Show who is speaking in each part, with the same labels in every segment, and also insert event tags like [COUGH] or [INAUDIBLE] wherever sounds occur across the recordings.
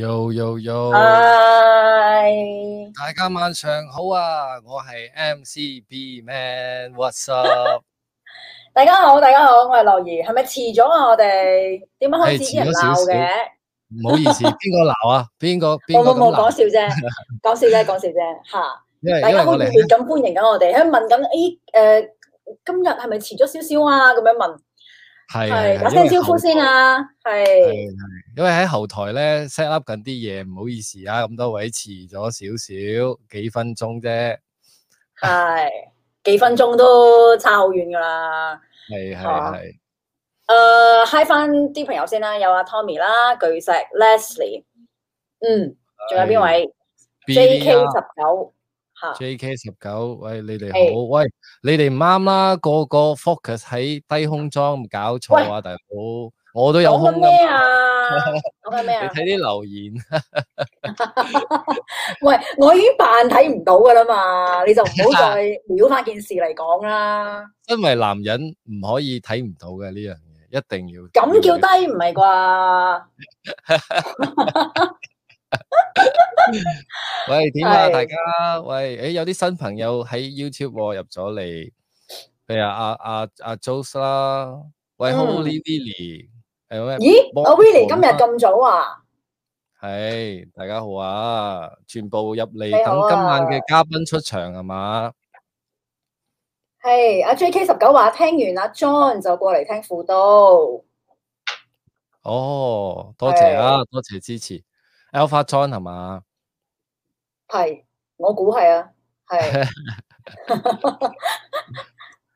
Speaker 1: Yo yo yo，Hi，大家晚上好啊！我係 MC B Man，What's up？大家好，大家好，我係樂兒，係
Speaker 2: 咪遲咗啊？我哋點解開始啲人鬧嘅？唔
Speaker 1: 好意思，邊個鬧啊？邊個？冇冇冇，講笑啫，
Speaker 2: 講笑啫，講笑啫，吓！
Speaker 1: 因為大家好熱情
Speaker 2: 咁歡迎緊我哋，喺度問緊，誒，今日係咪遲咗少少啊？咁樣問。
Speaker 1: 係打聲招呼先
Speaker 2: 啦，係、啊，
Speaker 1: 因為喺後台咧 set up 緊啲嘢，唔好意思啊，咁多位遲咗少少幾分鐘啫，
Speaker 2: 係，幾分鐘都差好遠噶啦，
Speaker 1: 係係係，
Speaker 2: 誒，hi 翻啲朋友先啦，有阿、啊、Tommy 啦，巨石 Leslie，嗯，
Speaker 1: 仲有邊
Speaker 2: 位？JK 十九。
Speaker 1: JK 十九，喂你哋好，喂你哋唔啱啦，個個 focus 喺低胸裝，唔搞錯啊，大佬，我都有空啊。講咩啊？講咩啊？你睇啲留言。
Speaker 2: 喂，我已經扮睇唔到噶啦嘛，你就唔好再撩翻件事嚟講啦。
Speaker 1: 因為男人唔可以睇唔到嘅呢樣嘢，一定要。
Speaker 2: 咁叫低唔係啩？
Speaker 1: 喂，點啊？大家喂，誒，有啲新朋友喺 YouTube 入咗嚟，譬如，阿阿阿 Joseph 啦，喂，Holy Lily，係咪？咦，阿 Lily 今日咁早啊？係，大家好啊，全部入嚟等今晚嘅嘉賓出場係嘛？
Speaker 2: 係，阿 JK 十九話聽完阿 John 就過嚟聽輔導。
Speaker 1: 哦，多謝啊，多謝支持。Alpha 裝係嘛？
Speaker 2: 係，我估係啊，係。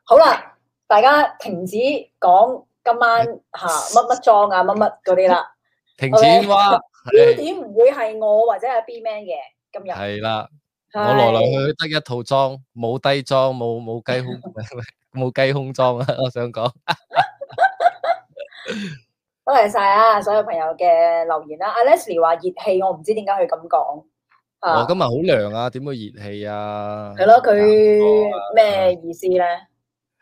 Speaker 2: 好啦，大家停止講今晚吓乜乜裝啊乜乜嗰啲啦。停止哇！焦點唔會係我或者係 B Man 嘅今日。係
Speaker 1: 啦，我來來去去得一套裝，冇低裝，冇冇雞胸，冇雞胸裝啊！我想講。
Speaker 2: 多謝晒啊！所有朋友嘅留言啦。Leslie 話熱氣，我唔知點解佢咁講。我今
Speaker 1: 日好涼啊，點會熱氣啊？係咯，啊，佢
Speaker 2: 咩意思咧？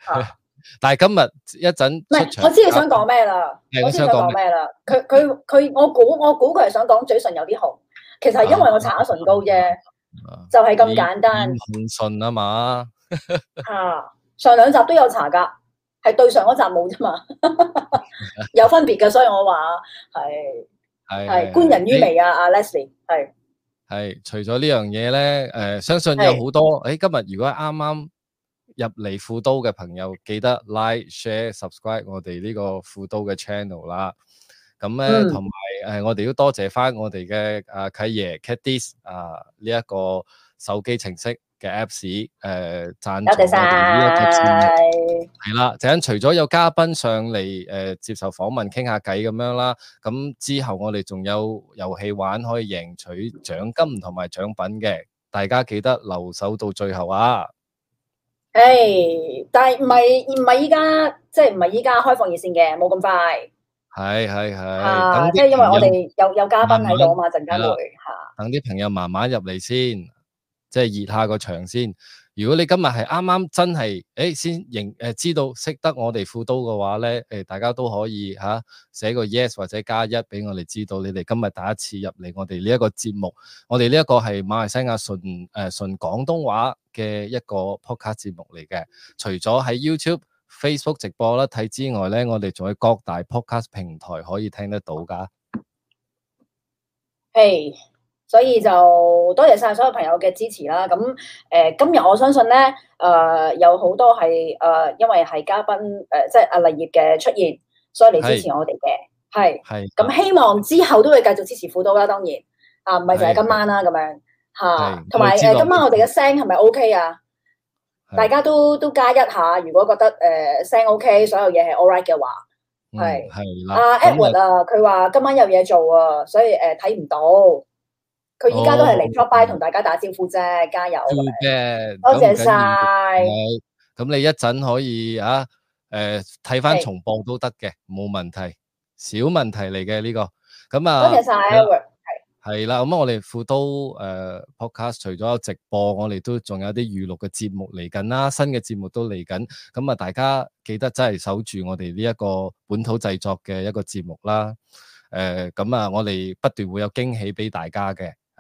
Speaker 2: 啊、
Speaker 1: [LAUGHS] 但係今日一陣我知你
Speaker 2: 想講咩啦。我知想講咩啦。佢佢佢，我估我估佢係想講，嘴唇有啲紅，其實係因為我搽咗唇膏啫， [LAUGHS] 就係咁簡單，
Speaker 1: 紅唇啊嘛。
Speaker 2: 吓， [LAUGHS] 上兩集都有搽噶。係對上嗰集冇啫嘛，有分別嘅，所以我話係
Speaker 1: 係觀人於微
Speaker 2: 啊，Leslie 係
Speaker 1: 係除咗呢樣嘢咧，誒相信有好多誒今日如果啱啱入嚟富都嘅朋友，記得 like share subscribe 我哋呢個富都嘅 channel 啦。咁咧同埋誒，我哋都多謝翻我哋嘅阿契爺 Caddis 啊呢一個手機程式。嘅 Apps，誒贊助我哋呢一個節
Speaker 2: 目，
Speaker 1: 係啦，陣間除咗有嘉賓上嚟誒接受訪問傾下偈咁樣啦，咁之後我哋仲有遊戲玩，可以贏取獎金同埋獎品嘅，大家記得留守到最後啊！
Speaker 2: 誒，但係唔係唔係依家，即係唔係依家開放熱線嘅，冇咁快。
Speaker 1: 係係係，即係因為我哋
Speaker 2: 有有嘉賓喺度啊嘛，陣間會
Speaker 1: 嚇等啲朋友慢慢入嚟先。即係熱下個場先。如果你今日係啱啱真係，誒、欸，先認誒、呃、知道識得我哋副都嘅話咧，誒、呃，大家都可以吓寫、啊、個 yes 或者加一俾我哋知道，你哋今日第一次入嚟我哋呢一個節目，我哋呢一個係馬來西亞純誒純廣東話嘅一個 podcast 節目嚟嘅。除咗喺 YouTube、Facebook 直播啦睇之外咧，我哋仲喺各大 podcast 平台可以聽得到噶。
Speaker 2: 誒，hey, 所以就。多謝晒所有朋友嘅支持啦！咁誒、嗯呃，今日我相信咧，誒、呃，有好多係誒，因為係嘉賓誒、呃，即係阿麗葉嘅出現，所以嚟支持我哋嘅係。係咁，希望之後都會繼續支持輔導啦。當然啊，唔係就係今晚啦。咁樣吓，同埋誒，今晚我哋嘅聲係咪 OK 啊？大家都都加一下，如果覺得誒、呃、聲 OK，所有嘢係 all right 嘅話，
Speaker 3: 係係啦。阿 Edward 啊，
Speaker 2: 佢話今晚有嘢做啊，所以誒睇唔到。佢
Speaker 1: 依家都係嚟 top by 同大家打招呼啫，加油！好嘅、哦，油多謝晒。咁謝你一陣可以啊？誒、呃，睇翻重播都得嘅，冇問題，小問題嚟嘅呢個。咁啊，多謝晒！係係啦，咁、啊、謝我哋副都誒、呃、podcast 除咗有直播，我哋都仲有啲預錄嘅節目嚟緊啦，新嘅節目都嚟緊。咁啊，大家記得真係守住我哋呢一個本土製作嘅一個節目啦。誒、呃，咁啊，我哋不斷會有驚喜俾大家嘅。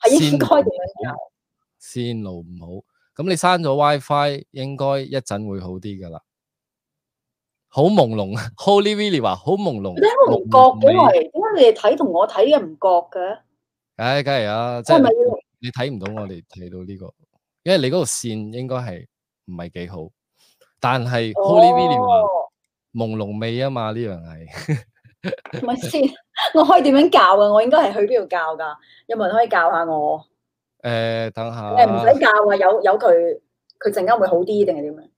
Speaker 2: 係應該
Speaker 1: 點樣先？線路唔好，咁你刪咗 WiFi，應該一陣會好啲噶啦。好朦朧啊！Holy Willie 話好朦朧。你都唔覺嘅，係點解你
Speaker 2: 哋睇同我睇
Speaker 1: 嘅唔覺嘅？唉，梗係啊，即係你睇唔到我哋睇到呢個，因為你嗰個線應該係唔係幾好。但係 Holy Willie 話朦朧味啊嘛，呢樣係。咪先，
Speaker 2: 我可以點樣教啊？我應該係去邊度教噶？有冇人可以教下我？
Speaker 1: 誒，等下，誒，你唔使
Speaker 2: 教啊，有有佢，佢陣間會好啲定係點樣？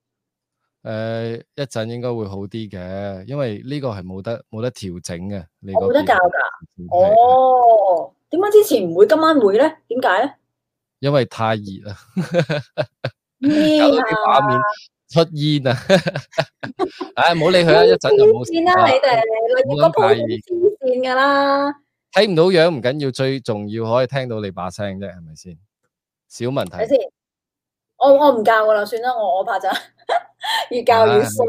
Speaker 2: 誒，
Speaker 1: 一陣應該會好啲嘅，因為呢個係冇得冇得調整嘅。你冇得教
Speaker 2: 噶，哦，點解之前唔會，今晚會咧？點解咧？
Speaker 1: 因為太熱
Speaker 2: 啦。咩啊？
Speaker 1: 出煙啊！唉，唔好理佢啦，一陣就
Speaker 2: 冇事啦。你哋嗰鋪黐線噶啦，
Speaker 1: 睇唔到樣唔緊要，最重要可以聽到你把聲啫，係咪先？小問題。睇
Speaker 2: 先，我我唔教噶啦，算啦，我我怕就越教越衰。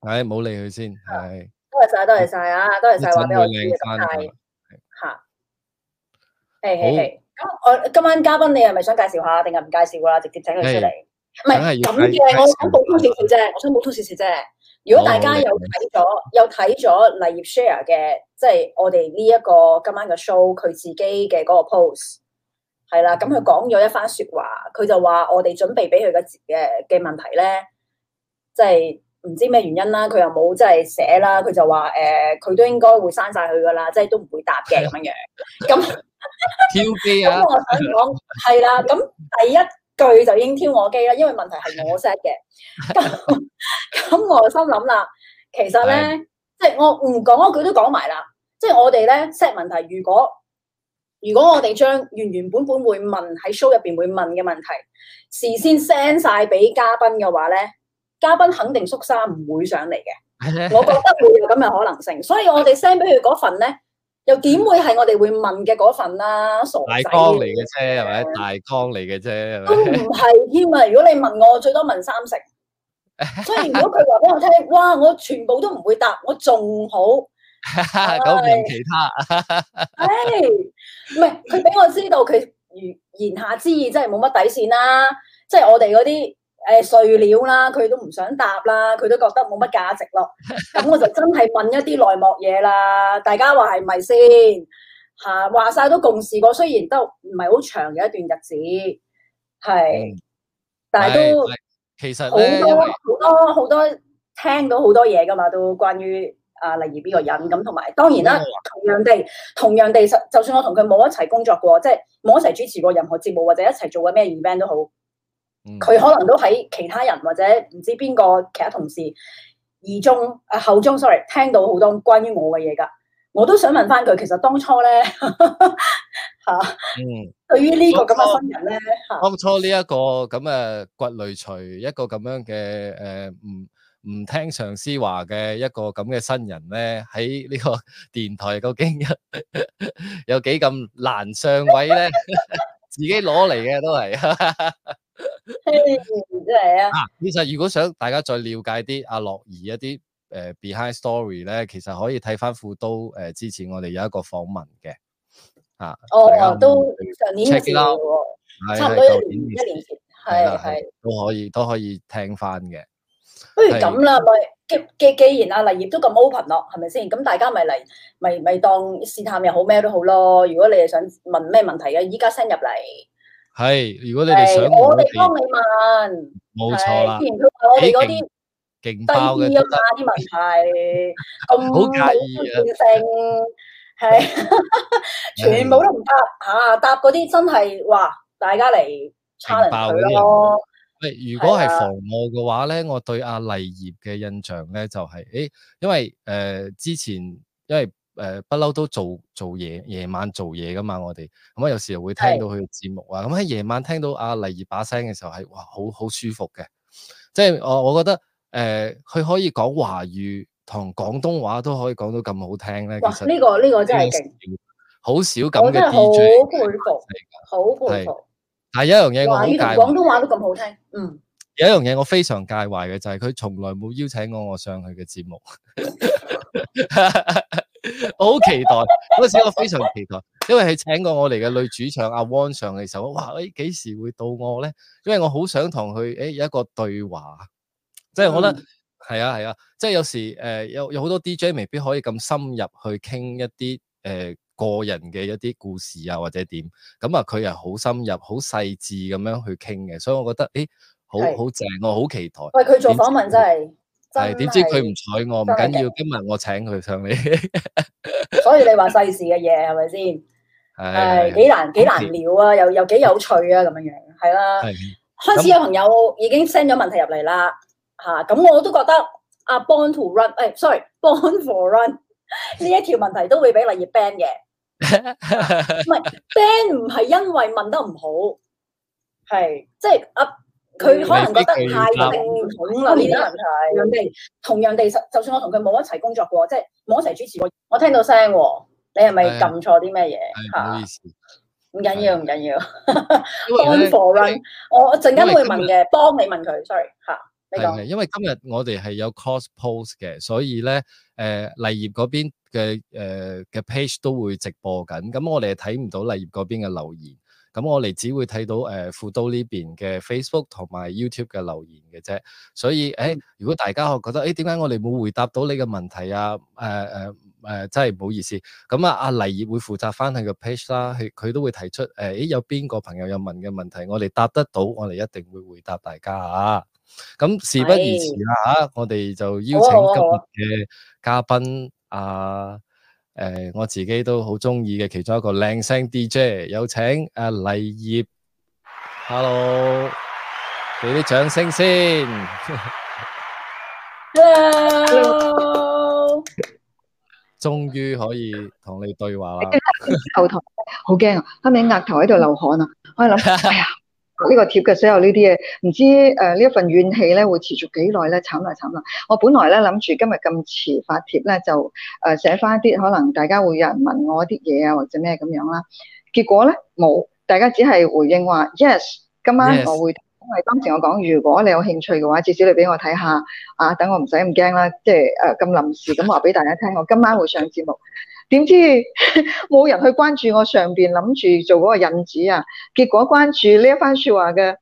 Speaker 1: 唉，唔好理佢先。係，
Speaker 2: 多謝晒，多謝晒啊！多謝晒，話俾我知啊！太吓，係係係。咁我今晚嘉賓，你係咪想介紹下，定係唔介紹啦？直接請佢出嚟。唔係咁嘅，我想補充少少啫，我想補充少少啫。如果大家有睇咗、哦、有睇咗黎業 share 嘅，即係、就是、我哋呢一個今晚嘅 show，佢自己嘅嗰個 post 係啦，咁佢講咗一番説話，佢就話我哋準備俾佢嘅嘅問題咧，即係唔知咩原因啦，佢又冇即係寫啦，佢就話誒，佢、呃、都應該會刪晒佢噶啦，即、就、係、是、都唔會答嘅咁樣樣。咁，
Speaker 3: [LAUGHS] 挑機啊！咁、 [LAUGHS] 嗯、我想講
Speaker 2: 係啦，咁第一句就已經挑我機啦，因為問題係我 set 嘅。咁 [LAUGHS] 咁我心諗啦，其實咧是，即係我唔講一句都講埋啦。即係我哋咧 set 問題，如果如果我哋將原原本本會問喺 show 入邊會問嘅問題事先 send 晒俾嘉賓嘅話咧，嘉賓肯定縮沙唔會上嚟嘅。 [LAUGHS] 我覺得會有咁嘅可能性，所以我哋 send 俾佢嗰份咧。又點會係我哋會問嘅嗰份啦？傻大綱嚟
Speaker 1: 嘅啫，係咪吧？大綱嚟嘅啫，
Speaker 2: 都唔係㖏嘛。因為如果你問我，我最多問三成。 [LAUGHS] 所以如果佢話俾我聽，哇！我全部都唔會答，我仲好，
Speaker 1: 搞唔其他。
Speaker 2: 唉，唔係，佢俾我知道佢言言下之意，真係冇乜底線啦、啊。即、就、係、是、我哋嗰啲。誒，碎料、呃、啦，佢都唔想答啦，佢都覺得冇乜價值咯。咁 [LAUGHS] 我就真係問一啲內幕嘢啦。大家話係咪先？吓、啊，話晒都共事過，雖然都唔係好長嘅一段日子，係，
Speaker 1: 但係都其實好多
Speaker 2: 好為多好多，多聽到好多嘢噶嘛，都關於阿黎姨呢個人咁。同、啊、埋當然啦，嗯、同樣地，同樣地，實就算我同佢冇一齊工作過，即係冇一齊主持過任何節目，或者一齊做過咩 event 都好。佢可能都喺其他人或者唔知邊個其他同事耳中、啊，口中，sorry，聽到好多關於我嘅嘢噶，我都想問翻佢，其實當初咧
Speaker 1: 嚇，嗯，
Speaker 2: 對於呢個咁嘅新人咧
Speaker 1: 嚇，當初呢一個咁嘅倔擂槌一個咁樣嘅誒唔唔聽上司話嘅一個咁嘅新人咧，喺呢個電台究竟有幾咁難上位咧？自己攞嚟嘅都係。
Speaker 3: 係
Speaker 1: [LAUGHS] 啊，其實如果想大家再了解啲阿樂怡一啲誒、啊呃、behind story 咧，其實可以睇翻副都誒、呃、之前我哋有一個訪問嘅啊。哦，有有啊、都
Speaker 2: 上年，啦是，差唔多一年，的一年前
Speaker 1: 係係都可以都可以聽翻嘅。
Speaker 2: 的不如咁啦，的既既既然阿麗葉都咁 open 咯，係咪先？咁大家咪嚟咪咪當試探又好咩都好咯。如果你係想問咩問題嘅，依家 send 入嚟。
Speaker 1: 係，如果你哋想我哋幫你
Speaker 2: 問，
Speaker 1: 冇錯啦。既然佢話我哋嗰啲勁爆嘅，第二又問啲
Speaker 2: 問題咁好嘅性，係全部都唔答嚇、啊，答嗰啲真係哇！大家嚟炒爆咗。
Speaker 1: 喂，如果係防務嘅話咧，的我對阿黎葉嘅印象咧就係、是、誒、欸，因為誒、呃、之前因為。誒不嬲都做做夜夜晚做嘢㗎嘛，我哋咁啊，有時候會聽到佢嘅節目啊，咁喺夜晚聽到阿、啊、黎兒把聲嘅時候係哇，好好舒服嘅，即、就、係、是、我我覺得誒佢、呃、可以講華語同廣東話都可以講到咁好聽咧。其實哇！呢、這個呢、這個真係好少咁嘅。好佩服，好
Speaker 2: 佩服。
Speaker 1: 但有一樣嘢我好介，廣
Speaker 2: 東話都咁好聽。
Speaker 1: 嗯，有一樣嘢我非常介懷嘅就係、是、佢從來冇邀請過我我上佢嘅節目。 [LAUGHS] [LAUGHS] 我 [LAUGHS] 好期待嗰 [LAUGHS] 時，我非常期待，因為係請過我嚟嘅女主唱阿汪上嘅時候，哇！誒，幾時會到我咧？因為我好想同佢誒有一個對話，即係我覺得，係、嗯、啊係啊，即係有時誒、呃、有有好多 DJ 未必可以咁深入去傾一啲誒、呃、個人嘅一啲故事啊或者點，咁啊佢又好深入、好細緻咁樣去傾嘅，所以我覺得誒、欸、好好正，我好是、啊、期待。喂，佢做訪問
Speaker 2: 真係。 [LAUGHS] 係，點知佢唔
Speaker 1: 睬我？唔緊要，今日我請佢上嚟，
Speaker 2: [LAUGHS] 所以你話世事嘅嘢係咪先？
Speaker 1: 係幾 [LAUGHS] 難幾難料
Speaker 2: 啊，的又又幾有趣啊，咁樣樣係啦。
Speaker 1: 啊、的開始有朋
Speaker 2: 友已經 send 咗問題入嚟啦，吓咁那、啊、我都覺得阿、啊、Born to Run，誒、哎、，sorry，Born for Run 呢 [LAUGHS] 一條問題都會俾麗葉 ban 嘅。唔係 ban 唔係因為問得唔好，係即係啊。佢可能覺得太系統啦，呢啲問題，咁地，同樣地，實就算我同佢冇一齊工作過，即係冇一齊主持過，我聽到聲，你係係、哎哎、 [LAUGHS] 係咪撳錯啲咩嘢？
Speaker 3: 唔
Speaker 2: 緊要，唔緊要，on f o 我陣間會問嘅，幫你問佢，sorry，、啊、
Speaker 1: 你講嘅。因為今日我哋係有 cross post 嘅，所以咧，誒、呃、麗業嗰邊嘅誒嘅 page 都會直播緊，咁我哋係睇唔到麗業嗰邊嘅留言。嗯嗯嗯嗯嗯嗯嗯。咁我哋只會睇到誒富、呃、都呢邊嘅 Facebook 同埋 YouTube 嘅留言嘅啫，所以誒、欸，如果大家覺得誒點解我哋冇回答到你嘅問題啊？誒誒誒，真係唔好意思。咁、嗯、啊，阿黎業會負責翻佢個 page 啦，佢都會提出誒、欸，有邊個朋友有問嘅問題，我哋答得到，我哋一定會回答大家嚇、啊。咁事不宜遲啦、啊、嚇，Hey. 我哋就邀請今日嘅嘉賓啊！誒，我自己都好中意嘅其中一個靚聲 DJ，有請阿黎業。Hello，俾啲掌聲先。
Speaker 4: Hello，
Speaker 1: 終於可以同你對話啦。後台好驚啊，啱
Speaker 5: 啱額頭喺度流汗啊，我喺諗，哎呀！呢個貼嘅所有呢啲嘢，唔知誒呢一份怨氣咧會持續幾耐咧？慘啦慘啦！我本來咧諗住今日咁遲發貼咧，就誒寫翻一啲可能大家會有人問我啲嘢啊，或者咩咁樣啦。結果咧冇，大家只係回應話 Yes，今晚我會，Yes. 因為當時我講如果你有興趣嘅話，至少你俾我睇下啊，等我唔使咁驚啦，即係誒咁臨時咁話俾大家聽，我今晚會上節目。點知冇人去關注我上邊諗住做嗰個引子啊，結果關注呢一番說話嘅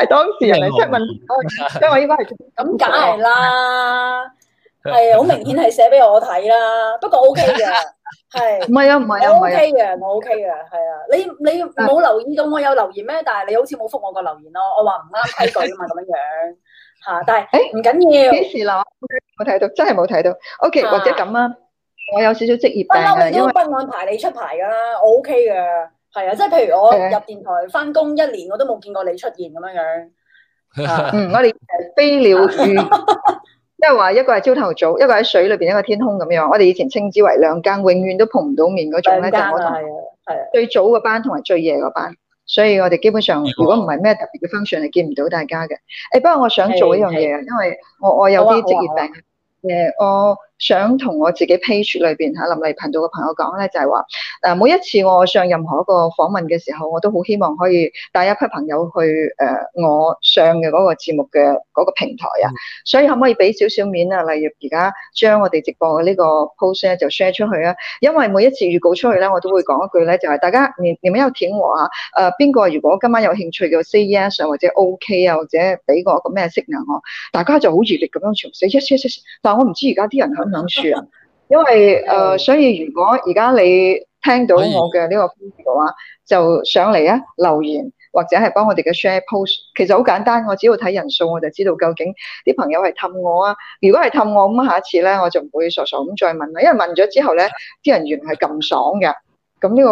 Speaker 5: 係當事人嚟，出問，即係我依家係咁。梗係啦，係
Speaker 2: 好明顯係寫俾我睇啦。不過 OK 嘅，係唔係啊？唔係啊？OK 嘅，我 OK 嘅，係啊。你你冇留意到我有留言咩？但係你好似冇覆我個留言咯，啊。我話唔啱規矩啊嘛，咁 [LAUGHS] 樣吓。但係誒，唔緊要，幾時
Speaker 5: 啦？我睇到真係冇睇到。OK，啊，或者咁啊。我有少少職業病，因為
Speaker 2: 不安排你出牌噶啦，我 OK 嘅。係啊，即係
Speaker 5: 譬如我入電台翻工一年，我都冇見過你出現咁樣樣。嗯，我哋飛鳥住，即係話一個係朝頭早，一個喺水裏邊，一個天空咁樣。我哋以前稱之為兩間永遠都碰唔到面嗰種咧，就我同最早嘅班同埋最夜嘅班，所以我哋基本上如果唔係咩特別嘅 function，係見唔到大家嘅。誒，不過我想做一樣嘢啊，因為我我有啲職業病，誒我。想同我自己 page 裏邊吓林麗頻道嘅朋友講咧，就係話誒，每一次我上任何一個訪問嘅時候，我都好希望可以帶一批朋友去誒、呃、我上嘅嗰個節目嘅嗰、嗰個平台啊。嗯、所以可唔可以俾少少面啊？例如而家將我哋直播嘅呢個 post 咧就 share 出去啊。因為每一次預告出去咧，我都會講一句咧，就係、是、大家你你有舔我啊誒邊個如果今晚有興趣嘅 c e s 啊，yes, 或者 o k 啊，或者俾我一個咩 signal 我，大家就好熱烈咁樣傳，但係我唔知而家啲人咁樣算啊？嗯嗯、因為誒、呃，所以如果而家你聽到我嘅呢個呼籲嘅話，就上嚟啊留言或者係幫我哋嘅 share post，其實好簡單，我只要睇人數我就知道究竟啲朋友係氹我啊。如果係氹我咁，下一次咧我就唔會傻傻咁再問啦，因為問咗之後咧，啲人員係咁爽嘅。咁呢個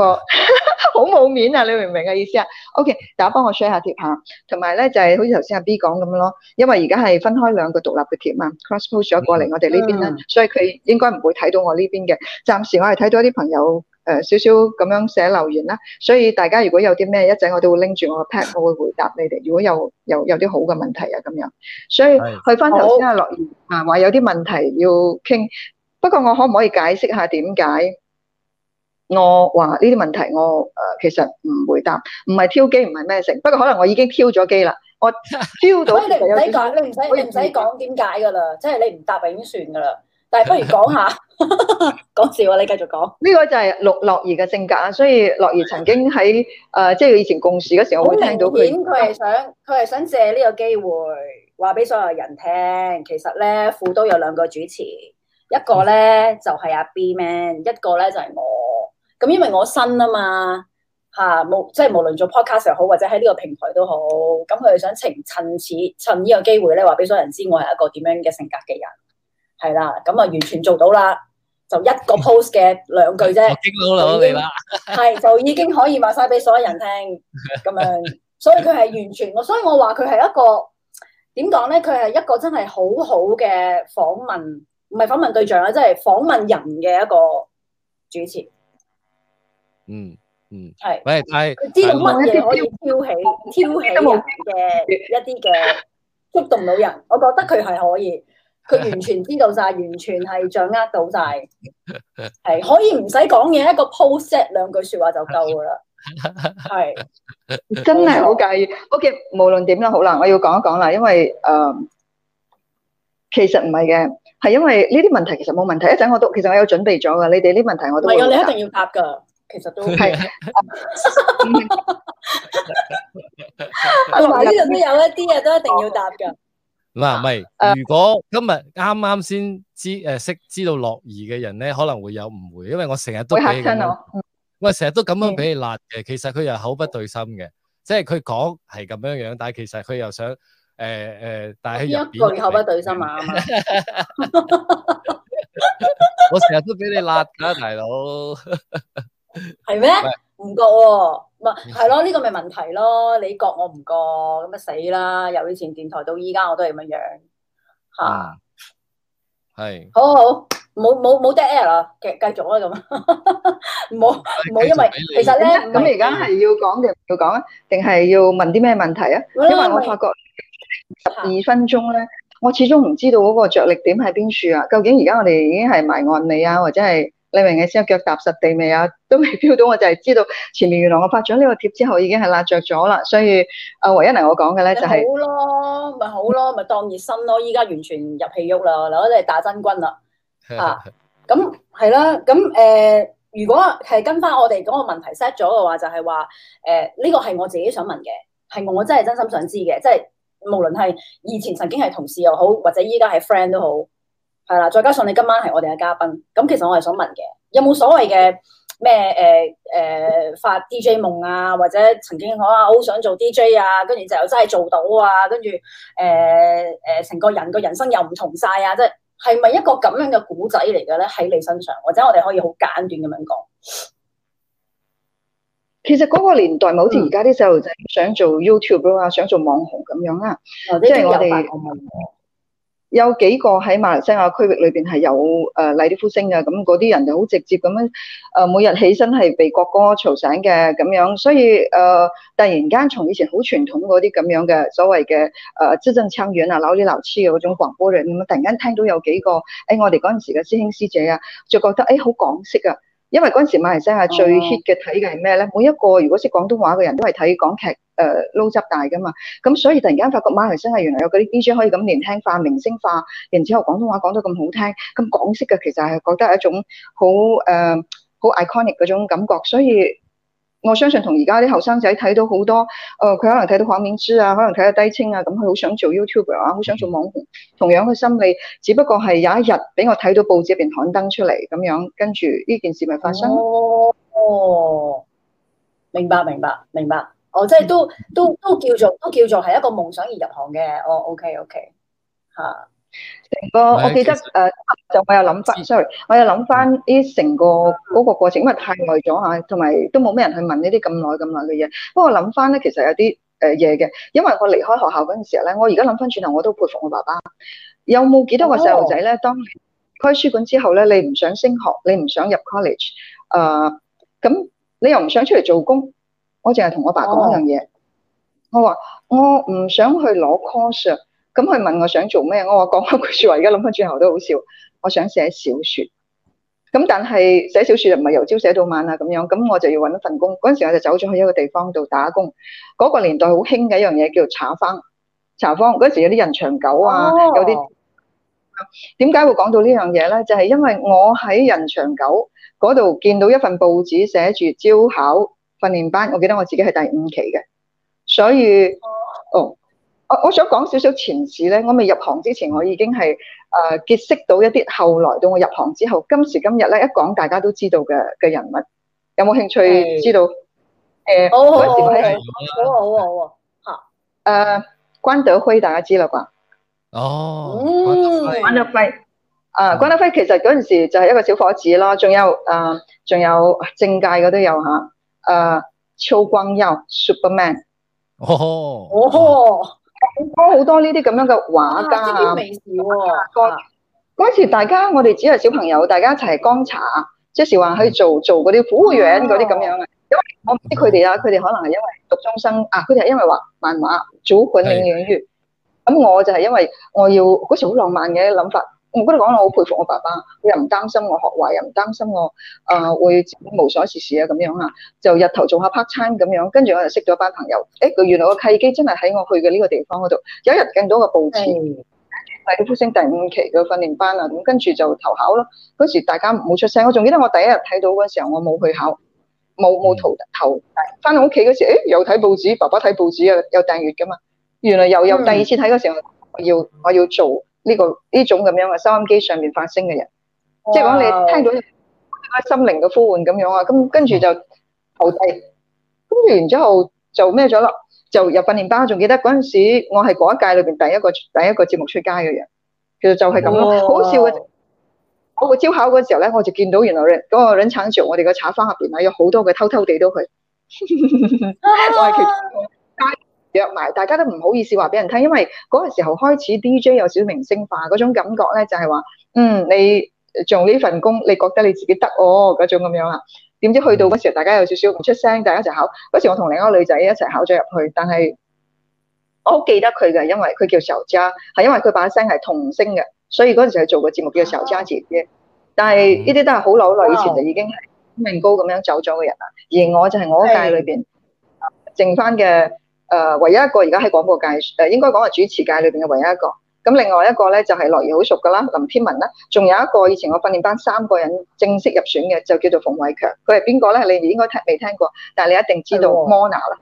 Speaker 5: 好冇面啊！你明唔明嘅意思啊？OK，大家幫我 share 下貼下，同埋咧就係、是、好似頭先阿 B 講咁樣咯。因為而家係分開兩個獨立嘅貼啊，cross post 咗過嚟我哋呢邊咧，嗯、所以佢應該唔會睇到我呢邊嘅。暫時我係睇到啲朋友誒、呃、少少咁樣寫留言啦。所以大家如果有啲咩，一陣我都會拎住我個 pad，我會回答你哋。如果有有有啲好嘅問題啊咁樣，所以是去翻頭先阿樂言啊，話、哦、有啲問題要傾。不過我可唔可以解釋下點解？我話呢啲問題我，我、呃、誒其實唔回答，唔係挑機，唔係咩成。不過可能我已經挑咗機啦，我挑到。你唔使講，你唔
Speaker 2: 使，你唔使講點解㗎啦。即係你唔 [LAUGHS] 答已經算㗎啦。但係不如講下講笑啊！ [LAUGHS] 你繼續講。
Speaker 5: 呢個就係樂樂兒嘅性格啊。所以樂兒曾經喺誒、呃、即係以前共事嗰時候，明我會聽到佢。明
Speaker 2: 顯佢係想，佢係想借呢個機會話俾所有人聽。其實咧，副都有兩個主持，一個咧就係、是、阿 B Man，一個咧就係我。咁因為我新嘛啊嘛嚇，冇即係無論做 podcast 又好，或者喺呢個平台都好，咁佢哋想趁趁此趁呢個機會咧，話俾所有人知我係一個點樣嘅性格嘅人，係啦，咁啊完全做到啦，就一個 post 嘅兩句啫，傾到嚟啦，係 [LAUGHS] 就已經可以話晒俾所有人聽，咁樣，所以佢係完全我，所以我話佢係一個點講咧，佢係一個真係好好嘅訪問，唔係訪問對象啦，即係訪問人嘅一個主持。嗯嗯係喂，佢知道乜嘢可以挑起挑起嘅一啲嘅觸動到人，我覺得佢係可以，佢完全知道晒，完全係掌握到晒，係可以唔使講嘢，一個 post set 兩句說話就夠噶啦，
Speaker 4: 係
Speaker 2: 真係好介意。OK，無論點都好啦，我要講一講啦，因
Speaker 5: 為誒，其實唔係嘅，係因為呢啲問題其實冇問題，一陣我都其實我有準備咗噶，你哋呢啲問題我都係噶，你一定要
Speaker 2: 答噶。其實都係，同埋呢度都有一啲嘢都一定要答㗎。
Speaker 1: 嗱，咪如果今日啱啱先知誒識知道樂兒嘅人咧，可能會有誤會，因為我成日都俾，我成日都咁樣俾你辣嘅。其實佢又口不對心嘅，即係佢講係咁樣樣，但係其實佢又想誒誒，但係邊一句口不對心啊？我成日都俾你辣㗎，大佬。
Speaker 2: 係咩？唔覺喎，唔係係咯，呢個咪問題咯。你覺我唔覺，咁咪死啦！由以前電台到依家，我都係咁樣，吓係，好好好，冇冇冇得 error 啊，繼繼續啦咁，唔好唔好，因為其實咧，咁而家係
Speaker 5: 要講定要講啊，定係要問啲咩問題啊？因為我發覺十二分鐘咧，我始終唔知道嗰個着力點喺邊處啊。究竟而家我哋已經係埋岸尾啊，或者係？你明嘅先，腳踏實地未啊？都未飆到我，我就係知道前面原來我發咗呢個貼之後已經係辣着咗啦。所以啊，唯一嚟我講嘅咧就係好咯，
Speaker 2: 咪好咯，咪當熱身咯。依家完全入戲喐啦，嗱，我哋打真軍啦嚇。咁係啦，咁誒、嗯，如果係跟翻我哋嗰個問題 set 咗嘅話，就係話誒呢個係我自己想問嘅，係我真係真心想知嘅，即係無論係以前曾經係同事又好，或者依家係 friend 都好。係啦，再加上你今晚係我哋嘅嘉賓，咁其實我係想問嘅，有冇所謂嘅咩誒誒發 DJ 夢啊，或者曾經哇好、啊、想做 DJ 啊，跟住就真係做到啊，跟住誒誒成個人個人生又唔同晒啊，即係係咪一個咁樣嘅古仔嚟嘅咧？喺你身上，或者我哋可以好簡短咁樣講。
Speaker 5: 其實嗰個年代，好似而家啲細路仔想做 YouTube 啊，想做網紅咁樣啦，即係、哦、我哋。嗯有幾個喺馬來西亞區域裏面係有誒嚟的呼聲嘅，咁嗰啲人就好直接咁樣每日起身係被國歌嘈醒嘅，咁樣所以誒、呃、突然間從以前好傳統嗰啲咁樣嘅所謂嘅誒字正腔圓啊、老裡老氣嘅嗰種廣播入邊，突然間聽到有幾個、哎、我哋嗰陣時嘅師兄師姐啊，就覺得誒好廣式啊！因為嗰陣時馬來西亞最 hit 嘅睇嘅係咩呢？每一個如果識廣東話嘅人都係睇港劇，誒、呃、撈執大嘅嘛。咁所以突然間發覺馬來西亞原來有嗰啲 DJ 可以咁年輕化、明星化，然之後廣東話講得咁好聽，咁港式嘅其實係覺得係一種好誒好 iconic 嗰種感覺，所以。我相信同而家啲後生仔睇到好多，誒、呃，佢可能睇到畫面書啊，可能睇到低清啊，咁佢好想做 YouTuber 啊，好想做網紅，同樣嘅心理，只不過係有一日俾我睇到報紙入邊刊登
Speaker 2: 出嚟咁樣，跟住呢件事咪發生哦？哦，明白明白明白，哦，即係都都都叫做都叫做係一個夢想而入行嘅，哦 OK OK，吓。成個是我記得誒實、呃，就我有諗翻、嗯、
Speaker 5: ，sorry，我有諗翻呢成個嗰個過程，因為太耐咗吓，同埋都冇咩人去問呢啲咁耐咁耐嘅嘢。嗯、不過諗翻咧，其實有啲誒嘢嘅，因為我離開學校嗰陣時候咧，我而家諗翻轉頭，我都佩服我爸爸。有冇幾多個細路仔咧？哦、當你開書館之後咧，你唔想升學，你唔想入 college，誒，咁、呃、你又唔想出嚟做工？我淨係同我爸講一樣嘢，我話我唔想去攞 course。咁佢問我想做咩？我話講一句説話，而家諗翻轉頭都好笑。我想寫小説，咁但係寫小説又唔係由朝寫到晚啊咁樣，咁我就要揾一份工。嗰陣時我就走咗去一個地方度打工。嗰、嗰個年代好興嘅一樣嘢叫做茶坊，茶坊嗰陣時有啲人長狗啊，oh. 有啲點解會講到呢樣嘢呢？就係、係、因為我喺人長狗嗰度見到一份報紙寫住招考訓練班，我記得我自己係第五期嘅，所以哦。我想講少少前事咧，我未入行之前，我已經係誒、呃、結識到一啲後來到我入行之後，今時今日咧一講大家都知道嘅嘅人物，有冇興趣知道？誒是，嗰時我好好好，好啊
Speaker 3: 嚇！
Speaker 5: 誒關德輝大家知啦啩？哦，嗯關德輝啊、哦呃、關德輝其實嗰陣時就係一個小伙子咯。仲有誒仲、呃、有政界嘅都有嚇，誒、啊、邱光耀 Superman、哦哦好多好多呢啲咁樣嘅畫家啊！嗰、啊、時大家我哋只係小朋友，大家一齊觀察，即時話去做做嗰啲輔導員嗰啲咁樣啊。因為我唔知佢哋啊，佢哋可能係因為讀中生啊，佢哋係因為畫漫畫主管領養員。咁是我就係因為我要嗰時好浪漫嘅諗法。嗯、我跟你講我好佩服我爸爸，佢又唔擔心我學壞，又唔擔心我啊、呃、會自己無所事事啊咁樣嚇，就日頭做下 part time 咁樣，跟住我就識咗班朋友。誒、欸，原來個契機真係喺我去嘅呢個地方嗰度。有一日見到個報紙，係、嗯《呼聲第五期嘅訓練班》啊、嗯，咁、嗯、跟住就投考咯。嗰時大家冇出聲，我仲記得我第一日睇到嗰時候，我冇去考，冇冇投投。翻到屋企嗰時、欸，又睇報紙，爸爸睇報紙啊，有訂月訂閱噶嘛。原來又有又第二次睇嗰時候，我要我要做。呢、呢個呢種咁樣嘅收音機上面發聲嘅人，
Speaker 3: 即係講你聽
Speaker 5: 到心靈嘅呼喚咁樣啊，咁跟住就投低，跟住完之後就咩咗啦，就入訓練班。仲記得嗰陣時，我係嗰一屆裏邊第一個第一個節目出街嘅人，其實就係咁咯，oh. 好笑嘅。我、個招考嗰時候咧，我就見到原來咧嗰個卵鏟住我哋個巢花入邊啊，有好多嘅偷偷地都去，我係佢，約埋大家都唔好意思話俾人聽，因為嗰個時候開始 DJ 有少少明星化嗰種感覺咧，就係話，嗯，你做呢份工，你覺得你自己得哦嗰種咁樣啊。點知去到嗰時候，大家有少少唔出聲，大家一齊考嗰時，我同另一個女仔一齊考咗入去，但係我好記得佢嘅，因為佢叫小揸，係因為佢把聲係童聲嘅，所以嗰陣時係做個節目叫小揸節嘅。但係呢啲都係好耐好耐以前就已經命高咁樣走咗嘅人啦。而我就係我嗰屆裏邊剩翻嘅。誒，唯一一個而家喺廣播界誒，應該講係主持界裏邊嘅唯一一個。咁另外一個咧，就係樂兒好熟噶啦，林天文啦。仲有一個以前我訓練班三個人正式入選嘅，就叫做馮偉強。佢係邊個咧？你哋應該聽未聽過，但係你一定知道 Mona 啦，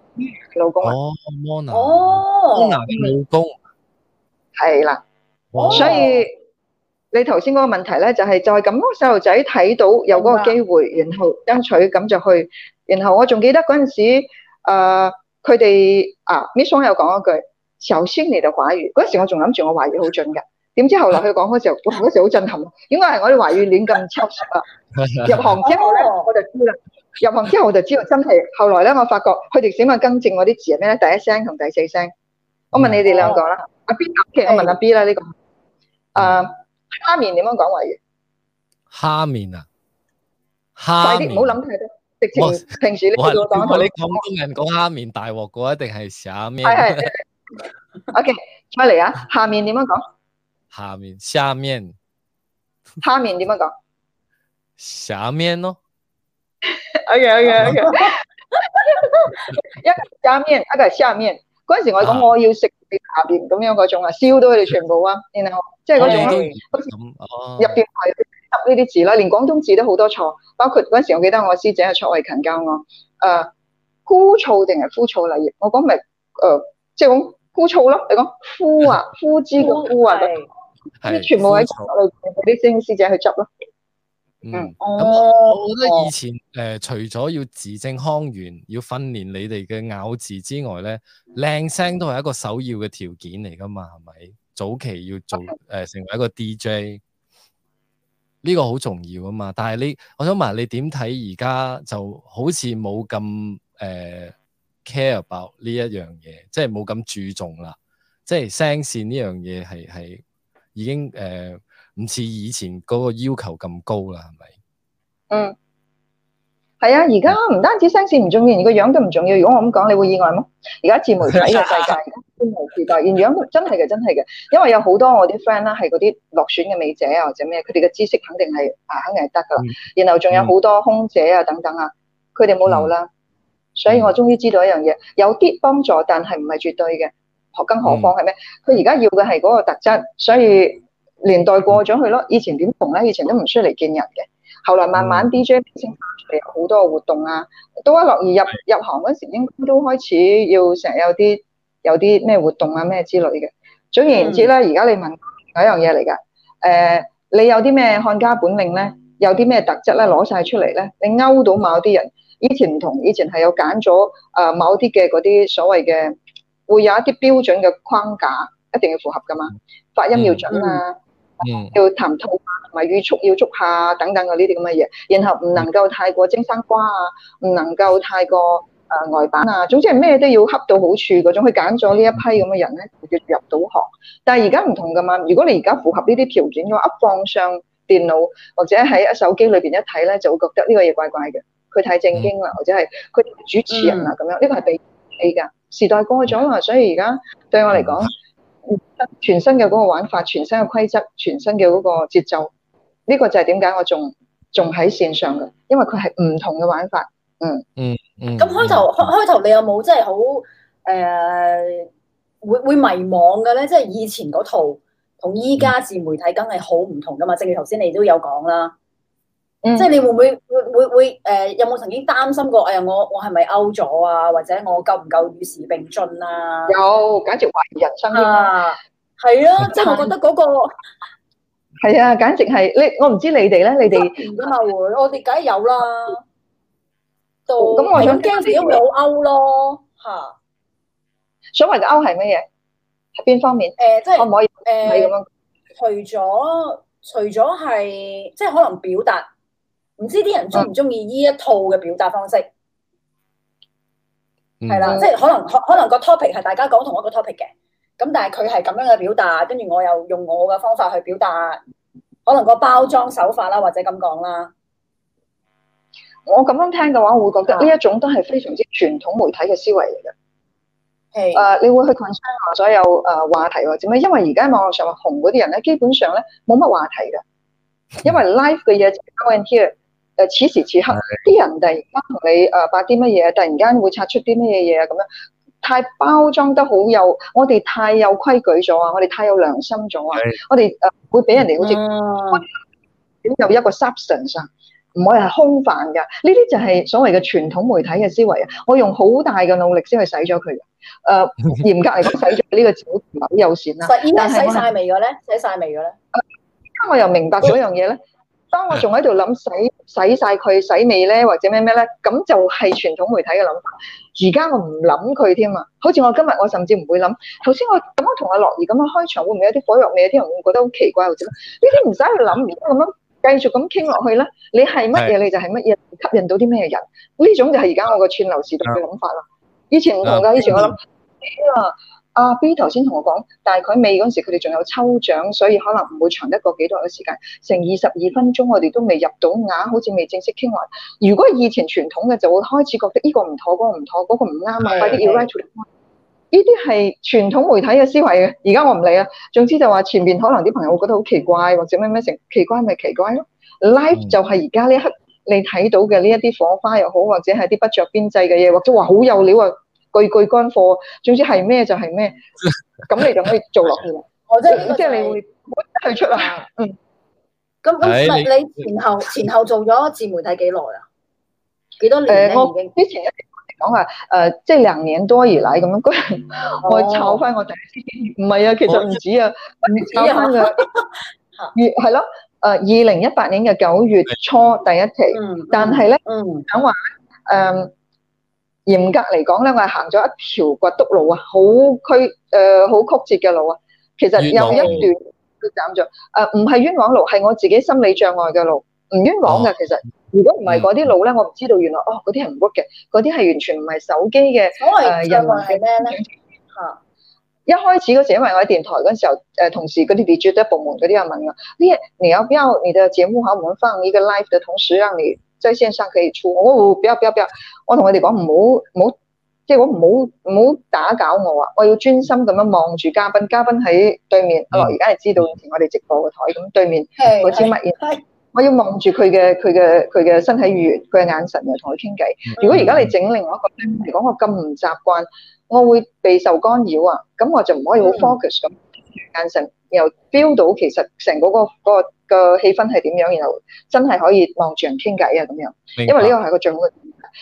Speaker 5: 老公哦 Mona 哦。Mona 嘅、哦、老公。係啦，所以你頭先嗰個問題咧，就係就係咁細路仔睇到有嗰個機會，哦、然後爭取咁就去，然後我仲記得嗰陣時佢哋啊，Miss Song 又講一句，首先嚟到華語。嗰時我仲諗住我華語好準嘅，點知後來佢講嗰時候，嗰時好震撼。應該係我哋華語亂咁抽搐。入行之後咧，我就知啦。入行之後我就知道，就知道真係。後來咧，我發覺佢哋寫文更正我啲字係咩咧？第一聲同第四聲。我問你哋兩個啦，阿 B，其實我問阿、啊、B 啦呢、這個。誒、啊，蝦麵點樣講華語？
Speaker 1: 蝦麵啊，蝦麵，快啲，唔好諗
Speaker 5: 太多。平時你做講
Speaker 1: 你咁多人講蝦麵，大鑊個，一定係下
Speaker 5: 面。OK，咪嚟啊！下面點樣講？
Speaker 1: 下面下面，
Speaker 5: 下面點樣講？
Speaker 1: 下面咯。OK OK OK。一
Speaker 5: 個下面，一個下面。嗰陣時我講我要食下邊咁樣嗰種啊，燒到佢哋全部啊，然後即係嗰種入邊係。執呢啲字啦，連廣東字都好多錯，包括嗰時我記得我師姐阿卓慧勤教我，誒枯燥定係枯燥？例嚟？我講咪，誒即係講枯燥咯。你講枯啊枯枝嘅枯啊，即係、啊、
Speaker 1: 是全部喺
Speaker 5: 嗰啲新師姐去執咯。嗯，
Speaker 1: 咁我、嗯哦、我覺得以前誒、呃，除咗要字正腔圓，要訓練你哋嘅咬字之外咧，靚聲都係一個首要嘅條件嚟噶嘛，係咪？早期要做誒、呃，成為一個 DJ。呢個好重要啊嘛，但係你我想問你點睇，而家就好似冇咁誒 care about 呢一樣嘢，即係冇咁注重啦，即係聲線呢樣嘢係係已經誒唔似以前嗰個要求咁高啦，係咪？嗯。
Speaker 5: 係啊，而家唔單止聲線唔重要，而個樣都唔重要。如果我咁講，你會意外咩？而家自媒體嘅世界，自媒 [LAUGHS] 體時代，而樣真係嘅，真係嘅。因為有好多我啲 friend 啦，係嗰啲落選嘅美姐啊，或者咩，佢哋嘅知識肯定係啊，肯定係得噶啦。然後仲有好多空姐啊，等等啊，佢哋冇留啦。嗯、所以我終於知道一樣嘢，有啲幫助，但係唔係絕對嘅。何更何況係咩？佢而家要嘅係嗰個特質，所以年代過咗去咯。以前點同咧？以前都唔需要嚟見人嘅。後嚟慢慢 D J 先有好多活動啊，都一樂意入入行嗰時，應都開始要成日有啲有啲咩活動啊咩之類嘅。總而言之咧，而家你問有一樣嘢嚟㗎，誒、呃、你有啲咩看家本領咧？有啲咩特質咧？攞晒出嚟咧？你勾到某啲人以前唔同，以前係有揀咗誒某啲嘅嗰啲所謂嘅會有一啲標準嘅框架，一定要符合㗎嘛，發音要準啊。嗯嗯。嗯、要談吐同埋語速要足下等等嘅呢啲咁嘅嘢，然後唔能夠太過蒸生瓜啊，唔能夠太過誒、呃、外板啊，總之係咩都要恰到好處嗰種。佢揀咗呢一批咁嘅人咧，就叫入到行。但係而家唔同㗎嘛，如果你而家符合呢啲條件嘅話，一放上電腦或者喺手機裏邊一睇咧，就會覺得呢個嘢怪怪嘅。佢太正經啦，嗯、或者係佢主持人啦、啊、咁樣，呢、這個係避忌㗎。時代過咗啦，所以而家對我嚟講。全新嘅嗰個玩法，全新嘅規則，全新嘅嗰個節奏，呢個就係點解我仲仲喺線上嘅，因為佢係唔
Speaker 2: 同嘅玩法。嗯嗯嗯。咁開頭開開頭你有冇即係好誒會會迷茫嘅咧？即係以前嗰套同依家自媒體梗係好唔同㗎嘛？嗯、正如頭先你都有講啦。即係你會唔會會會會誒有冇曾經擔心過？哎呀我我係咪 out 咗啊？或者我夠唔夠與時並進啊？有，簡直懷疑人生添啦！係啊，即係我覺得嗰個
Speaker 5: 係啊，簡直係你我唔知你哋咧，你哋
Speaker 2: 咁啊會，我哋梗係有啦。都咁，我想驚自己會唔會好 out 咯吓？所謂嘅 out 係乜嘢？
Speaker 5: 係邊方面？誒，即係可唔
Speaker 2: 可以？誒，除咗除咗係即係可能表達。唔知啲人鍾唔鍾意呢一套嘅表達方式，
Speaker 3: 係啦、嗯，即係可能
Speaker 2: 可能個 topic 係大家講同一個 topic 嘅，咁但係佢係咁樣嘅表達，跟住我又用我嘅方法去表達，可能個包裝手法啦，或者咁講啦。
Speaker 5: 我咁樣聽嘅話，我會覺得呢一種都係非常之傳統媒體嘅思維嚟嘅。係誒的，uh, 你會去 concern 下所有誒話題喎？點解？因為而家網絡上紅嗰啲人咧，基本上咧冇乜話題嘅，因為 life 嘅嘢就係此時此刻，啲的人突然間同你誒發啲乜嘢，突然間會拆出啲乜嘢嘢啊咁樣，太包裝得好有，我哋太有規矩咗啊，我哋太有良心咗啊，的我哋誒、呃、會俾人哋好似，有一個 substance，唔可以係空泛嘅。呢啲就係所謂嘅傳統媒體嘅思維啊。我用好大嘅努力先去洗咗佢，誒、呃、嚴格嚟講洗咗呢個字好唔好友善啦？而家洗晒
Speaker 2: 味嘅咧，洗晒味
Speaker 5: 嘅咧，我又明白咗一樣嘢咧。 [LAUGHS] 當我仲喺度諗洗洗曬佢洗味咧，或者咩咩咧，咁就係傳統媒體嘅諗法。而家我唔諗佢添啊，好似我今日我甚至唔會諗。頭先我咁樣同阿樂怡咁樣開場，會唔會有啲火藥味？有啲人會覺得好奇怪，或者呢啲唔使去諗。如果咁樣繼續咁傾落去咧，你係乜嘢你就係乜嘢，吸引到啲咩人？呢的種就係而家我個串流時代嘅諗法啦。以前唔同㗎，的以前我諗死阿、啊、B 頭先同我講，但係佢未嗰時佢哋仲有抽獎，所以可能唔會長得過幾多嘅時間，成二十二分鐘我哋都未入到眼，好似未正式傾話。如果以前傳統嘅就會開始覺得呢個唔妥，嗰、嗰個唔妥，嗰、嗰個唔啱啊，快啲要 write 出嚟。呢啲係傳統媒體嘅思維啊，而家我唔理啊。總之就話前面可能啲朋友會覺得好奇怪，或者咩咩成奇怪咪奇怪咯。Life、嗯、就係而家呢一刻你睇到嘅呢一啲火花又好，或者係啲不着邊際嘅嘢，或者話好有料啊！句句乾貨，總之係咩就係咩，咁你就可以做落去啦。
Speaker 2: 哦， [LAUGHS] 即係即係你會退出啊？嗯， [LAUGHS] 咁咁，你前後 [LAUGHS] 前後做咗自媒體幾耐啊？幾多年咧？我、呃、之前一直講話，誒、呃，
Speaker 5: 這兩年多以來咁樣。
Speaker 2: [LAUGHS] 我炒翻，我第
Speaker 3: 唔係啊，其實唔止啊，唔 [LAUGHS] 止啊，一係咯，誒、嗯，
Speaker 5: 二零一八年嘅九月初第一期，但係咧，想話咧，誒、嗯。嚴格嚟講咧，我係行咗一條掘篤路啊，好曲誒好曲折嘅路啊。其實有一段都斬咗，誒唔係冤枉路，係我自己心理障礙嘅路，唔冤枉㗎。哦、其實如果唔係嗰啲路咧，我唔知道原來哦嗰啲係唔 work 嘅，嗰啲係完全唔係手機嘅。所以、呃、因為因為咩咧？嚇、啊！一開始嗰時，因為我喺電台嗰陣時候，誒、呃、同事嗰啲 digital 部門嗰啲人問我：呢你有冇？你的節目喺我們放呢個 live 嘅同時、啊，讓你。即係線上可以出，我會比較比較比較我。我同佢哋講唔好唔好，即係我唔好唔好打攪我啊！我要專心咁樣望住嘉賓，嘉賓喺對面。阿樂而家係知道以前我哋直播嘅台咁對面，冇的知乜嘢。的我要望住佢嘅佢嘅佢嘅身體語言，佢嘅眼神，然後同佢傾偈。如果而家你整另外一個，講我咁唔習慣，我會備受干擾啊！咁我就唔可以好 focus 咁眼神，然後 feel 到其實成嗰個嗰、那個。那個個氣氛係點樣，然後真係可以望住人傾偈啊，咁樣，白因為呢個係個最好嘅。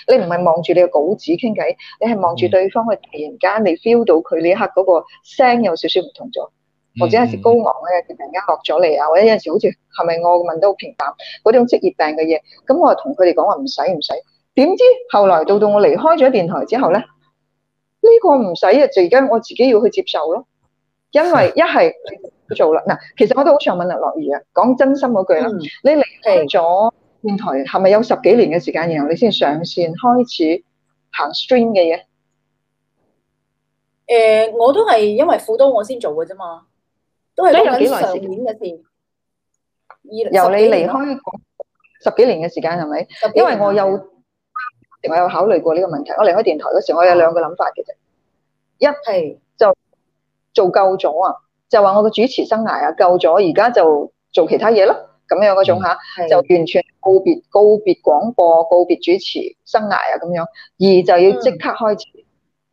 Speaker 5: 你唔係望住你嘅稿紙傾偈，你係望住對方。佢突然間你 feel 到佢呢刻嗰個聲有少少唔同咗，或者有時高昂咧，突然間落咗嚟啊，或者有陣時好似係咪我問得好平淡，嗰種職業病嘅嘢。咁我係同佢哋講話唔使唔使。點知後來到到我離開咗電台之後咧，呢個唔使啊，就而家我自己要去接受咯。因為一係。的做啦嗱，其實我都好想問阿樂兒啊，講真心嗰句啦，嗯、你離開咗電台係咪是有十幾年嘅時間，然後你先上綫開始行 stream 嘅嘢？誒、
Speaker 2: 欸，我都係因為輔導我先做嘅啫嘛，都係講緊上年嘅先。
Speaker 5: 由你離開十幾年嘅時間係咪？是是因為我有我有考慮過呢個問題，我離開電台嗰時我有兩個諗法嘅啫，嗯、一係就做夠咗啊。就話我個主持生涯啊，夠咗，而家就做其他嘢咯，咁樣嗰種吓，嗯啊，就完全告別告別廣播，告別主持生涯啊，咁樣，而就要即刻開始。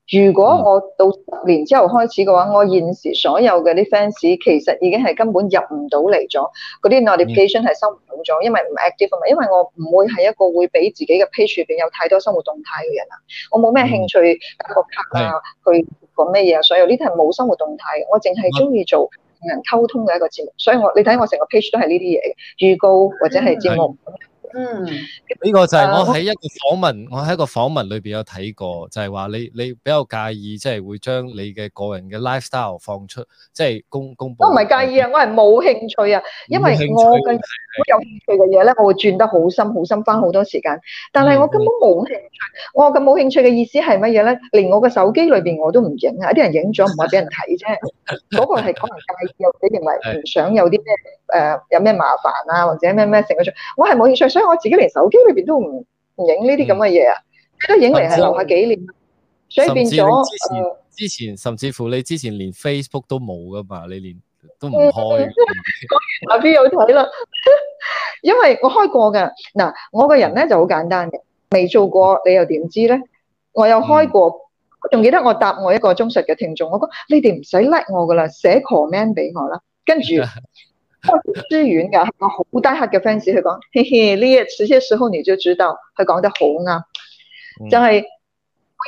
Speaker 5: 如果我到十年之後開始嘅話，嗯、我現時所有嘅啲 fans 其實已經係根本入唔到嚟咗，嗰啲 notification 係收唔到咗，因為唔係 active 啊嘛，因為我唔會係一個會俾自己嘅 page 邊有太多生活動態嘅人啊，我冇咩興趣打個卡 a 啊，佢。講咩嘢啊？所有呢啲係冇生活動態嘅，我淨係中意做同人溝通嘅一個節目，所以我你睇我成個 page 都係呢啲嘢嘅預告或者係節目。嗯，呢
Speaker 1: 個就係我喺一個訪問，我喺一個訪問裏邊有睇過，就係話你你比較介意，即係會將你嘅個人嘅 lifestyle 放出，即係公公布。
Speaker 5: 我唔係介意啊，我係冇興趣啊，因為我嘅我有興趣嘅嘢咧，我會轉得好深好深翻好多時間，但係我根本冇興趣。我咁冇興趣嘅意思係乜嘢咧？連我嘅手機裏邊我都唔影啊，一啲人影咗唔係俾人睇啫。嗰個係可能介意有你認為唔想有啲咩誒，有咩麻煩啊，或者咩咩成個出，我係冇興趣。所以我自己連手機裏邊都唔唔影呢啲咁嘅嘢啊，嗯、都影嚟係留下紀念。嗯、所以變咗之前，
Speaker 1: 嗯、之前甚至乎你之前連 Facebook 都冇噶嘛，你連都唔開。
Speaker 5: 後邊有睇啦，嗯、 [LAUGHS] 因為我開過嘅。嗱，我個人咧就好簡單嘅，未做過你又點知咧？我有開過，仲、嗯、記得我答我一個忠實嘅聽眾，我講你哋唔使叻我噶啦，寫 comment 俾我啦，跟住。 [LAUGHS] 支持源噶，我好低客嘅 fans，佢講，呢一，有些時候你就知道，佢講得好啱，就係、是、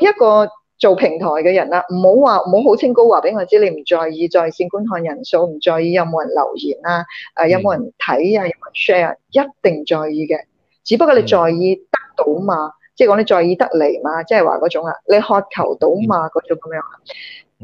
Speaker 5: 一個做平台嘅人啦，唔好話唔好好清高，話俾我知你唔在意在線觀看人數，唔在意有冇人留言啦，誒有冇人睇啊，有冇人 share，一定在意嘅，只不過你在意得到嘛，即係講你在意得嚟嘛，即係話嗰種啊，你渴求到嘛嗰 [LAUGHS] 種咁樣。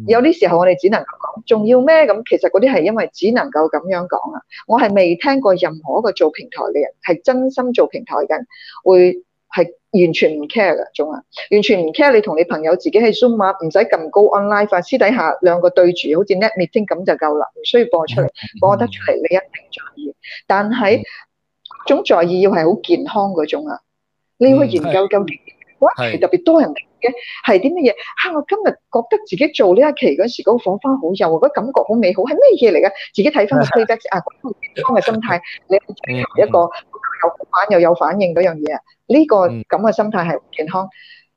Speaker 5: 有啲時候我哋只能夠講，仲要咩？咁其實嗰啲係因為只能夠咁樣講啊。我係未聽過任何一個做平台嘅人係真心做平台嘅人，會係完全唔 care 嘅總係啊，完全唔 care 你同你朋友自己喺 Zoom 啊，唔使咁高 online，私底下兩個對住，好似 net meeting 咁就夠啦，唔需要播出嚟，播得出嚟你一定在意，但係總在意要係好健康嗰種啊。你要去研究究特別多人嘅，係啲乜嘢？嚇！我今日覺得自己做呢一期嗰時，嗰個火花好幼，覺得感覺好美好，係咩嘢嚟嘅？自己睇翻個 feel 得啊！健康嘅心態，你最後一個有反又有反應嗰樣嘢，呢個咁嘅心態係健康。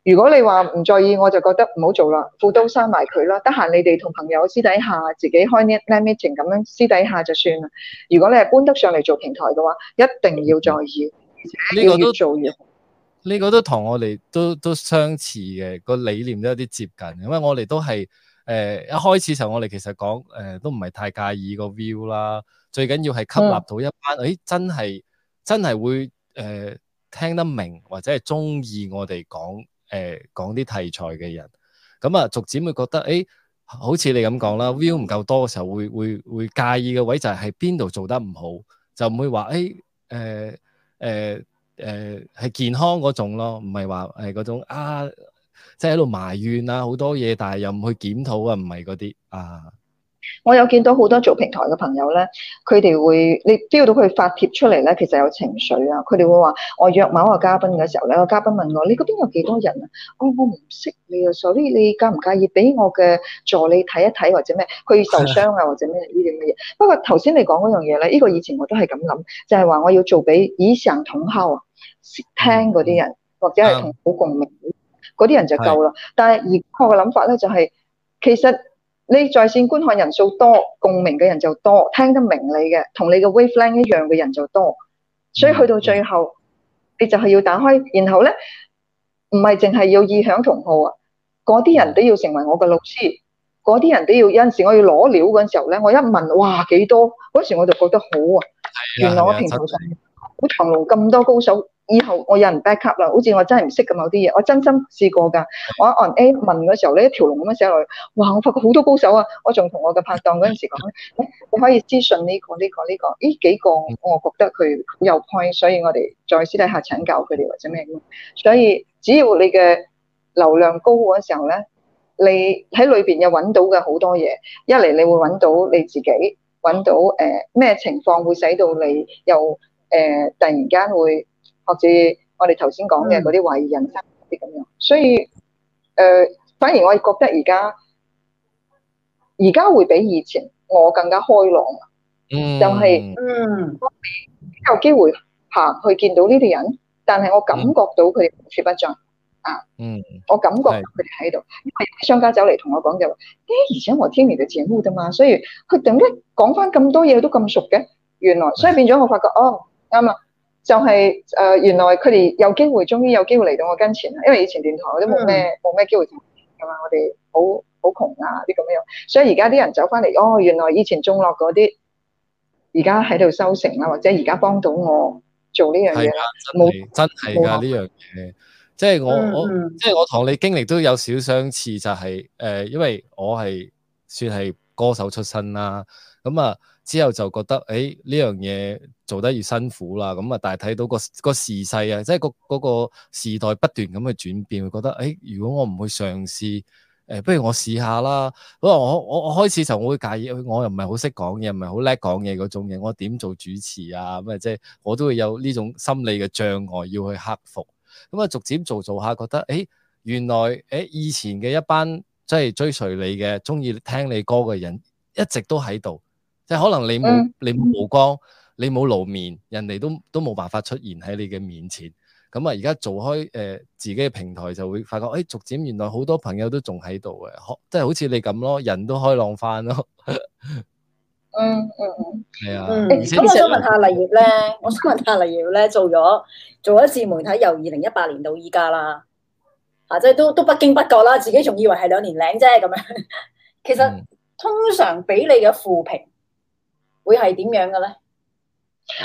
Speaker 5: 如果你話唔在意，我就覺得唔好做啦，負都刪埋佢啦。得閒你哋同朋友私底下自己開啲 limiting 咁樣私底下就算啦。如果你係搬得上嚟做平台嘅話，一定要在意，而且要
Speaker 1: 做越呢個都同我哋都都相似嘅，這個理念都有啲接近，因為我哋都係誒、呃、一開始時候，我哋其實講誒、呃、都唔係太介意個 view 啦，最緊要係吸納到一班誒、哎、真係真係會誒、呃、聽得明或者係中意我哋講誒講啲題材嘅人。咁、嗯、啊，逐漸會覺得誒、哎，好似你咁講啦，view 唔夠多嘅時候會會會,會介意嘅位就係喺邊度做得唔好，就唔會話誒誒誒。哎呃呃呃誒，係、呃、健康嗰種咯，唔係話係嗰種啊，即係喺度埋怨啊，好多嘢，但係又唔去檢討啊，唔係嗰啲啊。
Speaker 5: 我有見到好多做平台嘅朋友咧，佢哋會你 feel 到佢發帖出嚟咧，其實有情緒啊。佢哋會話：我約某個嘉賓嘅時候咧，個嘉賓問我你嗰邊有幾多人啊？哦，我唔識你啊，所以你介唔介意俾我嘅助理睇一睇或者咩？佢要受傷啊或者咩呢啲咁嘅嘢。 [LAUGHS] 不過頭先你講嗰樣嘢咧，呢、這個以前我都係咁諗，就係、是、話我要做俾以上統考啊。識聽嗰啲人，或者係同好共鳴嗰啲人就夠啦。是的 但係而我嘅諗法咧就係、是，其實你在線觀看人數多，共鳴嘅人就多，聽得明你嘅，同你嘅 wave length 一樣嘅人就多。所以去到最後，你就係要打開，然後咧唔係淨係要意想同好啊，嗰啲人都要成為我嘅老師，嗰啲人都要有陣時我要攞料嗰陣時候咧，我一問，哇幾多，多？嗰時我就覺得好啊，原來我平台上好長路咁多高手。以後我有人 backup 啦，好似我真係唔識咁。某啲嘢，我真心試過㗎。我按 A 問嗰時候咧，一條龍咁樣寫落去，哇！我發覺好多高手啊。我仲同我嘅拍檔嗰陣時講咧，你可以諮詢呢個呢個呢個，咦、這個這個、幾個我覺得佢又 point，所以我哋再私底下請教佢哋或者咩。所以只要你嘅流量高嗰時候咧，你喺裏邊有揾到嘅好多嘢。一嚟你會揾到你自己揾到誒咩、呃、情況會使到你又誒、呃、突然間會。或者我哋頭先講嘅嗰啲懷疑人生啲咁樣，所以誒、呃，反而我覺得而家而家會比以前我更加開朗，嗯、就係、是、嗯我有機會行去見到呢啲人，但係我感覺到佢哋不蹤、嗯、啊，嗯、我感覺佢哋喺度，的因為商家走嚟同我講就話，誒、欸，而且我聽你哋節目㗎嘛，所以佢突然間講翻咁多嘢都咁熟嘅，原來，所以變咗我發覺，哦，啱、哦、啊！哦哦哦哦哦。就係、是、誒、呃，原來佢哋有機會，終於有機會嚟到我跟前啦。因為以前電台我都冇咩冇咩機會同佢哋咁啊，我哋好好窮啊，啲咁樣。所以而家啲人走翻嚟，哦，原來以前中落嗰啲，而家喺度收成啦，或者而家幫到我做呢樣嘢啦。
Speaker 1: 真係㗎，呢樣嘢，即係我、嗯、我即係我同你經歷都有少少相似，就係、是、誒、呃，因為我係算係歌手出身啦。咁啊，之後就覺得誒，呢樣嘢。做得越辛苦啦，咁啊，但係睇到個個時勢啊，即係個時代不斷咁去轉變，會覺得誒，如果我唔去嘗試，誒，不如我試下啦。可能我我我開始時候會介意，我又唔係好識講嘢，唔係好叻講嘢嗰種嘢，我點做主持啊？咁啊，即係我都會有呢種心理嘅障礙要去克服。咁啊，逐漸做做下，覺得誒，原來誒以前嘅一班即係追隨你嘅，中意聽你歌嘅人一直都喺度，即係可能你冇、嗯、你冇光。你冇露面，人哋都都冇辦法出現喺你嘅面前。咁啊，而家做開誒、呃、自己嘅平台就會發覺，誒、哎、逐漸原來好多朋友都仲喺度嘅，即係好似你咁咯，人都開朗翻咯。嗯 [LAUGHS] 嗯嗯，係、嗯嗯、啊。咁我想問下
Speaker 2: 黎業咧，我想問下黎業咧，做咗做自媒體由二零一八年到依家啦，嚇、嗯，即係都都不經不覺啦，自己仲以為係兩年零啫咁樣。其實通常俾你嘅負評會係點樣嘅咧？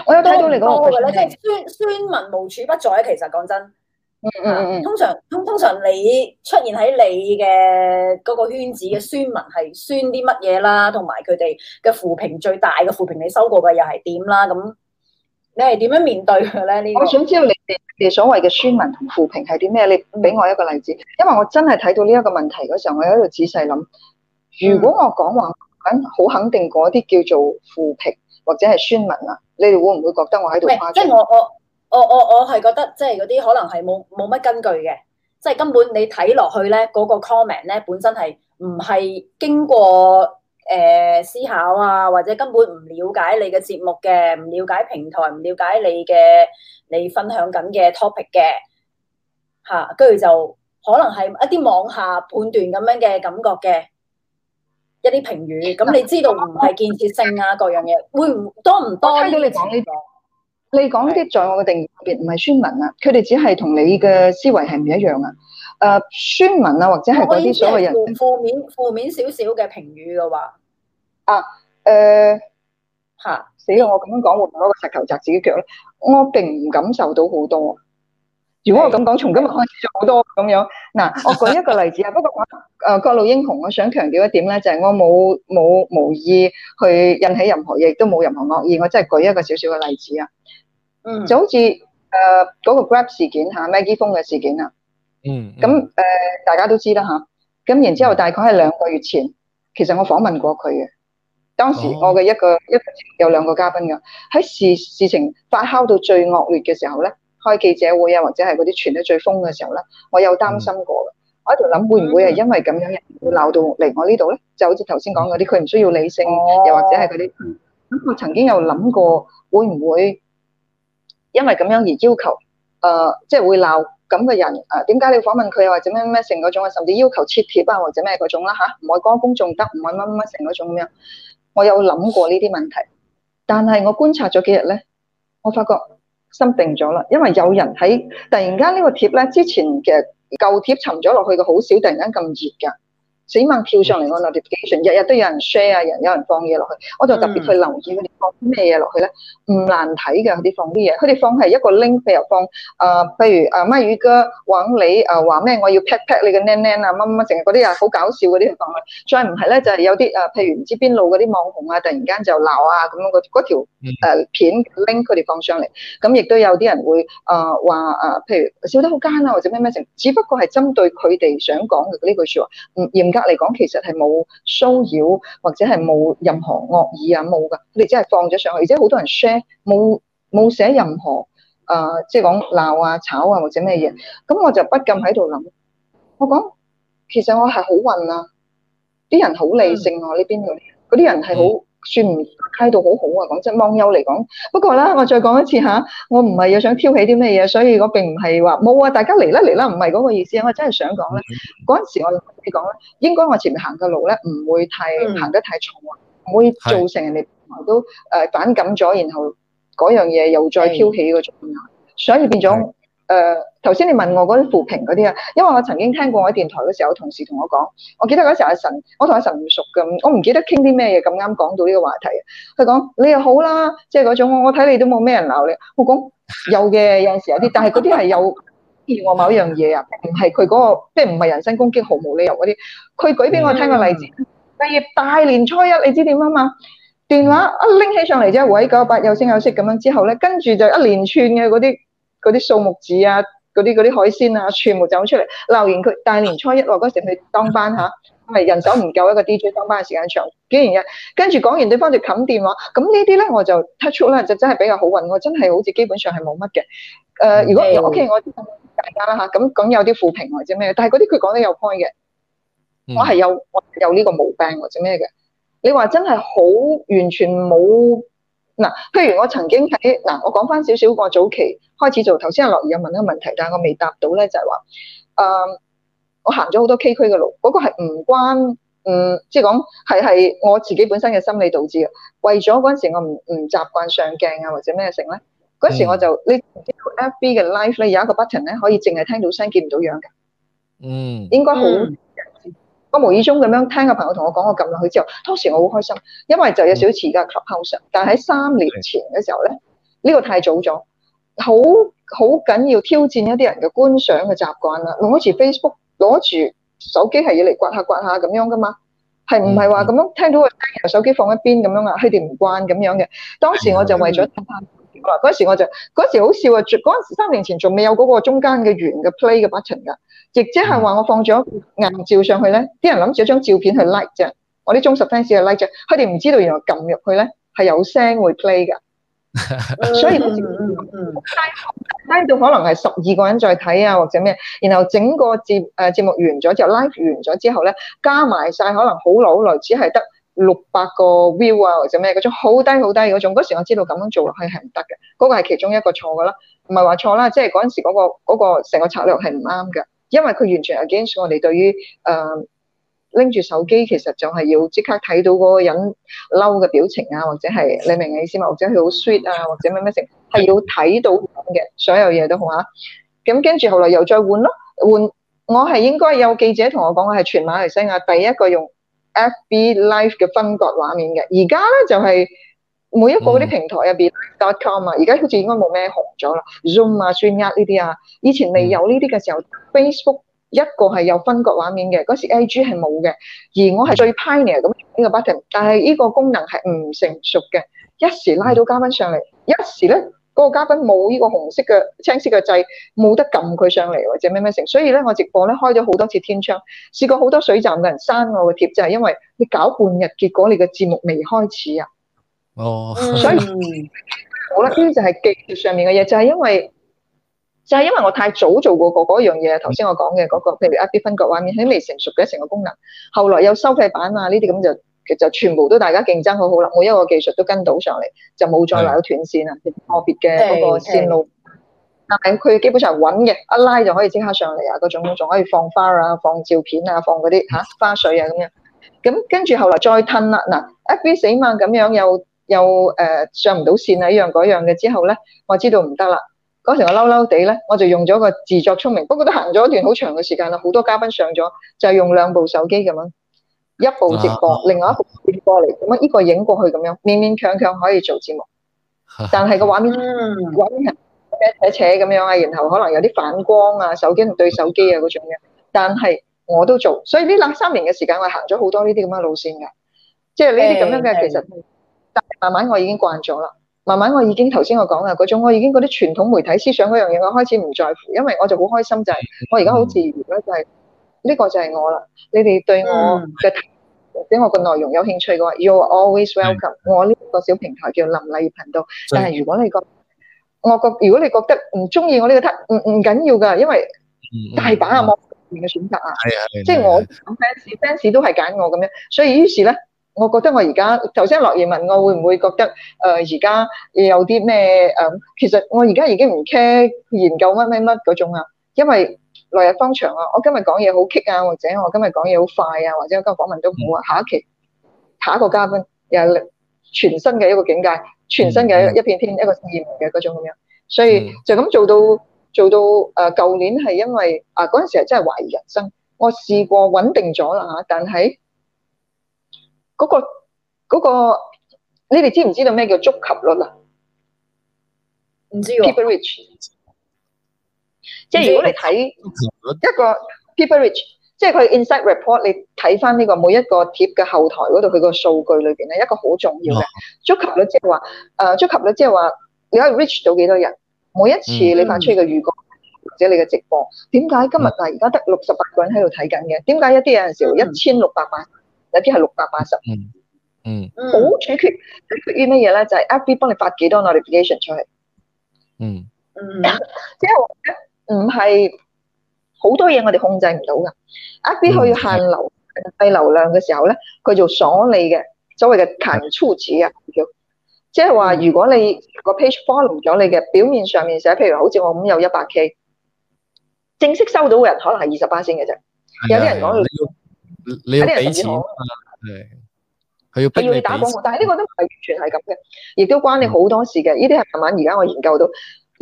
Speaker 2: 我有睇到你講，多多我嘅即係宣宣文無處不在。其實講真，嗯嗯嗯，啊、通常通通常你出現喺你嘅嗰個圈子嘅宣文係宣啲乜嘢啦，同埋佢哋嘅負評、嗯、最大嘅負評你收過嘅又係點啦？咁你係點樣面對佢咧？呢、這個、我想知道你哋所謂嘅
Speaker 5: 宣文同負評係啲咩？你俾我一個例子，因為我真係睇到呢一個問題嗰時候，我喺度仔細諗。如果我講話肯好肯定嗰啲叫做負評或者係宣文啊？你哋會唔會覺得我喺度誇張？唔係，即係我
Speaker 2: 我我我我係覺得即係有啲可能係冇冇乜根據嘅，即係根本你睇落去咧嗰個 comment 咧本身係唔係經過誒思考啊，或者根本唔了解你嘅節目嘅，唔了解平台，唔了解你嘅你分享緊嘅 topic 嘅，嚇，跟住就可能係一啲網下判斷咁樣嘅感覺嘅。一啲評語，咁你知道唔係建設性啊， [LAUGHS] 各樣嘢會唔多唔多？聽到你講呢
Speaker 5: 個，你講啲在我嘅定義別唔係宣文啊，佢哋只係同你嘅思維係唔一樣啊。誒、呃，宣文啊，或者係嗰啲所謂人
Speaker 2: 負面負面少少嘅評語嘅話啊，誒
Speaker 5: 吓死啦！我咁樣講會唔會攞個石頭砸自己腳咧？我並唔感受到好多。如果我咁講，從今日開始咗好多咁樣。嗱，我舉一個例子啊。 [LAUGHS] 不過我誒各、呃、路英雄，我想強調一點咧，就係我冇冇無意去引起任何嘢，亦都冇任何惡意。我真係舉一個少少嘅例子、嗯呃那個、啊嗯。嗯，就好似誒嗰個 Grab 事件吓 Maggie 峰嘅事件啊。嗯。咁誒，大家都知啦吓。咁、啊、然之後，大概係兩個月前，其實我訪問過佢嘅。當時我嘅一個一個、哦、有兩個嘉賓噶，喺事事情發酵到最惡劣嘅時候咧，開記者會啊，或者係嗰啲傳得最瘋嘅時候咧，我有擔心過。我喺度諗會唔會係因為咁樣會鬧到嚟我呢度咧？就好似頭先講嗰啲，佢唔需要理性，又或者係嗰啲。咁、哦、我曾經有諗過，會唔會因為咁樣而要求？誒、呃，即、就、係、是、會鬧咁嘅人。誒、啊，點解你要訪問佢？又或者咩咩成嗰種啊？甚至要求撤帖啊，或者咩嗰種啦嚇？唔、啊、愛光宗仲得，唔愛乜乜成嗰種咁樣。我有諗過呢啲問題，但係我觀察咗幾日咧，我發覺。心定咗啦，因為有人喺突然間呢個貼咧，之前嘅舊貼沉咗落去嘅好少，突然間咁熱㗎。死猛跳上嚟我 notification，日日都有人 share 啊，人有人放嘢落去，我就特別去留意佢哋放啲咩嘢落去咧。唔難睇嘅佢哋放啲嘢，佢哋放係一個 link，譬如放誒，譬、呃、如誒麥宇哥揾你誒話咩，我要 pack pack 你嘅孭孭啊，乜乜成日嗰啲啊好搞笑嗰啲放去。再唔係咧，就係、是、有啲誒、呃，譬如唔知邊路嗰啲網紅啊，突然間就鬧啊咁樣嗰嗰、那個、條、呃、片 link 佢哋放上嚟，咁亦都有啲人會誒話誒，譬、呃、如笑得好奸啊，或者咩咩成，只不過係針對佢哋想講嘅呢句説話，唔嚟講其實係冇騷擾或者係冇任何惡意啊，冇㗎，佢哋只係放咗上去，而且好多人 share 冇冇寫任何誒，即係講鬧啊、炒啊或者咩嘢，咁我就不禁喺度諗，我講其實我係好運啊，啲人好理性喎，呢邊嗰啲人，嗰啲人係好。算唔態度好好啊，講真，芒丘嚟講。不過咧，我再講一次吓，啊，我唔係又想挑起啲咩嘢，所以我並唔係話冇啊。大家嚟啦嚟啦，唔係嗰個意思。我真係想講咧，嗰陣、嗯、時我同你講咧，應該我前面行嘅路咧，唔會太、嗯、行得太重啊，唔會造成人哋都誒反感咗，然後嗰樣嘢又再挑起嗰種，嗯、所以變咗、嗯。嗯誒頭先你問我嗰啲扶貧嗰啲啊，因為我曾經聽過喺電台嘅時候，同事同我講，我記得嗰時阿神，我同阿神唔熟嘅，我唔記得傾啲咩嘢咁啱講到呢個話題。佢講你又好啦，即係嗰種我睇你都冇咩人鬧你。我講有嘅，有陣時有啲，但係嗰啲係有意外某樣嘢啊，唔係佢嗰個即係唔係人身攻擊，毫無理由嗰啲。佢舉俾我聽個例子，例如大年初一你知點啊嘛，電話一拎起上嚟啫，喂九一八有聲有色咁樣之後咧，跟住就一連串嘅嗰啲。嗰啲數目字啊，嗰啲嗰啲海鮮啊，全部走出嚟，鬧完佢大年初一落嗰時去當班嚇，因、啊、為人手唔夠，一個 DJ 當班嘅時間長幾然嘅，跟住講完對方就冚電話，咁呢啲咧我就 touch 啦，就真係比較好運，我真係好似基本上係冇乜嘅。誒、呃，Okay. 如果 OK，我大家啦嚇，咁、啊、咁、啊、有啲負評或者咩，但係嗰啲佢講得又開嘅，我係有有呢個毛病或者咩嘅，你話真係好完全冇。嗱，譬如我曾經喺嗱，我講返少少個早期開始做，頭先阿樂怡有問一個問題，但係我未答到咧，就係話，誒，我行咗好多崎嶇嘅路，嗰、嗰個係唔關，嗯，即係講係係我自己本身嘅心理導致嘅，為咗嗰陣時我唔唔習慣上鏡啊或者咩成咧，嗰時我就呢個、嗯、F B 嘅 live 咧有一個 button 咧可以淨係聽到聲見唔到樣嘅，嗯，
Speaker 3: 應該好。嗯。
Speaker 5: 我無意中咁樣聽個朋友同我講，我撳落去之後，當時我好開心，因為就有少少似架 proposal。但喺三年前嘅時候咧，呢的個太早咗，好好緊要挑戰一啲人嘅觀賞嘅習慣啦。攞住 Facebook，攞住手機係要嚟刮下刮下咁樣噶嘛，係唔係話咁樣聽到個聲，手機放一邊咁樣啊？佢哋唔關咁樣嘅。當時我就為咗。嗰陣、啊、時我就，嗰陣時好笑啊！嗰陣時三年前仲未有嗰個中間嘅圓嘅 play 嘅 button 㗎，亦即係話我放咗硬照上去咧，啲人諗住張照片去 like 啫，我啲忠實 fans 去 like 啫，佢哋唔知道原來撳入去咧係有聲會 play 㗎，
Speaker 3: [LAUGHS] 所以
Speaker 5: 拉到可能係十二個人再睇啊，或者咩，然後整個節誒節目完咗、like、之後，live 完咗之後咧，加埋晒可能好耐好耐，只係得，六百個 view 啊，或者咩嗰種好低好低嗰種，嗰時我知道咁樣做落去係唔得嘅，嗰、嗰個係其中一個錯嘅啦，唔係話錯啦，即係嗰陣時嗰、嗰個成、嗰個、個策略係唔啱嘅，因為佢完全 against 我哋對於誒拎住手機其實就係要即刻睇到嗰個人嬲嘅表情啊，或者係你明嘅意思嘛，或者佢好 sweet 啊，或者咩咩成，係要睇到嘅，所有嘢都好啊。咁跟住後來又再換咯，換我係應該有記者同我講，我係全馬來西亞第一個用 FB Live 嘅分割畫面嘅，而家咧就係、是、每一個嗰啲平台入邊，dot com、Zoom、啊，而家好似應該冇咩紅咗啦，Zoom 啊，Zoom out 呢啲啊，以前未有呢啲嘅時候、嗯、Facebook 一個係有分割畫面嘅，嗰時 A G 係冇嘅，而我係最 pioneer 咁呢、呢個 button，但係呢個功能係唔成熟嘅，一時拉到嘉賓上嚟，一時咧。嗰個嘉賓冇呢個紅色嘅、青色嘅掣，冇得撳佢上嚟或者咩咩成，所以咧我直播咧開咗好多次天窗，試過好多水站嘅人刪我嘅貼，就係因為你搞半日，結果你嘅節目未開始啊。哦，
Speaker 4: 所以
Speaker 5: 好啦，呢啲就係技術上面嘅嘢，就係因為就係因為我太早做過嗰嗰樣嘢，頭先我講嘅嗰個，譬如一啲分割畫面啲未成熟嘅成個功能，後來有收費版啊呢啲咁就。其實就全部都大家競爭好好啦，每一個技術都跟到上嚟，就冇再嚟到斷線啊。個、嗯、別嘅嗰個線路，但係佢基本上穩嘅，一拉就可以即刻上嚟啊。嗰種仲可以放花啊，放照片啊，放嗰啲嚇花絮啊咁樣。咁跟住後來再吞啦，嗱一死嘛咁樣又又誒、呃、上唔到線啊，一樣嗰樣嘅之後咧，我知道唔得啦。嗰時我嬲嬲地咧，我就用咗個自作聰明，不過都行咗一段好長嘅時間啦。好多嘉賓上咗，就係、用兩部手機咁樣。一部接播，另外一部接過嚟，咁樣呢個影過去咁樣，勉勉強強可以做節目，但係個畫面 [LAUGHS] 畫面係扯扯咁樣啊，然後可能有啲反光啊，手機唔對手機啊嗰種嘅，但係我都做，所以呢兩三年嘅時間，我行咗好多呢啲咁嘅路線㗎，即係呢啲咁樣嘅其實，嘿嘿但係慢慢我已經慣咗啦，慢慢我已經頭先我講啊嗰種，我已經嗰啲傳統媒體思想嗰樣嘢，我開始唔在乎，因為我就好開心就係、是、我而家好自然咧，就係、是、呢個就係我啦，你哋對我嘅、嗯。或者我個內容有興趣嘅話，You're always welcome 的。我呢個小平台叫林麗頻道，以但係如果你覺我覺如果你覺得唔中意我呢個特唔唔緊要噶，因為大把啊，莫面嘅選擇啊，即係我 fans fans 都係揀我咁樣，所以於是咧，我覺得,覺得我而家頭先樂兒問我會唔會覺得誒而家有啲咩誒，其實我而家已經唔 care 研究乜乜乜嗰種啊，因為。來日方長啊！我今日講嘢好激啊，或者我今日講嘢好快啊，或者我今日訪問都好啊。下一期，下一個嘉賓又係全新嘅一個境界，全新嘅一片天，一個意目嘅嗰種咁樣，所以就咁做到做到誒！舊年係因為啊，嗰陣時係真係懷疑人生，我試過穩定咗啦吓，但係嗰、嗰個、嗰個你哋知唔知道咩叫觸及率咯？你知唔知啊？即係如果你睇一個 People Reach，即係佢 Insight Report，你睇翻呢個每一個貼嘅後台嗰度佢個數據裏邊咧，一個好重要嘅觸及率就，即係話誒觸及率，即係話你可以 reach 到幾多人？每一次你發出去嘅預告或者你嘅直播，點解今日、嗯、但係而家得六十八個人喺度睇緊嘅？點解一啲、嗯、有陣時一千六百八，有啲係六百八十？嗯嗯，好取決取決於咩嘢咧？就係、是、FB 幫你發幾多 Notification 出去？嗯嗯，因為唔係好多嘢，我哋控制唔到噶。一啲去限流、限流量嘅時候咧，佢就鎖你嘅所謂嘅近處子啊，即係話，如果你個 page follow 咗你嘅表面上面寫，譬如好似我咁有一百 K，正式收到嘅人可能係二十八先嘅啫。有啲人講
Speaker 3: 你要，你要俾錢啊，係要你打廣告，但
Speaker 5: 係呢個都唔係完全係咁嘅，亦都關你好多事嘅。呢啲係慢慢而家我研究到。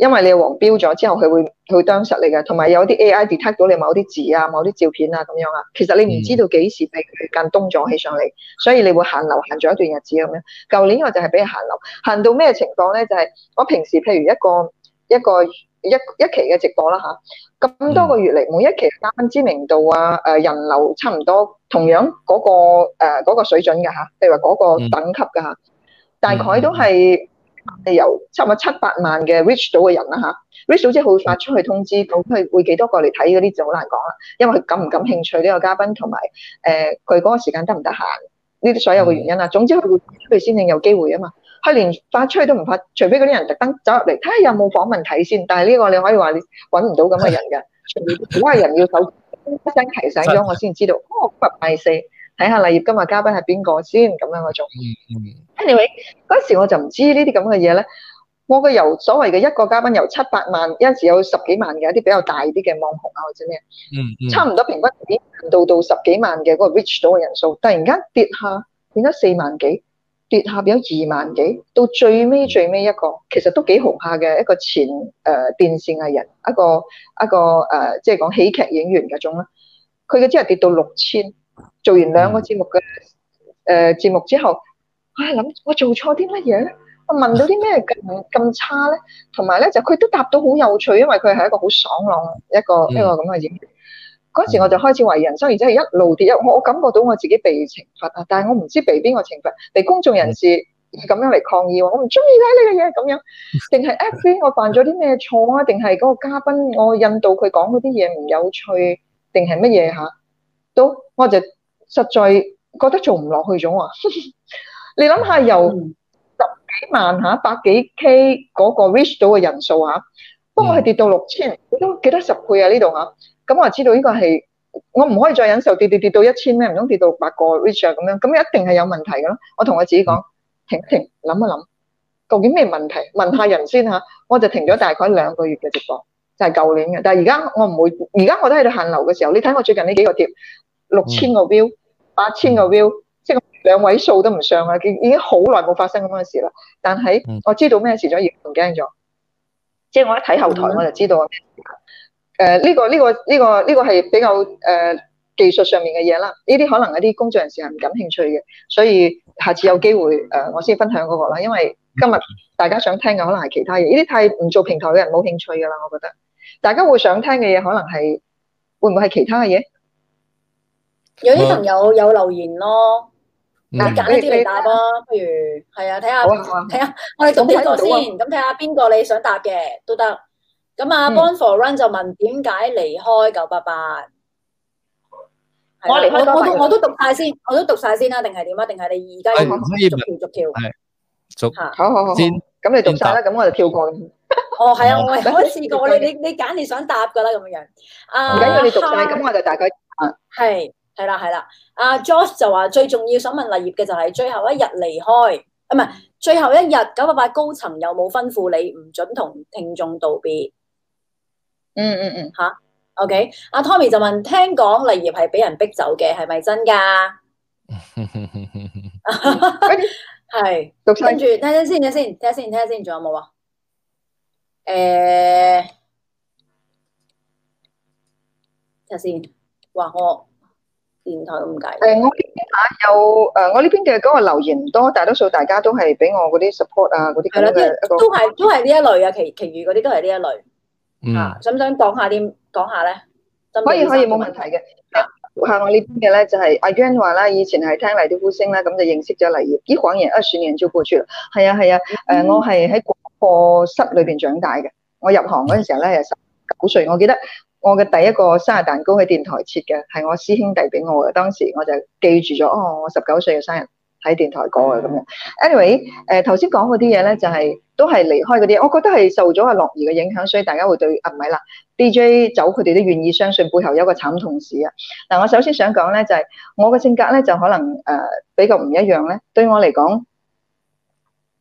Speaker 5: 因為你黃標咗之後，佢會去監實你嘅，同埋有啲 AI detect 到你某啲字啊、某啲照片啊咁樣啊。其實你唔知道幾時俾佢間東咗起上嚟，嗯、所以你會限流限咗一段日子咁樣。舊年我就係俾佢限流，限到咩情況咧？就係、係、我平時譬如一個一個一一期嘅直播啦吓，咁多個月嚟，每一期嘅知名度啊、誒人流差唔多，同樣嗰、嗰個誒、呃嗰個、水準㗎吓，譬如話嗰個等級㗎吓，嗯、大概都係。由差唔多七百萬嘅 reach 到嘅人啦吓，reach 到即係佢發出去通知，咁佢會幾多個嚟睇嗰啲就好難講啦，因為佢感唔感興趣呢、呢個嘉賓，同埋誒佢嗰個時間得唔得閒，呢啲所有嘅原因啦。嗯、總之佢會佢先至有機會啊嘛，佢連發出去都唔發，除非嗰啲人特登走入嚟睇下有冇訪問睇先。但係呢個你可以話你揾唔到咁嘅人㗎， [LAUGHS] 除非人要手一聲提醒咗 [LAUGHS] 我先知道，哦，今日拜四。睇下麗業今日嘉賓係邊個先？咁樣嗰種。Anyway，嗰時我就唔知呢啲咁嘅嘢咧。我嘅由所謂嘅一個嘉賓由七八萬，有陣時有十幾萬嘅一啲比較大啲嘅網紅啊或者咩，差唔多平均幾萬到到十幾萬嘅嗰個 reach 到嘅人數，突然間跌下，變咗四萬幾，跌下變咗二萬幾，到最尾最尾一個，其實都幾紅下嘅一個前誒電視藝人，一個一個誒即係講喜劇演員嗰種啦。佢嘅只係跌到六千。做完兩個節目嘅誒、呃、節目之後，我係諗，我做錯啲乜嘢咧？我問到啲咩咁咁差咧？同埋咧就佢都答到好有趣，因為佢係一個好爽朗一個、嗯、一個咁嘅人。嗰、嗯、時我就開始懷疑人生，而且係一路跌，我我感覺到我自己被懲罰啊！但係我唔知被邊個懲罰，被公眾人士咁樣嚟，抗議，我唔中意睇呢個嘢咁樣，定係 a 我犯咗啲咩錯啊？定係嗰個嘉賓我印度佢講嗰啲嘢唔有趣，定係乜嘢吓？啊我就實在覺得做唔落去咗啊！ [LAUGHS] 你諗下，由十幾萬嚇、啊、百幾 K 嗰個 reach 到嘅人數嚇、啊，不過係跌到六千，都多幾多十倍啊，啊？呢度嚇，咁我就知道呢個係我唔可以再忍受跌跌跌到一千咩？唔通跌到百個 reach 咁、啊、樣？咁一定係有問題嘅咯！我同我自己講，停停，諗一諗，究竟咩問題？問下人先嚇、啊，我就停咗大概兩個月嘅直播，就係舊年嘅。但係而家我唔會，而家我都喺度限流嘅時候，你睇我最近呢幾個貼。六千個 view，八千個 view，mm. 即係兩位數都唔上啦。已經好耐冇發生咁樣嘅事啦。但係我知道咩事咗，完唔驚咗。即係我一睇後台我就知道。誒、mm. 呃，呢、這個呢、這個呢、這個呢、這個係比較誒、呃、技術上面嘅嘢啦。呢啲可能一啲工作人士係唔感興趣嘅，所以下次有機會誒、呃，我先分享嗰個啦。因為今日大家想聽嘅可能係其他嘢，呢啲太唔做平台嘅人冇興趣噶啦。我覺得大家會想聽嘅嘢可能係會唔會係其他嘅嘢？
Speaker 2: 有啲朋友有留言咯，你揀一啲嚟答咯，不如係啊，睇下睇下，我哋讀邊個先？咁睇下邊個你想答嘅都得。咁啊，Bon for run 就問點解離開九八八？我嚟，我我都我都讀晒先，我都讀晒先啦，定係點啊？定係你而家要逐條逐條
Speaker 5: 係，逐吓，好好好，咁你讀晒啦，咁我就跳過
Speaker 2: 咁。哦，係啊，我我試過，你你你揀你想答㗎啦，咁樣樣。唔緊要，你讀晒，咁我就大概係。係啦，係啦，阿、啊、Josh 就話最重要想問利業嘅就係最後一日離開，啊唔係最後一日九八八高層有冇吩咐你唔准同聽眾道別，
Speaker 5: 嗯嗯嗯，
Speaker 2: 吓，OK，阿、啊、Tommy 就問，聽講利業係俾人逼走嘅，係咪真㗎？係，跟住睇下先，睇先，睇下先，睇下先，仲有冇啊？誒、欸，睇下先，話我。電台咁解？誒、呃，
Speaker 5: 我邊邊、啊、有誒、呃，我呢邊嘅嗰個留言多，大多數大家都係俾我嗰
Speaker 2: 啲 support 啊，嗰啲都都係都係呢一類，一類、嗯、啊，其其餘嗰啲都係呢一類。嗯。想唔想講下啲講下咧？可以可以冇問題嘅。嚇、呃！我邊呢邊嘅咧就
Speaker 5: 係阿 Jan 話啦，以前係聽嚟啲呼聲咧，咁、嗯、就認識咗黎業。啲廣人一選人就過住。係啊係啊，誒、啊啊啊嗯呃，我係喺廣播室裏邊長大嘅。我入行嗰陣時候咧係十九歲，我記得。我嘅第一個生日蛋糕喺電台切嘅，係我師兄弟俾我嘅。當時我就記住咗，哦,我十九歲嘅生日喺電台過嘅咁樣。Anyway，誒頭先講嗰啲嘢咧，就係、是、都係離開嗰啲。我覺得係受咗阿樂兒嘅影響，所以大家會對啊，唔係啦，DJ 走，佢哋都願意相信背後有一個慘痛事啊。嗱、啊，我首先想講咧就係、是、我嘅性格咧就可能誒、呃、比較唔一樣咧。對我嚟講，誒、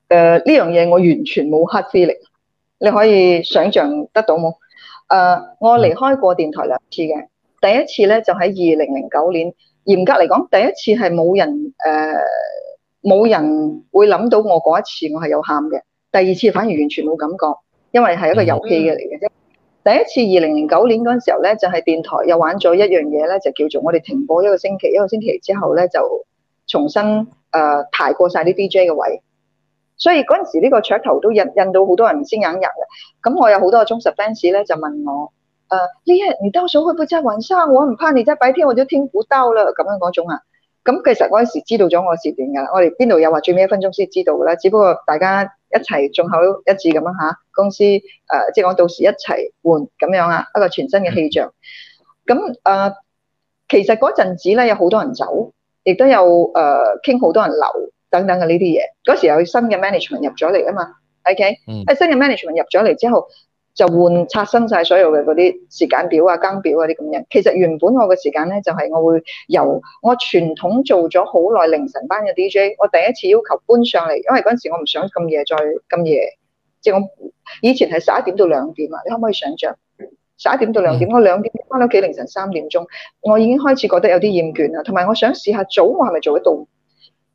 Speaker 5: 呃、呢樣嘢我完全冇 hard feeling，你可以想象得到冇？誒，uh, 我離開過電台兩次嘅，第一次咧就喺二零零九年，嚴格嚟講，第一次係冇人誒，冇、uh, 人會諗到我嗰一次我係有喊嘅。第二次反而完全冇感覺，因為係一個遊戲嘅嚟嘅啫。Mm-hmm. 第一次二零零九年嗰陣時候咧，就係、是、電台又玩咗一樣嘢咧，就叫做我哋停播一個星期，一個星期之後咧就重新誒、uh, 排過晒啲 DJ 嘅位。所以嗰陣時呢個噱頭都引引到好多人先入入啦，咁我有好多忠實 fans 咧就問我，誒呢一唔得，我想去負責雲沙，我唔怕，你即係白天我都聽唔兜了，咁樣嗰種啊，咁其實嗰陣時知道咗我時段噶啦，我哋邊度又話最尾一分鐘先知道嘅啦，只不過大家一齊眾口一致咁啊嚇，公司誒、呃、即係講到時一齊換咁樣啊，一個全新嘅氣象，咁誒、呃、其實嗰陣子咧有好多人走，亦都有誒傾好多人留。等等嘅呢啲嘢，嗰時有新嘅 management 入咗嚟啊嘛，OK，誒、嗯、新嘅 management 入咗嚟之後，就換刷新晒所有嘅嗰啲時間表啊、更表啊啲咁樣。其實原本我嘅時間咧，就係、是、我會由我傳統做咗好耐凌晨班嘅 DJ，我第一次要求搬上嚟，因為嗰陣時我唔想咁夜再咁夜，即係我以前係十一點到兩點啊。你可唔可以想像十一點到兩點，我兩點翻到屋企凌晨三點鐘，我已經開始覺得有啲厭倦啦。同埋我想試下早，我係咪做得到？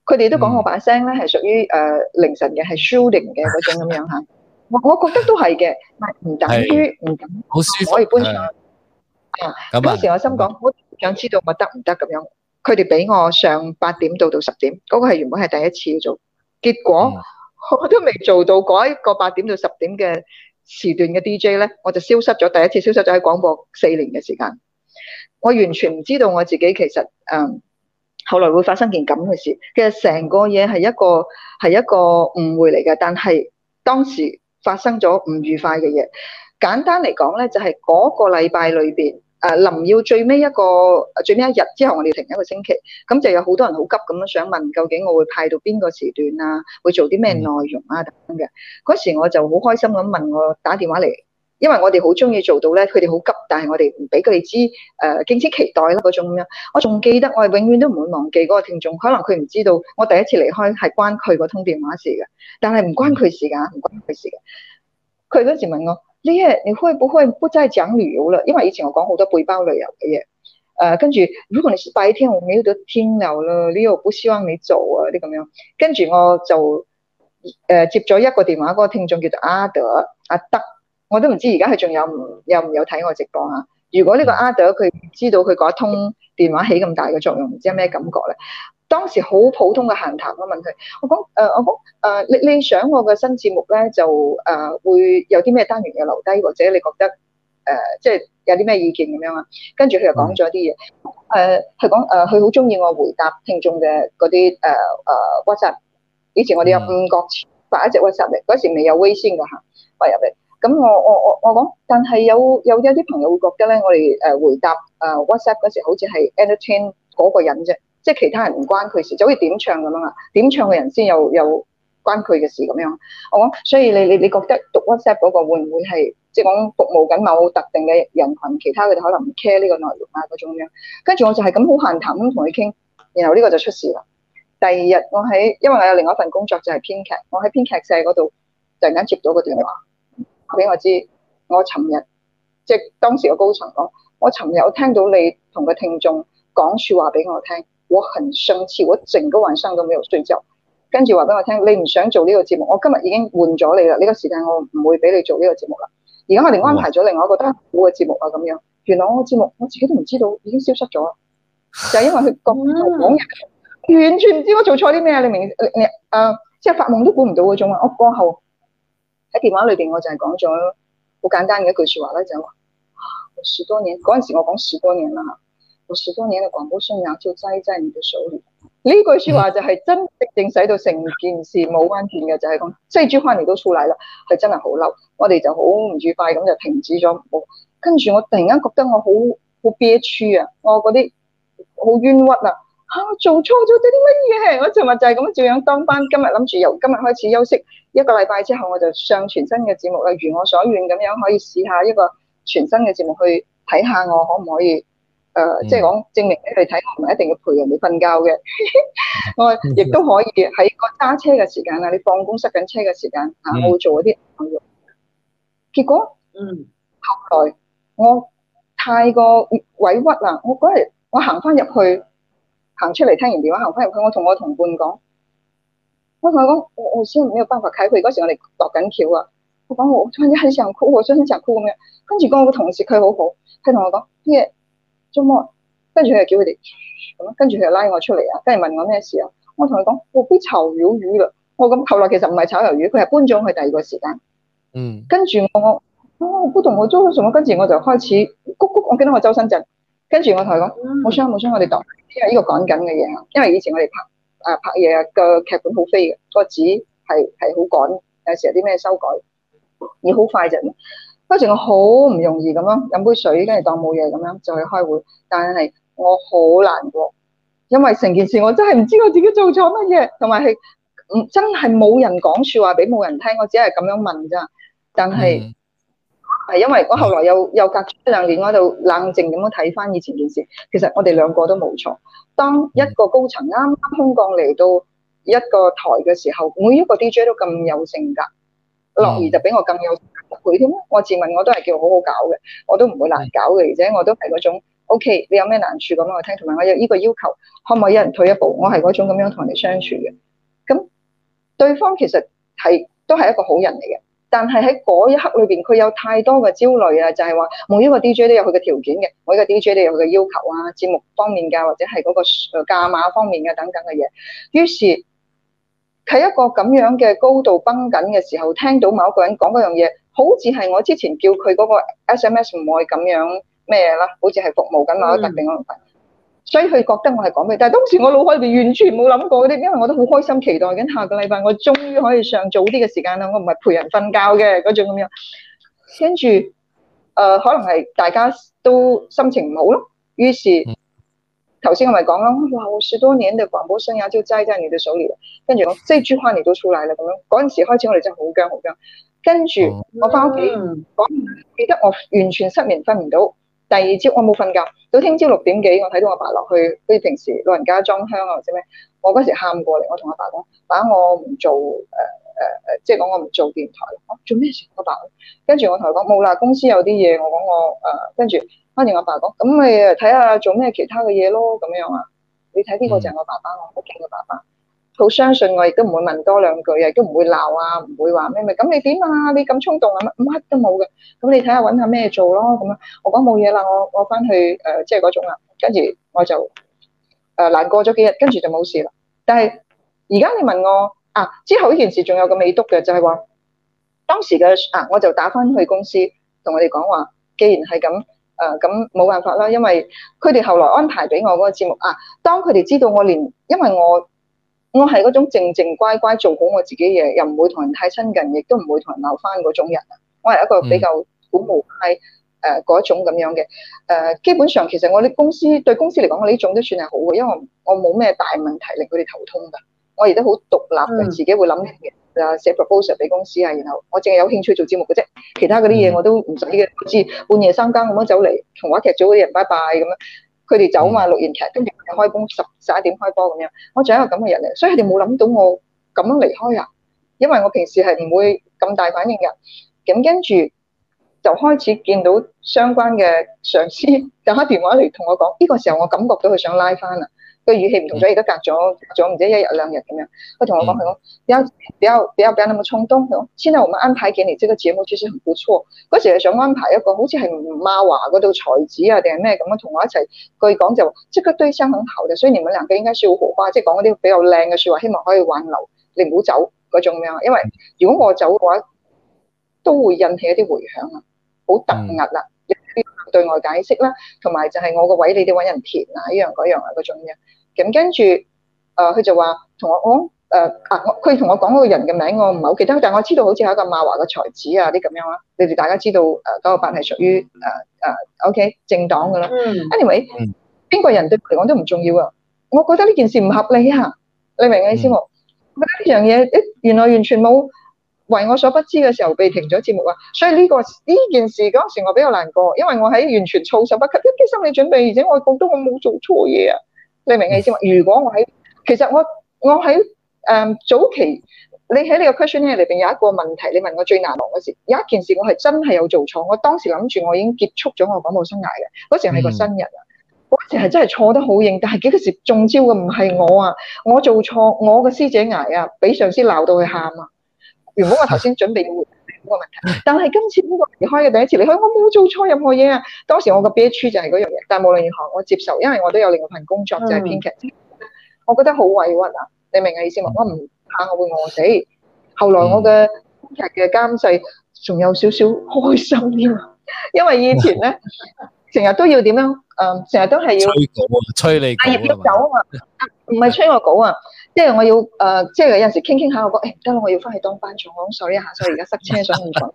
Speaker 5: 佢哋都講我把聲咧係屬於誒凌晨嘅，係 shooting 嘅嗰種咁樣吓。我 [LAUGHS] 我覺得都係嘅，唔等於唔敢可以搬上去啊。嗰時我心講，的我想知道我得唔得咁樣。佢哋俾我上八點到到十點，嗰、嗰個係原本係第一次做，結果、嗯、我都未做到嗰一個八點到十點嘅時段嘅 DJ 咧，我就消失咗第一次消失咗喺廣播四年嘅時間，我完全唔知道我自己其實誒。嗯嗯嗯後來會發生件咁嘅事，其實成個嘢係一個係一個誤會嚟嘅，但係當時發生咗唔愉快嘅嘢。簡單嚟講咧，就係、是、嗰個禮拜裏邊，誒林耀最尾一個最尾一日之後，我哋停一個星期，咁就有好多人好急咁樣想問究竟我會派到邊個時段啊，會做啲咩內容啊等等嘅。嗰、嗯、時我就好開心咁問我打電話嚟。因為我哋好中意做到咧，佢哋好急，但係我哋唔俾佢哋知，誒、呃，敬請期待啦嗰種咁樣。我仲記得，我係永遠都唔會忘記嗰個聽眾。可能佢唔知道，我第一次離開係關佢個通電話事嘅，但係唔關佢事㗎，唔、嗯、關佢事嘅。佢嗰時問我：，呢日你會唔會不再講旅遊了？因為以前我講好多背包旅遊嘅嘢。誒、呃，跟住如果你是白天，我沒有咗天流啦。呢個好希望你做啊啲咁樣。跟住我就誒、呃、接咗一個電話，嗰個聽眾叫做阿德阿德。啊德我都唔知而家佢仲有唔有唔有睇我直播啊？如果呢個阿 do 佢知道佢嗰一通電話起咁大嘅作用，唔知有咩感覺咧？當時好普通嘅閒談我，我問佢、呃，我講誒，我講誒，你你想我嘅新節目咧，就誒、呃、會有啲咩單元嘅留低，或者你覺得誒、呃、即係有啲咩意見咁樣啊？跟住佢又講咗啲嘢，誒、嗯，佢講誒，佢好中意我回答聽眾嘅嗰啲誒誒 WhatsApp。以前我哋有五角錢發一隻 WhatsApp 嚟，嗰、嗯、時未有微信嘅嚇，發入嚟。咁我我我我講，但係有有有啲朋友會覺得咧，我哋誒、呃、回答誒、呃、WhatsApp 嗰時好似係 Entertain 嗰個人啫，即、就、係、是、其他人唔關佢事，就好似點唱咁樣啊，點唱嘅人先又有，有關佢嘅事咁樣。我講，所以你你你覺得讀 WhatsApp 嗰個會唔會係即係講服務緊某特定嘅人群，其他佢哋可能唔 care 呢個內容啊嗰種咁樣？跟住我就係咁好閒談咁同佢傾，然後呢個就出事啦。第二日我喺因為我有另外一份工作就係編劇，我喺編劇社嗰度突然間接到個電話。俾我知，我尋日即係當時個高層囉，我尋日我聽到你同個聽眾講説話俾我聽。我很信似我整個人生都冇有衰之，跟住話俾我聽，你唔想做呢個節目，我今日已經換咗你啦，呢、這個時間我唔會俾你做呢個節目啦。而家我哋安排咗另外一個好嘅節目啊，咁樣原來我個節目我自己都唔知道已經消失咗就係、是、因為佢講講嘢，完全唔知我做錯啲咩，你明？你誒、呃、即係發夢都估唔到嗰種啊，我、哦、過後。喺電話裏邊，我就係講咗好簡單嘅一句說話咧，就話、係啊：我十多年嗰陣時，我講十多年啦，我十多年嘅廣播生涯最衰真係唔少料。呢句說話就係真真正使到成件事冇彎轉嘅，就係講，即四 G 翻嚟都出嚟啦，係真係好嬲，我哋就好唔愉快咁就停止咗。跟住我突然間覺得我好好憋屈啊，我嗰啲好冤屈啊！吓，做錯咗啲乜嘢？我尋日就係咁樣照樣當班，今日諗住由今日開始休息。一個禮拜之後我就上全新嘅節目啦，如我所願咁樣可以試下一個全新嘅節目去睇下我可唔可以，誒、呃嗯、即係講證明俾你睇我唔係一定要陪人哋瞓覺嘅， [LAUGHS] 我亦都可以喺個揸車嘅時間啦，你放工塞緊車嘅時間嚇，嗯、我做一啲，結果嗯，後來我太過委屈啦，我嗰日我行翻入去，行出嚟聽完電話，行翻入去我同我同伴講。我同佢講，我我先唔有辦法解決，嗰時我哋落緊橋啊！我講我突然間很想哭，我真係想哭咁樣。跟住嗰個同事佢好好，佢同我講耶，做乜？跟住佢就叫佢哋咁，跟住佢就拉我出嚟啊，跟住問我咩事啊？我同佢講我俾炒魷魚啦！我咁後來其實唔係炒魷魚，佢係搬咗去第二個時間。嗯、哦。跟住我我我唔同我租咗做乜，跟住我就開始咕咕，我見到我周身震。跟住我同佢講冇想，冇想，想我哋當因為呢個趕緊嘅嘢啊，因為以前我哋拍。啊拍嘢嘅、啊、劇本好飛嘅，個紙係係好趕，有時有啲咩修改，而好快就。嗰陣我好唔容易咁樣飲杯水，跟住當冇嘢咁樣就去開會，但係我好難過，因為成件事我真係唔知我自己做錯乜嘢，同埋係唔真係冇人講説話俾冇人聽，我只係咁樣問咋，但係。係，因為我後來又又隔咗一兩年，我度冷靜咁樣睇翻以前件事。其實我哋兩個都冇錯。當一個高層啱啱空降嚟到一個台嘅時候，每一個 DJ 都咁有性格。樂兒就比我更有倍添。我自問我都係叫好好搞嘅，我都唔會難搞嘅，而且我都係嗰種 OK。你有咩難處咁我聽，同埋我有呢個要求，可唔可以一人退一步？我係嗰種咁樣同你相處嘅。咁對方其實係都係一個好人嚟嘅。但係喺嗰一刻裏邊，佢有太多嘅焦慮啊！就係、是、話，每一個 DJ 都有佢嘅條件嘅，每一個 DJ 都有佢嘅要求啊，節目方面嘅，或者係嗰、那個價碼、呃、方面嘅等等嘅嘢。於是喺一個咁樣嘅高度繃緊嘅時候，聽到某一個人講嗰樣嘢，好似係我之前叫佢嗰個 SMS 唔會咁樣咩啦，好似係服務緊某一特定嘅人。嗯。所以佢覺得我係講咩，但係當時我腦海裏面完全冇諗過啲，因為我都好開心期待緊下個禮拜我終於可以上早啲嘅時間啦，我唔係陪人瞓覺嘅嗰種咁樣。跟住，誒、呃、可能係大家都心情唔好咯，於是頭先我咪講咯，哇！我十多年的廣播生涯、啊、就栽在你的手裏了，跟住我即這句話你都出嚟了，咁樣嗰時開始我哋真係好驚好驚，跟住我翻屋企講，記得我完全失眠瞓唔到。.第二朝我冇瞓覺，到聽朝六點幾我睇到我爸落去，好似平時老人家裝香啊或者咩，我嗰時喊過嚟，我同我爸講，爸，我唔做誒誒誒，即係講我唔做電台，我做咩事？我爸，我跟住我同佢講冇啦，公司有啲嘢，我講我誒，跟、呃、住，跟住我爸講，咁你誒睇下做咩其他嘅嘢咯咁樣啊，你睇呢個就係我爸爸我屋企嘅爸爸。好相信我，亦都唔會問多兩句啊，都唔會鬧啊，唔會話咩咩咁你點啊？你咁衝動啊？乜乜都冇嘅，咁你睇下搵下咩做咯咁樣。我講冇嘢啦，我我翻去誒，即係嗰種啦。跟住我就誒、呃、難過咗幾日，跟住就冇事啦。但係而家你問我啊，之後呢件事仲有個未督嘅，就係、是、話當時嘅啊，我就打翻去公司同佢哋講話，既然係咁誒，咁、呃、冇辦法啦，因為佢哋後來安排俾我嗰個節目啊，當佢哋知道我連因為我。我係嗰種靜靜乖乖做好我自己嘢，又唔會同人太親近，亦都唔會同人鬧翻嗰種人啊！我係一個比較好無派誒嗰種咁樣嘅誒、呃。基本上其實我哋公司對公司嚟講，我呢種都算係好嘅，因為我冇咩大問題令佢哋頭痛噶。我而家好獨立嘅，嗯、自己會諗誒寫 proposal 俾公司啊。然後我淨係有興趣做節目嘅啫，其他嗰啲嘢我都唔使嘅，好似半夜三更咁樣走嚟同話劇組嗰啲人拜拜咁樣。佢哋走嘛，錄完劇跟住開工十十一點開波咁樣，我仲有一個咁嘅人嚟，所以佢哋冇諗到我咁樣離開啊，因為我平時係唔會咁大反應㗎，咁跟住就開始見到相關嘅上司就打電話嚟同我講，呢個時候我感覺到佢想拉翻啦。個語氣唔同咗，而家隔咗咗唔知一日兩日咁樣。佢同我講：佢講不要不要不要不要那麼衝動。佢講：，現在我們安排給你即個節目，其實很不錯。嗰時係想安排一個好似係馬華嗰度才子啊，定係咩咁樣同我一齊。據講就即刻堆聲很好嘅，所以你兩個應該笑口花花啊，即係講嗰啲比較靚嘅説話，希望可以挽留一你唔好走嗰種咩啊。因為如果我走嘅話，都會引起一啲迴響啊，好突兀啦。對外解釋啦、啊，同埋就係我個位你哋揾人填啊，依樣嗰樣啊嗰種。咁跟住，誒，佢、呃、就話同我講，誒、呃，啊，佢同我講嗰個人嘅名，我唔係好記得，但係我知道好似係一個馬華嘅才子啊啲咁樣啦。你哋大家知道，誒、呃，九廿八係屬於誒誒，O.K. 政黨嘅啦。Anyway，邊個人對嚟講都唔重要啊！我覺得呢件事唔合理啊！你明我意思冇？Mm hmm. 我覺得呢樣嘢，誒，原來完全冇為我所不知嘅時候被停咗節目啊！所以呢、這個呢件事嗰陣時我比較難過，因為我喺完全措手不及，一啲心理準備，而且我覺得我冇做錯嘢啊！你明嘅意思嘛？如果我喺，其實我我喺誒早期，你喺你個 questionnaire 裏邊有一個問題，你問我最難忘嗰時，有一件事我係真係有做錯。我當時諗住我已經結束咗我廣告生涯嘅，嗰時係個新人啊，嗰、嗯、時係真係錯得好認，但係幾個時中招嘅唔係我啊，我做錯，我嘅師姐捱啊，俾上司鬧到佢喊啊，原本我頭先準備個問題，但係今次呢個離開嘅第一次離開，我冇做錯任何嘢啊！當時我個 B H 就係嗰樣嘢，但無論如何我接受，因為我都有另外份工作就係編劇。我覺得好委屈啊！你明唔明嘅意思嘛？我唔怕我會餓死。後來我嘅編劇嘅監製仲有少少開心添，因為以前咧成日都要點樣，嗯，成日都係要催
Speaker 1: 稿、催你
Speaker 5: 稿啊嘛，唔係催我稿啊。即係我要誒，即、呃、係、就是、有陣時傾傾下我講，誒、欸、得啦，我要翻去當班長，我所以下，所以而家塞車想唔講。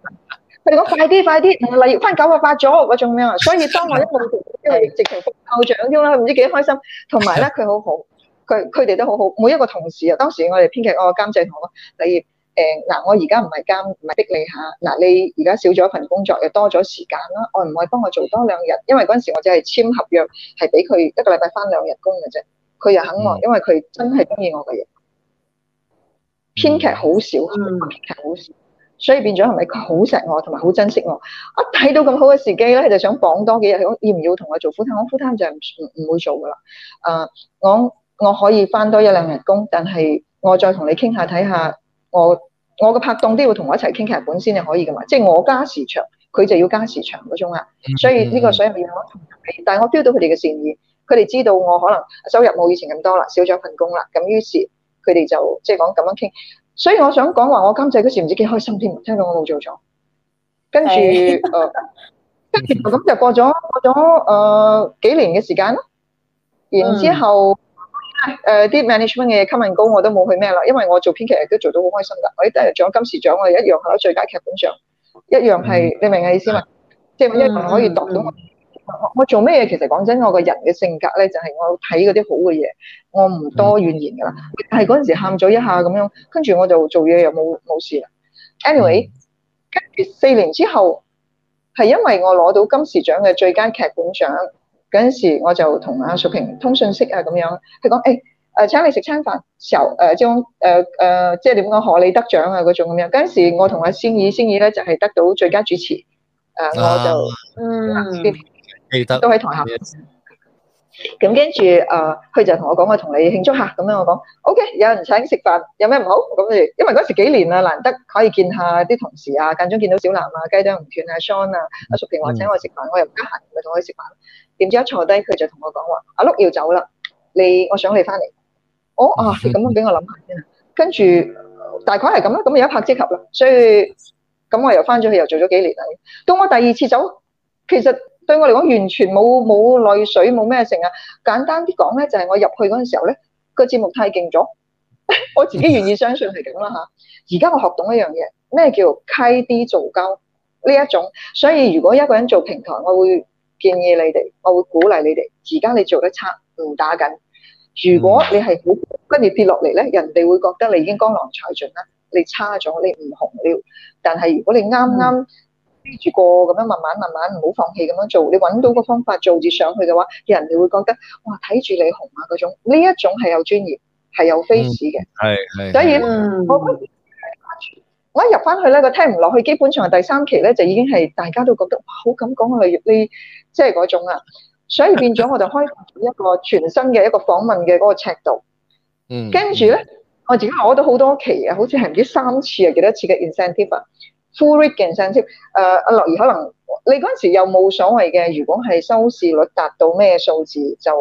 Speaker 5: 佢哋講快啲快啲，例如翻九啊八咗嗰種咩啊，所以當我一路 [LAUGHS] 即直情直情副校長添啦，唔知幾開心。同埋咧，佢好好，佢佢哋都好好，每一個同事啊，當時我哋編劇、我監製同我講例如誒嗱，我而家唔係監唔係逼你下嗱、啊，你而家少咗一份工作又多咗時間啦，我唔可以幫我做多兩日？因為嗰陣時我只係簽合約係俾佢一個禮拜翻兩日工嘅啫。佢又肯我，嗯、因為佢真係中意我嘅嘢，編劇好少，編劇好少，所以變咗係咪佢好錫我同埋好珍惜我，一、啊、睇到咁好嘅時機咧，佢就想綁多幾日。講要唔要同我做 full time？我 full time 就唔唔唔會做噶啦。誒、啊，我我可以返多一兩日工，但係我再同你傾下睇下，我我嘅拍檔都要同我一齊傾劇本先至可以噶嘛？即係我加時長，佢就要加時長嗰種啊。所以呢個所以我要同但係我 feel 到佢哋嘅善意。佢哋知道我可能收入冇以前咁多啦，少咗份工啦，咁於是佢哋就即係講咁樣傾。所以我想講話，我今次嗰時唔知幾開心添，聽到我冇做咗，跟住
Speaker 3: 誒、 [LAUGHS] 呃，
Speaker 5: 跟住咁就過咗過咗誒、呃、幾年嘅時間咯。然之後誒啲、嗯呃、management 嘅 come and go 我都冇去咩啦，因為我做編劇都做到好開心㗎。我啲第日獎金時獎我係一樣攞最佳劇本上，一樣係、嗯、你明嘅意思嘛？即係一樣可以讀到。嗯嗯我做咩嘢？其實講真，我個人嘅性格咧，就係、是、我睇嗰啲好嘅嘢，我唔多怨言噶啦。但係嗰陣時喊咗一下咁樣，跟住我就做嘢又冇冇事啦。Anyway，跟住四年之後係因為我攞到金氏獎嘅最佳劇本獎嗰陣時，我就同阿淑萍通訊息啊咁樣，佢講誒誒請你食餐飯時候誒將誒誒即係點講，賀你得獎啊嗰種咁樣。嗰陣時我同阿仙怡，仙怡咧就係、是、得到最佳主持誒、呃，我就嗯。嗯嗯。都喺台下，咁 Yes.、呃、跟住啊，佢就同我講，我同你慶祝下咁樣。我講 O K，有人請食飯，有咩唔好？咁你。」因為嗰時幾年啦，難得可以見下啲同事啊，間中見到小蘭啊、雞啄唔斷啊、Shawn 啊、阿、mm hmm. 啊、淑平話請我食飯，我又唔得閒，咪同佢食飯。點知一坐低佢就同我講話：阿碌要走啦，你我想你翻嚟。哦，啊，咁、mm hmm. 啊、樣俾我諗下先，跟住大概係咁啦，咁有一拍即合啦，所以咁我又翻咗去，又做咗幾年。到我第二次走，其實。其實其實對我嚟講，完全冇冇淚水，冇咩成啊！簡單啲講咧，就係、是、我入去嗰陣時候咧，個節目太勁咗， [LAUGHS] 我自己願意相信係咁啦嚇。而家我學懂一樣嘢，咩叫溪啲做交」呢一種？所以如果一個人做平台，我會建議你哋，我會鼓勵你哋。而家你做得差，唔打緊。
Speaker 3: 如果你係
Speaker 5: 好跟住跌落嚟咧，人哋會覺得你已經江郎才盡啦，你差咗，你唔紅了。但係如果你啱啱，跟住個咁樣慢慢慢慢唔好放棄咁樣做，你揾到個方法做住上去嘅話，人哋會覺得哇睇住你紅啊嗰種呢一種係有專業，係有 face 嘅，
Speaker 3: 係係、
Speaker 5: 嗯。所以嗯，我一入翻去咧，個聽唔落去，基本上第三期咧就已經係大家都覺得哇好敢講旅遊呢，即係嗰種啊。所以變咗我就開一個全新嘅一個訪問嘅嗰個尺度。嗯，跟住咧，我自己攞到好多期啊，好似係唔知三次啊，幾多次嘅 incentive 啊。full rank 嘅新績，誒，阿樂怡可能你嗰陣時又冇所謂嘅，如果係收視率達到咩數字就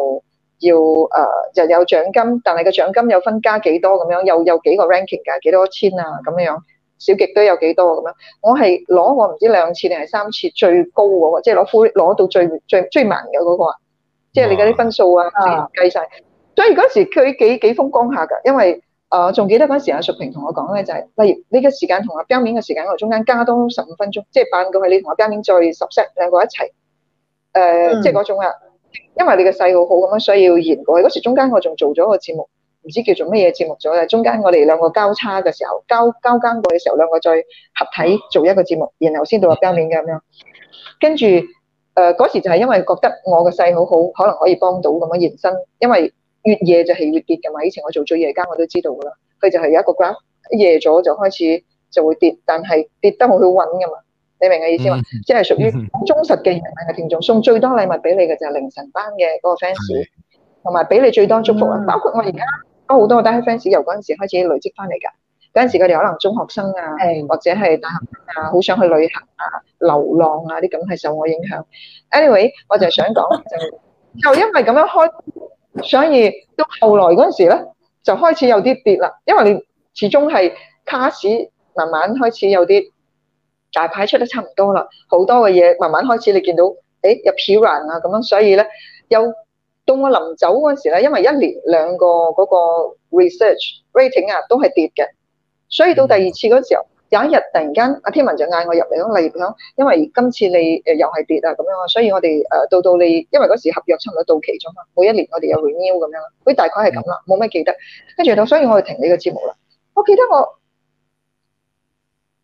Speaker 5: 要誒，又、呃、有獎金，但係個獎金有分加幾多咁樣，又有，有幾個 ranking 㗎、啊，幾多千啊咁樣，小極都有幾多咁樣。我係攞我唔知兩次定係三次最高喎，即係攞 full 攞到最最最慢嘅嗰、那個，即、就、係、是、你嗰啲分數啊，啊計晒。啊、所以嗰陣時佢幾幾風光下㗎，因為。啊，仲、呃、記得嗰陣時阿淑萍同我講咧，就係、是、例如呢個時間同阿標面嘅時間，我中間加多十五分鐘，即係辦個係你同阿標面再十 set 兩個一齊，誒、呃，嗯、即係嗰種啊，因為你嘅勢好好咁樣，所以要延過。嗰時中間我仲做咗個節目，唔知叫做乜嘢節目咗啦。中間我哋兩個交叉嘅時候，交交間過嘅時候，兩個再合體做一個節目，然後先到阿標面嘅咁樣。跟住誒，嗰、呃、時就係因為覺得我嘅勢好好，可能可以幫到咁樣延伸，因為。越夜就係越跌㗎嘛，以前我做最夜間我都知道㗎喇，佢就係有一個 graph，一夜咗就開始就會跌，但係跌得好好穩㗎嘛，你明我意思嘛？即係、嗯、屬於忠實嘅熱愛嘅聽眾，送最多禮物俾你嘅就係凌晨班嘅嗰個 fans，同埋俾你最多祝福啊！包括我而家好多我啲 fans 由嗰陣時開始累積翻嚟㗎，嗰陣時佢哋可能中學生啊，的或者係大學生啊，好想去旅行啊、流浪啊啲咁係受我影響。anyway，我就係想講就就因為咁樣開。所以到後來嗰陣時咧，就開始有啲跌啦，因為你始終係卡士，慢慢開始有啲大牌出得差唔多啦，好多嘅嘢慢慢開始你見到，誒入票揚啊咁樣，所以咧又到我臨走嗰陣時咧，因為一年兩個嗰個 research rating 啊都係跌嘅，所以到第二次嗰時候。嗯有一日突然間，阿天文就嗌我入嚟咁嚟響，因為今次你誒、呃、又係跌啊咁樣，所以我哋誒、呃、到到你，因為嗰時合約差唔多到期咗啦，每一年我哋有
Speaker 3: renew 咁樣啦，
Speaker 5: 佢大概係咁啦，冇咩記得，跟住到，所以我要停你個節目啦。我記得我，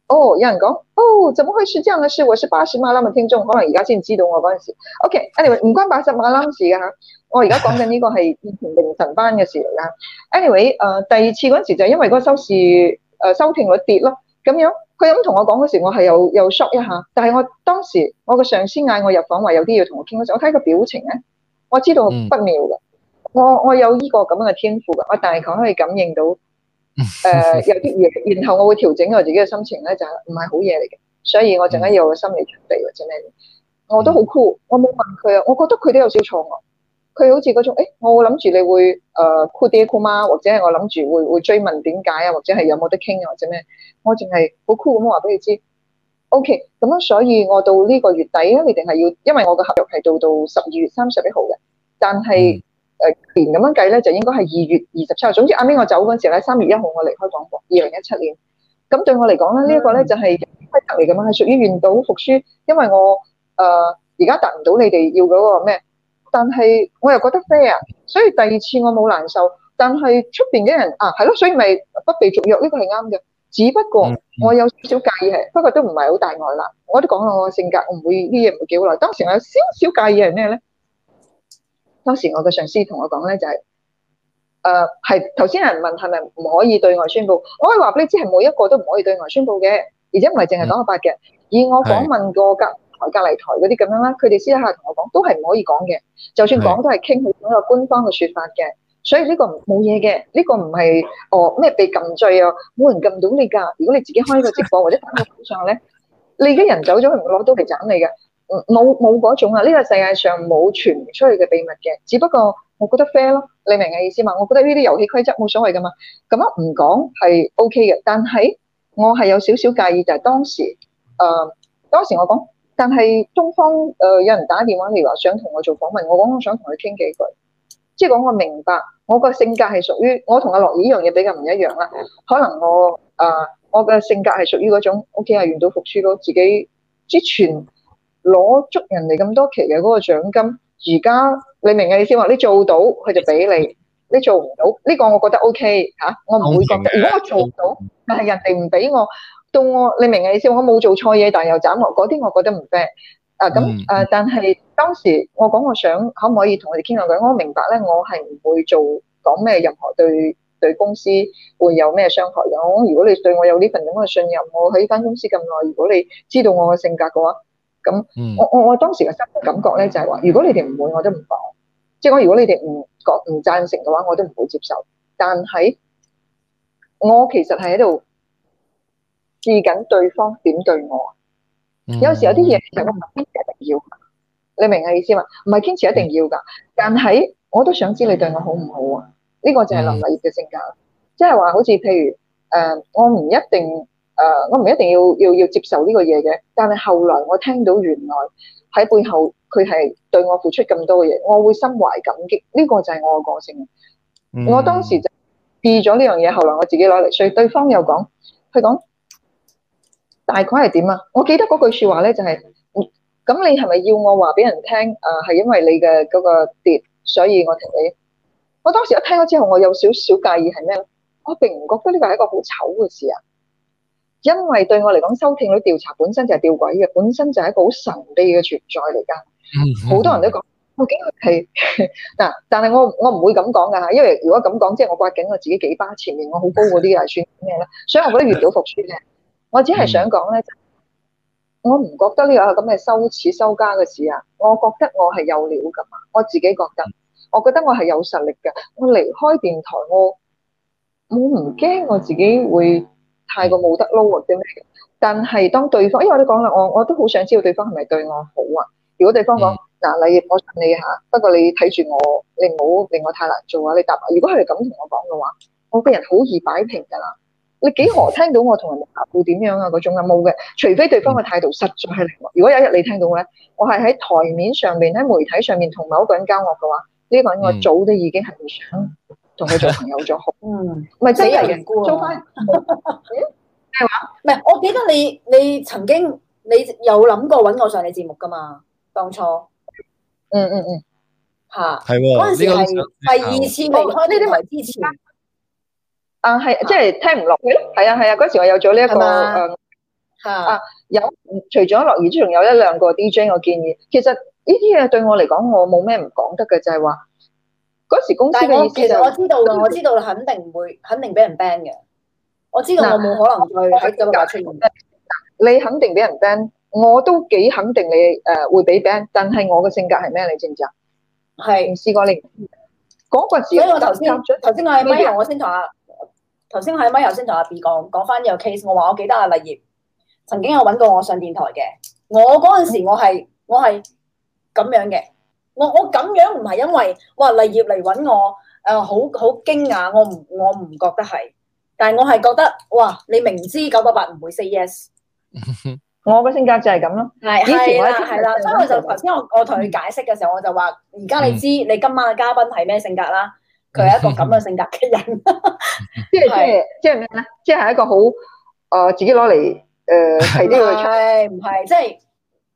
Speaker 5: 哦，有人講，哦，怎麼會是這樣呢？是我是八十馬拉姆聽眾，可能而家先知道我嗰陣時。OK，anyway，okay，唔關八十馬拉姆事嘅嚇，我而家講緊呢個係以前凌晨班嘅事嚟嚇。anyway，誒、呃、第二次嗰陣時就因為嗰收視誒、呃、收聽率跌咯。咁樣，佢咁同我講嗰時，我係又又 shock 一下。但係我當時我個上司嗌我入房話有啲要同我傾嗰時，我睇個表情咧，我知道不妙嘅、嗯。我我有呢個咁嘅天賦嘅，我大概可以感應到，誒、呃、 [LAUGHS] 有啲嘢，然後我會調整我自己嘅心情咧，就係唔係好嘢嚟嘅。所以我陣間要有個心理準備或者咩？我都好 cool，我冇問佢啊，我覺得佢都有少錯愕。佢好似嗰種，欸、我我諗住你會誒 call 爹 call 媽，或者係我諗住會會追問點解啊，或者係有冇得傾啊，或者咩？我淨係好酷咁樣話俾你知，OK。咁樣所以，我到呢個月底咧，你定係要，因為我個合約係到到十二月三十一號嘅，但係誒年咁樣計咧，就應該係二月二十七。總之，阿 m 我走嗰陣時咧，三月一號我離開廣播，二零一七年。咁對我嚟講咧，呢、這、一個咧就係規則嚟嘅嘛，係屬於願賭服輸，因為我誒而家達唔到你哋要嗰個咩？但係我又覺得 fair 啊，所以第二次我冇難受。但係出邊嘅人啊，係咯，所以咪不被續約呢、呢個係啱嘅。只不過我有少介意係，不過都唔係好大礙啦。我都講啦，我性格我唔會，會呢嘢唔叫好耐。當時我有少少介意係咩咧？當時我嘅上司同我講咧就係、係，誒係頭先有人問係咪唔可以對外宣佈，我可以話俾你知係每一個都唔可以對外宣佈嘅，而且唔係淨係講我八嘅，嗯、而我訪問過嘅。台隔離台嗰啲咁樣啦，佢哋私底下同我講都係唔可以講嘅，就算講都係傾好嗰個官方嘅説法嘅。所以呢個冇嘢嘅，呢、呢個唔係哦咩被禁罪啊，冇人禁到你㗎。如果你自己開個直播或者打個網上咧，你而家人走咗，佢唔會攞刀嚟斬你嘅，冇冇嗰種啊。呢、呢個世界上冇傳出去嘅秘密嘅，只不過我覺得 fair 咯，你明我意思嘛？我覺得呢啲遊戲規則冇所謂噶嘛。咁啊唔講係 ok 嘅，但係我係有少少介意就係當時誒、呃、當時我講。但係，中方誒有人打電話嚟話想同我做訪問，我講我想同佢傾幾句，即係講我明白，我個性格係屬於我同阿樂呢樣嘢比較唔一樣啦。可能我啊、呃，我嘅性格係屬於嗰種，O.K. 係願賭服輸到自己之前攞足人哋咁多期嘅嗰個獎金，而家你明嘅意思話，你做到佢就俾你，你做唔到呢、這個，我覺得 O.K. 嚇、啊，我唔會覺得。如果我做到，但係人哋唔俾我。到我你明嘅意思，我冇做錯嘢，但又斬落嗰啲，我覺得唔 fair 咁啊，但係當時我講我想，可唔可以同佢哋傾下偈？我明白咧，我係唔會做講咩任何對對公司會有咩傷害。咁如果你對我有呢份咁嘅信任，我喺呢間公司咁耐，如果你知道我嘅性格嘅話，咁我我我當時嘅心嘅感覺咧就係話，如果你哋唔會，我都唔講。即係講如果你哋唔覺唔贊成嘅話，我都唔會接受。但係我其實係喺度。試緊對方點對我，mm hmm. 有時有啲嘢其實我唔堅持一定要，你明嘅意思嘛？唔係堅持一定要噶，但係我都想知你對我好唔好啊？呢、mm hmm. 個就係林麗葉嘅性格，即係話好似譬如誒、呃，我唔一定誒、呃，我唔一定要要要接受呢個嘢嘅，但係後來我聽到原來喺背後佢係對我付出咁多嘅嘢，我會心懷感激。呢、這個就係我嘅個性。Mm hmm. 我當時就變咗呢樣嘢，後來我自己攞嚟，所以對方又講，佢講。大概係點啊？我記得嗰句說話咧就係、是，咁、嗯、你係咪要我話俾人聽？誒、呃，係因為你嘅嗰個跌，所以我停你。我當時一聽咗之後，我有少少介意，係咩？我並唔覺得呢個係一個好醜嘅事啊。因為對我嚟講，收聽率調查本身就係弔詭嘅，本身就係一個好神秘嘅存在嚟噶。
Speaker 3: 好多
Speaker 5: 人都講，我驚係嗱， [LAUGHS] 但係我我唔會咁講噶吓，因為如果咁講，即係我摑緊我自己幾巴，前面我好高嗰啲係算咩咧？所以我覺得完咗復甦嘅。我只係想講咧，我唔覺得呢個咁嘅羞恥羞家嘅事啊！我覺得我係有料噶嘛，我自己覺得，我覺得我係有實力噶。我離開電台，我我唔驚我自己會太過冇得撈或者咩。但係當對方，因、哎、為我都講啦，我我都好想知道對方係咪對我好啊？如果對方講嗱、嗯，你，我想你吓，不過你睇住我，你唔好令我太難做啊！你答，如果佢係咁同我講嘅話，我個人好易擺平噶啦。你幾何聽到我同人哋談判點樣啊？嗰種啊冇嘅，除非對方嘅態度實在嚟喎。嗯、如果有一日你聽到咧，我係喺台面上面、喺媒體上面同某一個人交惡嘅話，呢、這個人我早都已經係唔想同佢做朋友咗好嗯嗯。嗯，唔係死人故做
Speaker 2: 翻。咩話？唔係，我記得你你曾經你有諗過搵我上你節目㗎嘛？當初，嗯嗯嗯，吓、啊？
Speaker 5: 係喎的。嗰陣時
Speaker 3: 係第二次
Speaker 2: 離開呢啲位之
Speaker 5: 前。啊，係即係聽唔落佢咯，係啊係啊，嗰、啊啊、時我有咗呢一個誒嗎啊，有除咗樂兒，仲有一兩個 DJ，我建議其實呢啲嘢對我嚟講，我冇咩唔講得嘅，就係話嗰時公司嘅意思係，但係我其實我知道、就是、我知道
Speaker 2: 肯定唔會肯定俾人 ban 嘅，我知道我冇可能去喺咁嘅程
Speaker 5: 度。你肯定俾人 ban，我都幾肯定你誒、呃、會俾 ban，但係我嘅
Speaker 2: 性格係咩？你知唔知啊？係唔是試過你嗰、那個時，所以我頭先頭先我係咪？人我先答。頭先喺咪頭先同阿 B 講講翻呢個 case，我話我記得阿、啊、麗葉曾經有揾過我上電台嘅。我嗰陣時我係我係咁樣嘅。我我咁樣唔係因爲哇麗葉嚟揾我誒，好、呃、好驚訝。我唔我唔覺得係，但係我係覺得哇，你明知九八八唔會 say yes，
Speaker 5: 我個性格就係咁咯。係係啦，係啦。所以的我就
Speaker 2: 頭先我我同佢解釋嘅時候，我就話：而家你知、嗯、你今晚嘅嘉賓係咩性格啦。佢係一個咁嘅性格嘅人，
Speaker 5: 即係
Speaker 2: 即係即係咩咧？即係一個好
Speaker 5: 誒自己攞嚟
Speaker 2: 誒提啲嘅出，唔係即係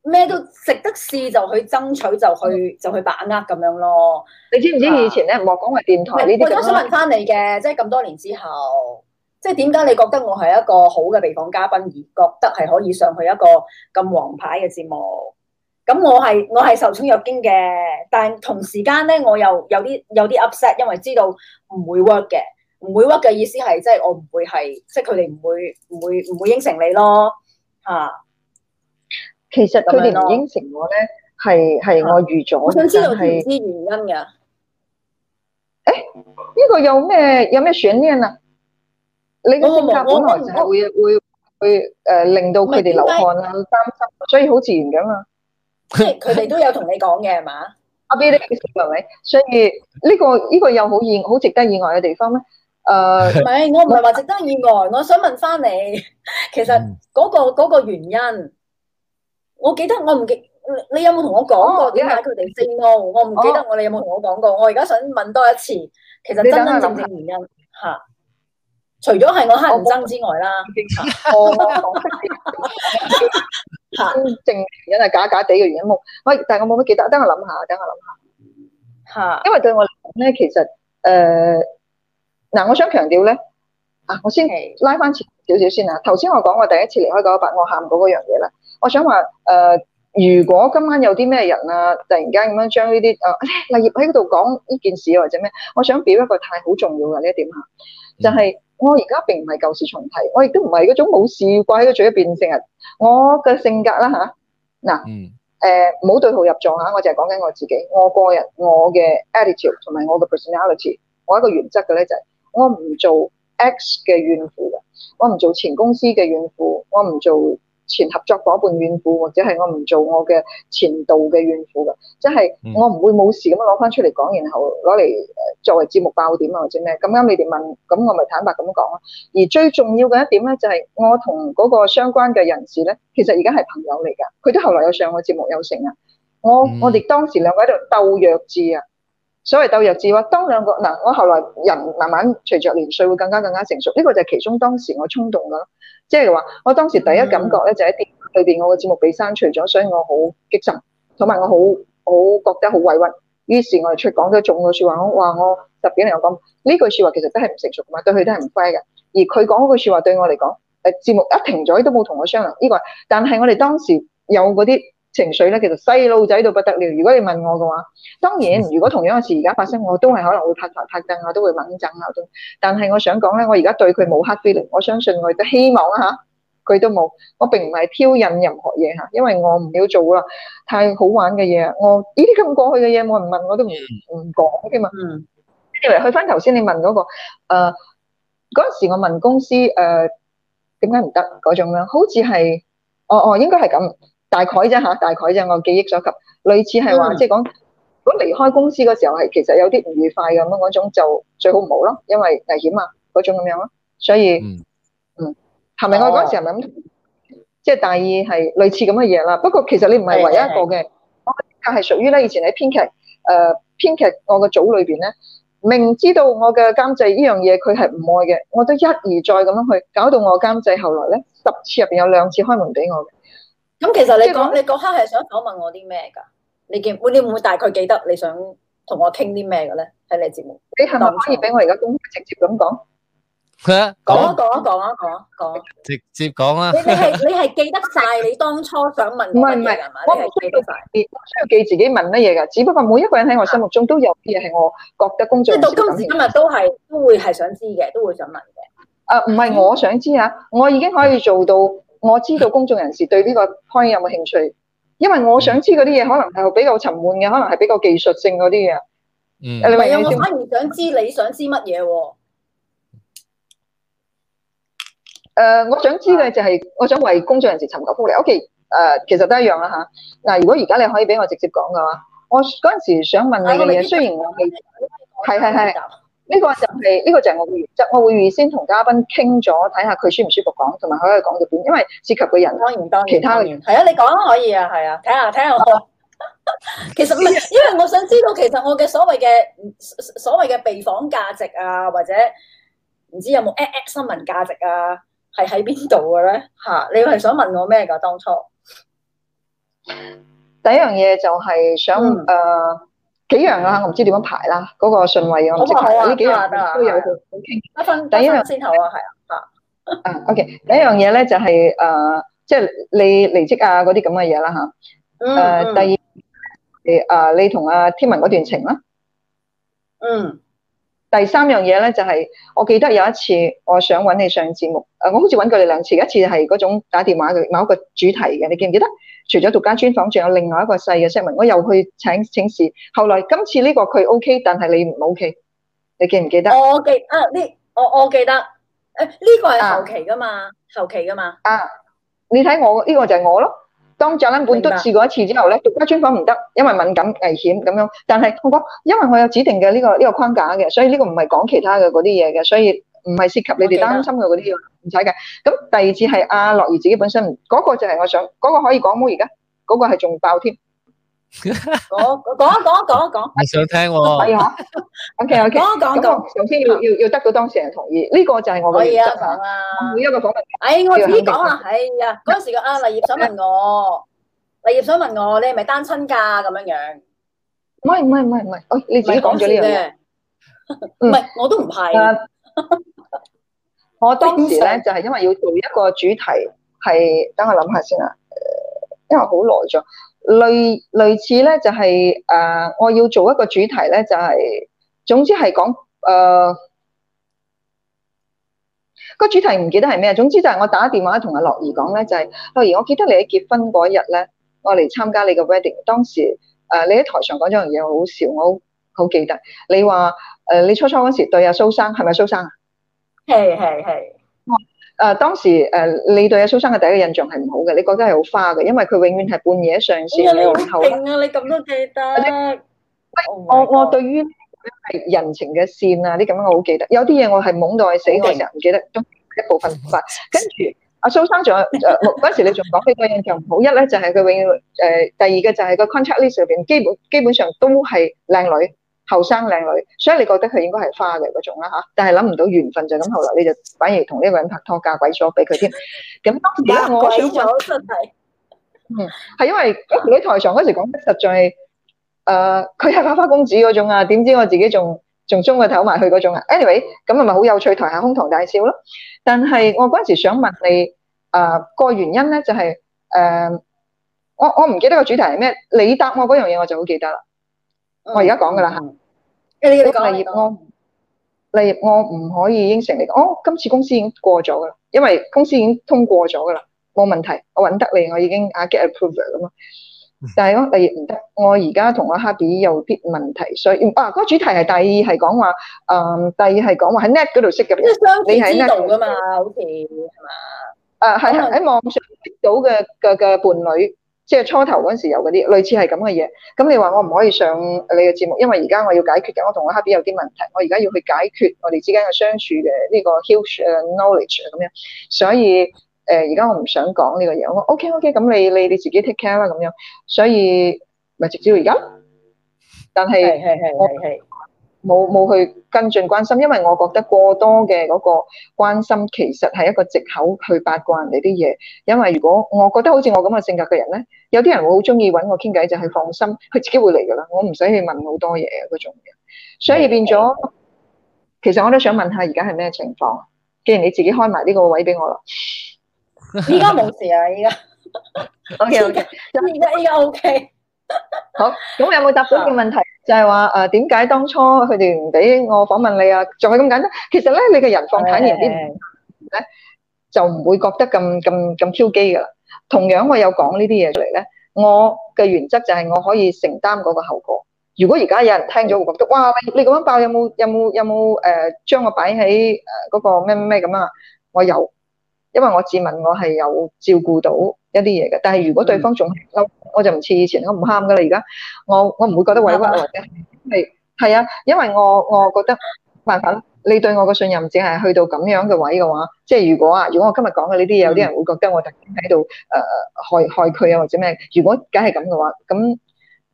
Speaker 2: 咩都值得試就去爭取就去就去把握咁樣咯。你知唔知以前咧 [LAUGHS] 莫講為電台呢啲 [LAUGHS] 些我都想問翻你嘅， [LAUGHS] 即係咁多年之後，即係點解你覺得我係一個好嘅被訪嘉賓，而覺得係可以上去一個咁黃牌嘅節目？咁我係我係受寵若驚嘅，但同時間咧我又有啲有啲 upset，因為知道唔會 work 嘅，唔會 work 嘅意思係即係我唔會係，即係佢哋唔會唔會唔會應承你咯吓。啊、
Speaker 5: 其實佢哋唔應承我咧，係係我預咗、就是，啊、我想但係唔知原因嘅。誒、欸，呢、這個有咩有咩懸念啊？
Speaker 6: 你嘅性格本來就係
Speaker 5: 會會會誒、呃、令到佢哋流汗啊，擔心，所以好自然嘅嘛。即係佢哋都有同你講
Speaker 2: 嘅係嘛，阿 B 呢？係咪？所以呢、呢個呢、呢個有好意好值得意外嘅地方咩？誒，唔係，我唔係話值得意外，我想問返你，其實嗰、嗰個、嗰個原因，我記得我唔記得，你有冇同我講過點解佢哋爭拗？我唔記得有有我哋有冇同我講過？哦、我而家想問多一次，其實真真正，正正原因吓。除咗係我黑唔憎之外啦，我
Speaker 5: 真正原因係假假地嘅原因。我喂，但係我冇乜記得，等我諗下，等我諗下。吓，因為對我嚟講咧，其實誒，嗱、呃，我想強調咧，啊，我先嚟拉翻前少少先啊。頭先我講我第一次離開九百，我喊嗰個樣嘢啦。我想話誒、呃，如果今晚有啲咩人啊，突然間咁樣將呢啲誒立業喺度講呢件事或者咩，我想表一個態，好重要嘅呢一點吓。 [NOISE] 就係我而家並唔係舊事重提，我亦都唔係嗰種冇事掛喺個嘴入邊成日。我嘅性格啦吓，嗱誒，唔好、呃、對號入座嚇。我淨係講緊我自己，我個人我嘅 attitude 同埋我嘅 personality，我一個原則嘅咧就係、是、我唔做 X 嘅怨婦嘅，我唔做前公司嘅怨婦，我唔做。前合作伙伴怨婦，或者係我唔做我嘅前度嘅怨婦㗎，即係我唔會冇事咁樣攞翻出嚟講，然後攞嚟作為節目爆點啊，或者咩？咁啱你哋問，咁我咪坦白咁講咯。而最重要嘅一點咧，就係我同嗰個相關嘅人士咧，其實而家係朋友嚟㗎。佢都後來有上我節目，有成啊。我、嗯、我哋當時兩個喺度鬥弱智啊！所謂鬥弱智喎，當兩個嗱，我後來人慢慢隨着年歲會更加更加成熟，呢、這個就係其中當時我衝動咯。即係話，我當時第一感覺咧就係啲裏邊我嘅節目被刪除咗，所以我好激憤，同埋我好好覺得好委屈。於是我就出講咗重嘅説話，我話我特別嚟我講，呢句説話其實都係唔成熟嘛，對佢都係唔乖嘅。而佢講嗰句説話對我嚟講，誒節目一停咗都冇同我商量呢、這個。但係我哋當時有嗰啲。情緒咧，其實細路仔都不得了。如果你問我嘅話，當然如果同樣嘅事而家發生，我都係可能會拍手拍凳，我都會猛震啊。但係我想講咧，我而家對佢冇黑 feel，我相信我亦都希望啊嚇，佢都冇。我並唔係挑釁任何嘢嚇，因為我唔要做啦太好玩嘅嘢，我呢啲咁過去嘅嘢冇人問，我都唔唔講嘅嘛。嗯，因為去翻頭先你問嗰個誒嗰陣時，我問公司誒點解唔得嗰種咧，好似係哦哦，應該係咁。大概啫吓，大概啫，我記憶所及，類似係話，即係講，如果離開公司嗰時候係其實有啲唔愉快咁樣嗰種，就最好唔好咯，因為危險啊嗰種咁樣咯。所以嗯嗯，係咪我嗰陣時係咪咁？即係、嗯、大意係類似咁嘅嘢啦。不過其實你唔係唯一一個嘅，嗯、我係屬於咧以前喺編劇誒、呃、編劇我個組裏邊咧，明知道我嘅監製呢樣嘢佢係唔愛嘅，我都一而再咁樣去搞到我監製，後來咧十次入邊有兩次開門俾我嘅。
Speaker 2: 咁、嗯、其實你講、那個、你嗰刻係想問我啲咩噶？你記會你會唔會大概記得你想同我傾啲咩嘅咧？喺你節目，你係咪唔可以俾我而家咁直接咁講，
Speaker 1: 講啊講
Speaker 2: 啊講啊講講
Speaker 1: 直接講啊！你你係
Speaker 2: 你係記得晒你當初想問嘅嘢係嗎？我唔記得曬，需要記自己問
Speaker 5: 乜嘢噶。只不過每一個人喺我心目中都有啲嘢係我覺得工作即係到今時
Speaker 2: 今日都係都會係想知嘅，都會想問
Speaker 5: 嘅。啊、嗯，唔係我想知啊，我已經可以做到。我知道公眾人士對呢個 point 有冇興趣，因為我想知嗰啲嘢可能係比較沉悶嘅，可能係比較技術性嗰啲嘢。嗯，你話冇，反
Speaker 2: 而想知你想知乜嘢喎？
Speaker 5: 我想知嘅就係我想為公眾人士尋求福利。OK，誒、呃、其實都一樣啦嚇。嗱、啊，如果而家你可以俾我直接講嘅話，我嗰陣時想問你嘅，嘢、啊，雖然我未係係係。啊呢個就係、是、呢、這個就係我嘅原則，我會預、就是、先同嘉賓傾咗，睇下佢舒唔舒服講，同埋佢可以講到點，因為涉及嘅人當然唔單止其他嘅人。係啊，你
Speaker 2: 講啊，可以啊，係啊，睇下睇下我。 [LAUGHS] 其實唔係，因為我想知道，其實我嘅所謂嘅所謂嘅備訪價值啊，或者唔知有冇 X 新聞價值啊，係喺邊度嘅咧？吓、啊，你係想問我咩㗎？當初第一樣嘢就係想
Speaker 5: 誒。嗯幾樣啊，我唔知點樣排啦。嗰、那個順位咁，即係呢幾樣、啊、
Speaker 3: 的都有好
Speaker 5: 傾。的一第一樣先好、就是呃就是、啊，係啊。啊、呃，OK。第一樣嘢咧就係誒，即係你離職啊嗰啲咁嘅嘢啦吓。誒，第二誒、嗯呃，你同阿天文嗰段情啦。嗯。第三樣嘢咧就係、是，我記得有一次我想揾你上節目，誒、呃，我好似揾過你兩次，一次係嗰種打電話嘅某一個主題嘅，你記唔記得？除咗獨家專訪，仲有另外一個細嘅 segment。我又去請請示。後來今次呢個佢 OK，但係你唔 OK，你記唔記得？我記得、啊我？我記得呢，我我
Speaker 2: 記得。誒呢個係後期噶嘛，後期噶嘛。
Speaker 5: 啊！你睇我呢、呢個就係我咯。當宅男館都試過一次之後咧，白獨家專訪唔得，因為敏感危險咁樣。但係我講，因為我有指定嘅呢、呢個呢、呢個框架嘅，所以呢個唔係講其他嘅嗰啲嘢嘅，所以唔係涉及你哋擔心嘅嗰啲唔使嘅，咁第二次係阿樂怡自己本身嗰個就係我想嗰個可以講，冇而家，嗰個係仲爆添，
Speaker 3: 講講一講一講
Speaker 2: 一講，
Speaker 5: 你想聽我嗎？啊。O K O K，講一講一講，首先要要要得到當事人同意，呢個就係我嘅。可以啊，
Speaker 2: 每一個訪問，哎，我自己講啊，哎呀，嗰陣時嘅
Speaker 5: 阿麗葉想問我，麗葉想問我，你係咪單親噶咁樣樣？唔係唔係唔係唔係，我你
Speaker 2: 自己講咗呢啲嘢，唔係
Speaker 5: 我都唔係。我當時咧就係、是、因為要做一個主題，係等我諗下先啦，因為好耐咗，類類似咧就係、是、誒、呃，我要做一個主題咧就係、是，總之係講誒個主題唔記得係咩，總之就係我打電話同阿樂兒講咧就係、是，樂兒我記得你喺結婚嗰日咧，我嚟參加你嘅 wedding，當時誒、呃、你喺台上講咗樣嘢好笑，我好，好記得，你話誒、呃、你初初嗰時對阿蘇生係咪蘇生啊？係係係，誒、哦呃，當時誒、呃，你對阿蘇生嘅第一個印象係唔好嘅，你覺得係好花嘅，因為佢永遠係半夜上線，你唔好
Speaker 2: 啦。啊，你咁都記
Speaker 5: 得。欸、我、哦、我，我對於係人情嘅線啊，啲咁樣我好記得。有啲嘢我係懵到死個人唔記得，一部分吧。跟住阿蘇生仲有誒，嗰、呃、時你仲講第一印象唔好， [LAUGHS] 一咧就係、是、佢永遠誒、呃，第二個就係個 contact list 入邊基本基本，基本上都係靚女。後生靚女，所以你覺得佢應該係花嘅嗰種啦吓，但係諗唔到緣分就咁，後來你就反而同呢一個人拍拖嫁鬼咗俾佢添。咁而家我想問真係， [LAUGHS] 嗯，係因為嗰喺、那個、台上嗰時講得實在，誒、呃，佢係花花公子嗰種啊，點知我自己仲仲中佢頭埋去嗰種啊。Anyway，咁係咪好有趣？台下哄堂大笑咯。但係我嗰時想問你，誒、呃，個原因咧就係、是，誒、呃，我我唔記得個主題係咩，你答我嗰樣嘢我就好記得啦。嗯、我而家講噶啦例業我，業我唔，業，我唔可以應承你。哦，今次公司已經過咗噶啦，因為公司已經通過咗噶啦，冇問題。我搵得你，我已經啊 get approval 咁嘛。但係咯、哦，麗業唔得，我而家同阿 Happy 有啲問題，所以啊，嗰、嗰個主題係第二係講話，嗯，第二係講話喺 Net 嗰度識嘅你喺 Net 噶嘛？在 Net, 好似係嘛？啊，係喺可能 網上識到嘅嘅嘅伴侶。即係初頭嗰陣時有嗰啲類似係咁嘅嘢，咁你話我唔可以上你嘅節目，因為而家我要解決嘅，我同我 Happy 有啲問題，我而家要去解決我哋之間嘅相處嘅呢個 huge knowledge 咁樣，所以誒而家我唔想講呢個嘢，我 OK OK，咁你你你自己 take care 啦咁樣，所以咪直接而家，但係係係係係。冇冇去跟進關心，因為我覺得過多嘅嗰個關心，其實係一個借口去八卦人哋啲嘢。因為如果我覺得好似我咁嘅性格嘅人咧，有啲人會好中意揾我傾偈，就係放心，佢自己會嚟噶啦，我唔使去問好多嘢嗰、啊、種。所以變咗，其實我都想問下而家係咩情況？既然你自己開埋呢個位俾我啦，okay okay，
Speaker 2: 依家冇事啊，依家 O K，依家依家 O K。好咁，有
Speaker 5: 冇答到個問題？就係話，誒，點解當初佢哋唔俾我訪問你啊？仲係咁簡單。其實咧，你嘅人放睇完邊咧，就唔會覺得咁咁咁挑機噶啦。同樣，我有講呢啲嘢出嚟咧，我嘅原則就係我可以承擔嗰個後果。如果而家有人聽咗，會覺得哇，你咁樣爆，有冇有冇有冇誒，將我擺喺誒嗰個咩咩咩咁啊？我有，因為我自問我係有照顧到。一啲嘢嘅。但係如果對方仲嬲，嗯、我就唔似以前，我唔喊噶啦。而家我我唔會覺得委屈，嗯、或者係係啊，因為我我覺得，辦法，你對我嘅信任淨係去到咁樣嘅位嘅話，即係如果啊，如果我今日講嘅呢啲嘢，有啲人會覺得我特登喺度誒害害佢啊或者咩？如果梗係咁嘅話，咁誒、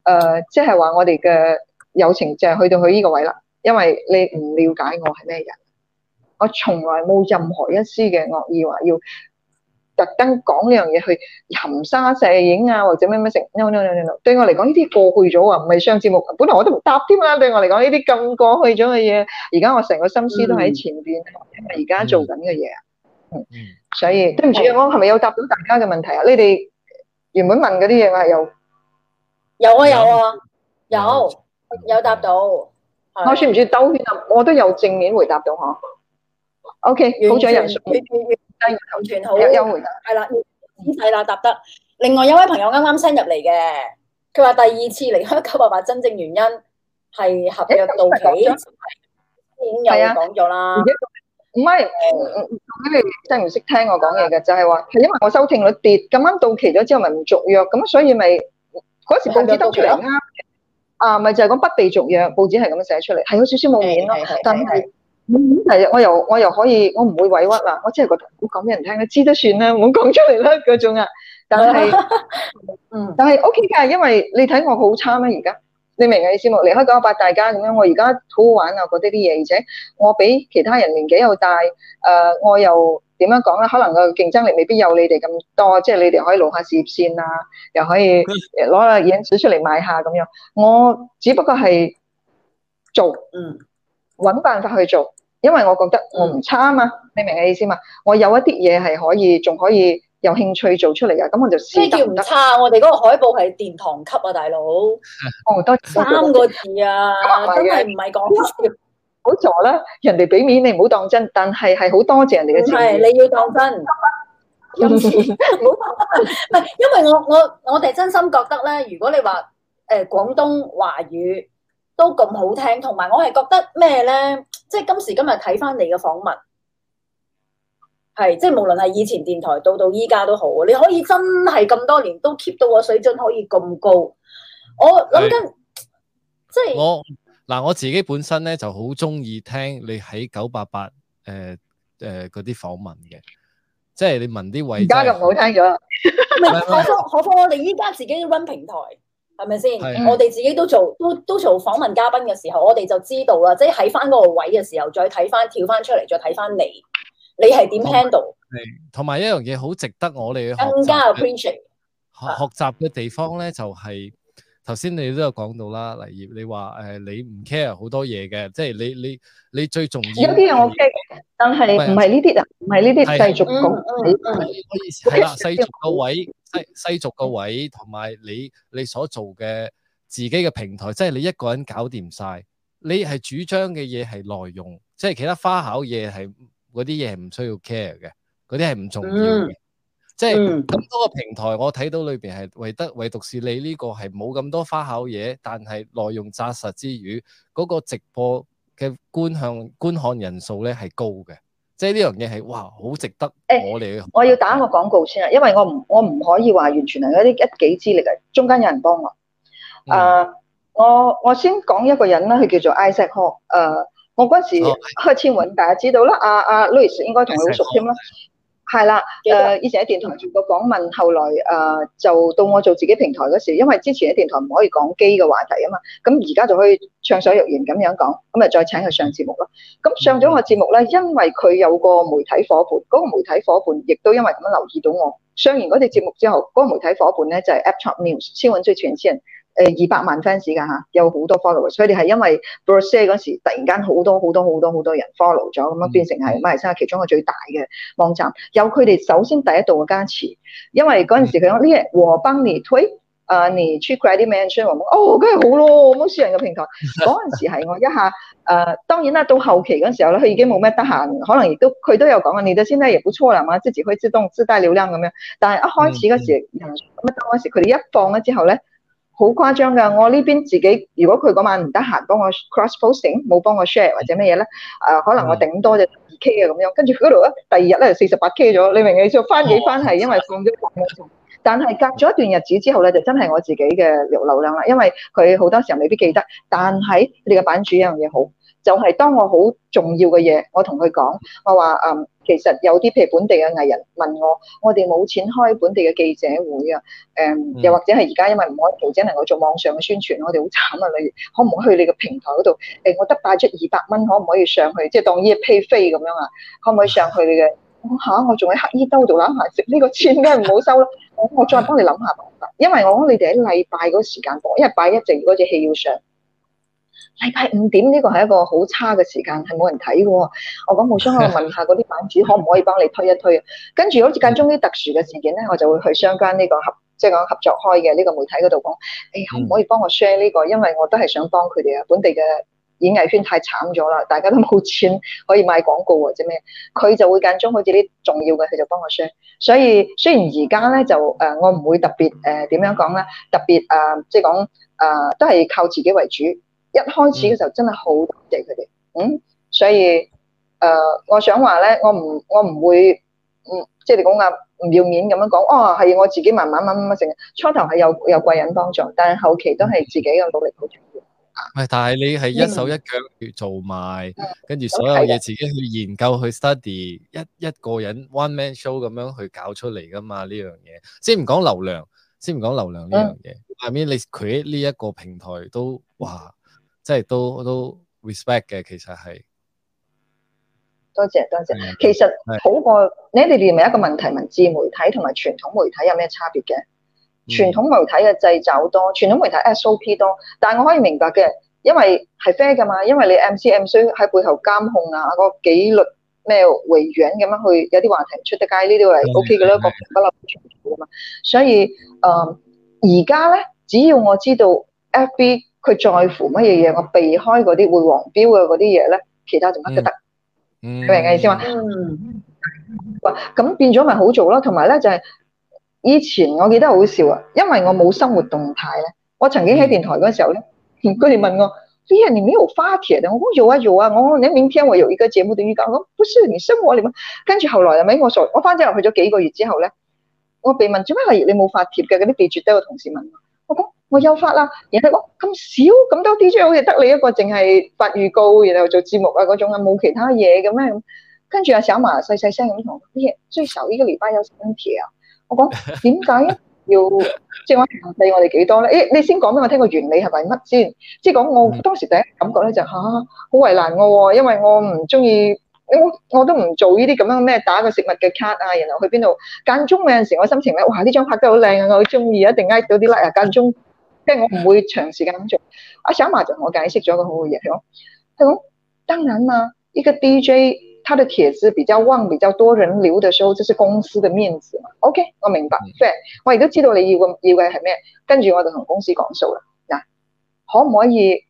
Speaker 5: 呃、即係話我哋嘅友情淨係去到佢呢個位啦。因為你唔了解我係咩人，我從來冇任何一絲嘅惡意話要。特登講呢樣嘢去含沙射影啊，或者咩乜剩 no no no no，對我嚟講呢啲過去咗啊，唔係上節目。本來我都唔答添啦。對我嚟講呢啲咁過去咗嘅嘢，而家我成個心思都喺前邊，嗯、因為而家做緊嘅嘢啊。嗯，所以對唔住是我係咪又答到大家嘅問題啊？你哋原本問嗰啲嘢我係有
Speaker 2: 有啊有啊有啊有、嗯、有答到。我是、啊、算唔算兜圈啊？
Speaker 5: 我都有正面回答到呵、啊。OK，好掌人。嗯
Speaker 2: 有優惠，係啦，係啦，答得。另外一位朋友啱啱 send 入嚟嘅，佢話第二次離開九八八真正原因係合約到
Speaker 5: 期。係啊、哎，講咗啦。唔係，真唔識聽我講嘢嘅，就係話係因為我收聽率跌，咁啱到期咗之後咪唔續約，咁所以咪嗰時報紙得著啦。啊，咪就係、是、講不被續約，報紙係咁樣寫出嚟，係有少少冇面咯，但係。係啊、mm hmm.！我又我又可以，我唔會委屈啦。我真係覺得，我講俾人聽，知都算啦，唔好講出嚟啦嗰種啊。但係，嗯、mm，hmm. 但係 O K 噶，因為你睇我好差咩？而家你明啊？意思冇？離開九八大家咁樣，我而家好好玩啊！覺得啲嘢，而且我比其他人年紀又大，誒、呃，我又點樣講咧？可能個競爭力未必有你哋咁多，即、就、係、是、你哋可以露下事業線啊，又可以攞下影子出嚟買下咁樣。我只不過係做，嗯，搵辦法去做。因為我覺得我唔差啊嘛，嗯、你明我意思嘛？我有一啲嘢係可以，仲可以有興趣做出嚟嘅，咁我就即係叫唔差。嗯、
Speaker 2: 我哋嗰個海報係殿堂級啊，大佬，哦、多三個字啊，真係唔係講笑。唔好坐啦，
Speaker 5: 人哋俾面你唔好當真，但係係好多謝人哋嘅支持。係你
Speaker 2: 要當真，唔好唔係， [LAUGHS] [LAUGHS] [LAUGHS] 因為我我我哋真心覺得咧，如果你話誒廣東話語都咁好聽，同埋我係覺得咩咧？即係今時今日睇翻你嘅訪問，係即係無論係以前電台到到依家都好，你可以真係咁多年都 keep 到個水準可以咁高。我諗緊，
Speaker 1: 是即係我嗱，我自己本身咧就好中意聽你喺九八八誒誒嗰啲訪問嘅，即係你問啲位。而家冇咁好聽咗，何況
Speaker 2: 何況，我哋依家自己 run 平台。係咪先？ [NOISE] 我哋自己都做，都都做訪問嘉賓嘅時候，我哋就知道啦。即係喺翻嗰個位嘅時候再，再睇翻跳翻出嚟，再睇翻你，你係點 handle？
Speaker 1: 同埋一樣嘢，好值得我哋更加 appreciate 學學習嘅地方咧，就係頭先你都有講到啦。例如你話誒，你唔 care 好多嘢嘅，即係你你你，你最重要啲我
Speaker 5: [NOISE] 但係你唔係呢啲啊，唔係呢啲。世俗，我意思，係啦的，世俗
Speaker 1: 個位，世俗族個位，同埋你你所做嘅自己嘅平台，即係你一個人搞掂晒。你係主張嘅嘢係內容，即係其他花巧嘢係嗰啲嘢唔需要 care 嘅，嗰啲係唔重要嘅。即係咁多個平台，我睇到裏邊係唯得唯獨是你呢個係冇咁多花巧嘢，但係內容紮實之餘，嗰個直播。嘅觀向觀看人數咧係高嘅，即係呢樣嘢係，哇好值得我哋、欸。
Speaker 5: 我要打一個廣告先啦，因為我唔我唔可以話完全係一啲一己之力嘅，中間有人幫我。啊、呃，嗯、我我先講一個人啦，佢叫做 Isaac Hall、呃。誒，我嗰時、哦、開始揾，大家知道啦。阿、啊、阿、啊、Louis 應該同佢好熟添啦。係啦，誒、呃、以前喺電台做過訪問，後來誒、呃、就到我做自己平台嗰時，因為之前喺電台唔可以講機嘅話題啊嘛，咁而家就可以暢所欲言咁樣講，咁啊再請佢上節目咯。咁上咗個節目咧，因為佢有個媒體伙伴，嗰、那個媒體伙伴亦都因為咁樣留意到我，上完嗰隻節目之後，嗰、那個媒體伙伴咧就係、是、App Top News 先揾咗全世誒二百萬 fans 㗎嚇，有好多 followers，所以佢哋係因為 Brosa 嗰時突然間好多好多好多好多人 follow 咗，咁樣變成係馬來西亞其中個最大嘅網站，有佢哋首先第一度嘅加持，因為嗰陣時佢講呢一我幫你推，啊、uh, 你出 credit management，哦，梗係、oh, 好咯，咁樣私人嘅平台，嗰陣 [LAUGHS] 時係我一下誒、呃，當然啦，到後期嗰時候咧，佢已經冇咩得閒，可能亦都佢都有講啊，你嘅先咧亦唔錯啦，係嘛，自己會自動自帶流量咁樣，但係一開始嗰時，咁啊、嗯，一開始佢哋一放咧之後咧。好誇張㗎！我呢邊自己，如果佢嗰晚唔得閒幫我 cross posting，冇幫我 share 或者咩嘢咧？誒、呃，可能我頂多就二 k 嘅咁樣，跟住嗰度咧，第二日咧四十八 k 咗，你明嘅？就翻幾翻係因為放咗大嘅蟲，但係隔咗一段日子之後咧，就真係我自己嘅流流量啦，因為佢好多時候未必記得，但係你哋嘅版主一樣嘢好。就係當我好重要嘅嘢，我同佢講，我話，誒其實有啲譬如本地嘅藝人問我，我哋冇錢開本地嘅記者會啊，誒、嗯嗯、又或者係而家因為唔開報紙能夠做網上嘅宣傳，我哋好慘啊！例如，可唔可以去你個平台嗰度誒我得擺出二百蚊，可唔可以上去？即係當啲嘅 pay fee 咁樣啊？可唔可以上去你嘅、啊啊？我我仲喺黑衣兜度冷鞋呢個錢，梗係唔好收啦！我我再幫你諗下，因為我講你哋喺禮拜嗰個時間講，因拜一就嗰隻戲要上。禮拜五點呢個係一個好差嘅時間，係冇人睇嘅喎。我講務商，我問下嗰啲版主， [LAUGHS] 可唔可以幫你推一推啊？跟住好似間中啲特殊嘅事件咧，我就會去相關呢個合，即係講合作開嘅呢個媒體嗰度講，你、哎、可唔可以幫我 share 呢、呢個？因為我都係想幫佢哋啊，本地嘅演藝圈太慘咗啦，大家都冇錢可以買廣告或者咩，佢就會間中好似啲重要嘅，佢就幫我 share。所以雖然而家咧就誒，我唔會特別誒點、呃、樣講啦，特別誒，即係講誒，都係靠自己為主。一開始嘅時候真係好多謝佢哋，嗯，所以誒，我想話咧，我唔我唔會唔即係你講嘅唔要面咁樣講，哦係我自己慢慢慢慢整，初頭係有有貴人幫助，但係後期都係自己嘅努力好重
Speaker 1: 要。喂，但係你係一手一腳去做埋，跟住所有嘢自己去研究去 study，一一個人 one man show 咁樣去搞出嚟㗎嘛？呢樣嘢先唔講流量，先唔講流量呢樣嘢，下面你佢呢一個平台都話。即係都都 respect 嘅，其實係
Speaker 5: 多謝多謝。多謝 [MUSIC] 其實的好過你哋哋咪一個問題，文字媒體同埋傳統媒體有咩差別嘅？嗯、傳統媒體嘅製造多，傳統媒體 SOP 多，但係我可以明白嘅，因為係 fair 㗎嘛。因為你 MCMC 需喺背後監控啊，個紀律咩維園咁樣去，有啲話題唔出得街呢啲係 OK 嘅啦的的，各不立嘛。所以誒，而家咧，只要我知道 FB。佢在乎乜嘢嘢，我避開嗰啲會黃標嘅嗰啲嘢咧，其他做乜都得，嗯、明嘅意思嘛？哇、嗯，咁、嗯嗯、變咗咪好做咯，同埋咧就係以前我記得好笑啊，因為我冇生活動態咧，我曾經喺電台嗰時候咧，佢哋、嗯、問我：，哎人、嗯欸、你沒有發帖嘅？我講有啊有啊，我你明天我有一個節目的預告，我不是你生活嚟嗎？跟住後來啊，問我傻，我翻咗入去咗幾個月之後咧，我被問做乜係你冇發帖嘅？嗰啲記住得個同事問我又發啦，然後我咁少咁多 DJ，好似得你一個，淨係發預告，然後做節目啊嗰種啊，冇其他嘢咁咩？跟住阿小麻細細聲咁同我：，耶，最少呢個禮拜有 twenty 啊！我講點解要 [LAUGHS] 即係我平時俾我哋幾多咧？誒、欸，你先講俾我聽個原理係為乜先？即係講我當時第一感覺咧就嚇、是、好、啊、為難我、啊、喎，因為我唔中意，我都唔做呢啲咁樣咩打個食物嘅 card 啊，然後去邊度間中有陣時我心情咧，哇！呢張拍得好靚啊，我好中意，一定挨到啲 like 啊，間中。即咁我唔會長時間做，阿小馬就同我解釋咗個好嘅嘢，佢講：，佢講當然啦，呢個 DJ，佢嘅帖子比較旺，比較多人流的時候，就是公司嘅面子嘛。OK，我明白，即對我亦都知道你要個要嘅係咩，跟住我就同公司講數啦。嗱，可唔可以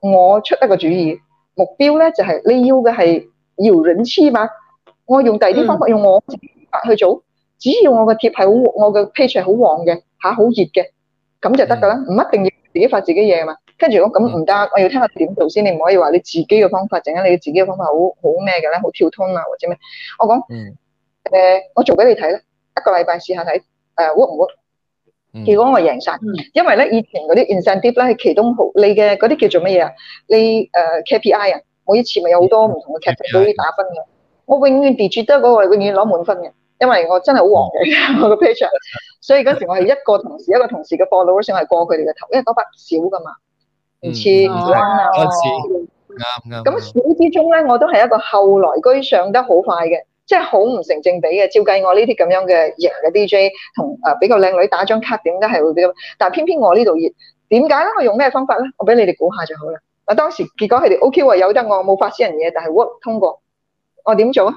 Speaker 5: 我出一個主意？目標咧就係、是、你要嘅係搖人黐嘛。我用第二啲方法，用我法去做，嗯、只要我嘅貼係好，我嘅 page 係好旺嘅，吓好熱嘅。咁就得噶啦，唔、嗯、一定要自己發自己嘢嘛。跟住我咁唔得，嗯、我要聽下點做先。你唔可以話你自己嘅方法，整下你自己嘅方法好好咩嘅咧，好跳通啊或者咩？我講，誒、嗯呃，我做俾你睇啦，一個禮拜試下睇，誒，work 唔 work？結果我贏晒，嗯、因為咧以前嗰啲 incentive 咧係其中好，你嘅嗰啲叫做乜嘢、呃、啊？你誒 KPI 啊，每一次咪有好多唔同嘅 criteria 打分嘅，嗯嗯嗯嗯嗯、我永遠跌住得嗰、那個，永遠攞滿分嘅。因為我真係好黃嘅，我個 page，所以嗰時我係一個同事 [LAUGHS] 一個同事嘅 follower 先係過佢哋嘅頭，因為嗰筆少噶嘛，唔似唔啱啊，啱啱。咁少之中咧，我都係一個後來居上得好快嘅，即係好唔成正比嘅。照計我呢啲咁樣嘅型嘅 DJ 同誒比較靚女打張卡點都係會啲咁，但偏偏我呢度熱，點解咧？我用咩方法咧？我俾你哋估下就好啦。啊，當時結果佢哋 OK 喎，有得我冇發私人嘢，但係 work 通過，我點做啊？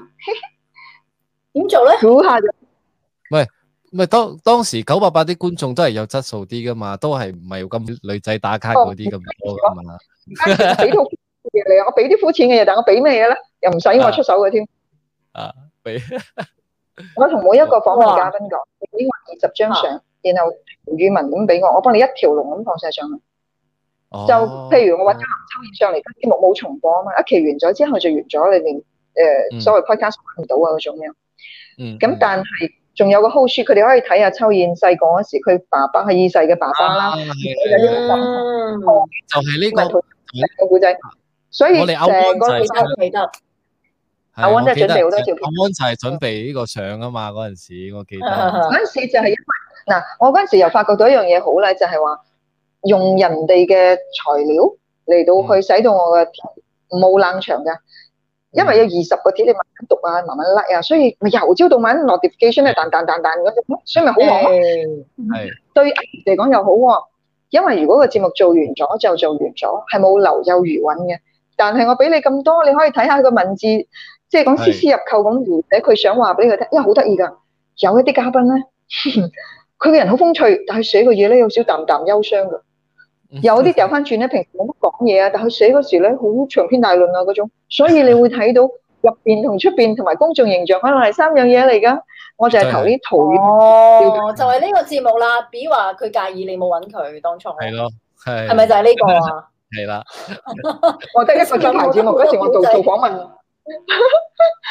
Speaker 5: 點做咧？估下就，
Speaker 1: 唔係唔係當當時九百八啲觀眾都係有質素啲噶嘛？都係唔係咁女仔打卡嗰啲咁。而家俾
Speaker 5: 到嘢你啊，我俾啲膚淺嘅嘢，但我俾咩嘢咧？又唔使我出手嘅添。啊，
Speaker 1: 俾。
Speaker 5: 我同每一個訪問嘉賓講，你拎二十張相，然後語文咁俾我，我幫你一條龍咁放晒上去。就譬如我搵張抽影相嚟，節目冇重播啊嘛，一期完咗之後就完咗，你連誒所謂開卡數開唔到啊嗰種樣。嗯，咁但係仲有個好處，佢哋可以睇下秋燕細個嗰時，佢爸爸係二世嘅爸爸啦。就係呢
Speaker 1: 個個古仔。
Speaker 5: 所以我哋阿都歐文就準備得，阿
Speaker 1: 文就係準備呢個相啊嘛。嗰陣時我記得嗰
Speaker 5: 陣時就係因為嗱，我嗰陣時又發覺到一樣嘢好咧，就係話用人哋嘅材料嚟到去使到我嘅冇冷場㗎。因為有二十個帖，你慢慢讀啊，慢慢甩啊，所以咪由朝到晚落 notification 彈彈彈彈咁，呃呃呃、所以咪好忙。係、欸欸、對阿怡嚟講又好喎、啊，因為如果個節目做完咗就做完咗，係冇留有餘韻嘅。但係我俾你咁多，你可以睇下佢個文字，即係講絲絲入扣咁，寫佢想話俾佢聽。欸、因為好得意噶，有一啲嘉賓咧，佢 [LAUGHS] 嘅人好風趣，但係寫嘅嘢咧有少少淡淡憂傷嘅。 [MUSIC] 有啲掉翻轉咧，平時冇乜講嘢啊，但佢寫嗰時咧好長篇大論啊嗰種，所以你會睇到入邊同出邊同埋公眾形象，可能係三樣嘢嚟㗎。我就係投啲圖片 [MUSIC] 哦，就
Speaker 2: 係呢個節目啦。比如話佢介意你冇揾佢當初，係
Speaker 4: 咯，
Speaker 2: 係咪就係呢個、啊？
Speaker 5: 係啦，我得一個專題節目嗰時我做做訪問， [LAUGHS] [LAUGHS] [LAUGHS] [LAUGHS]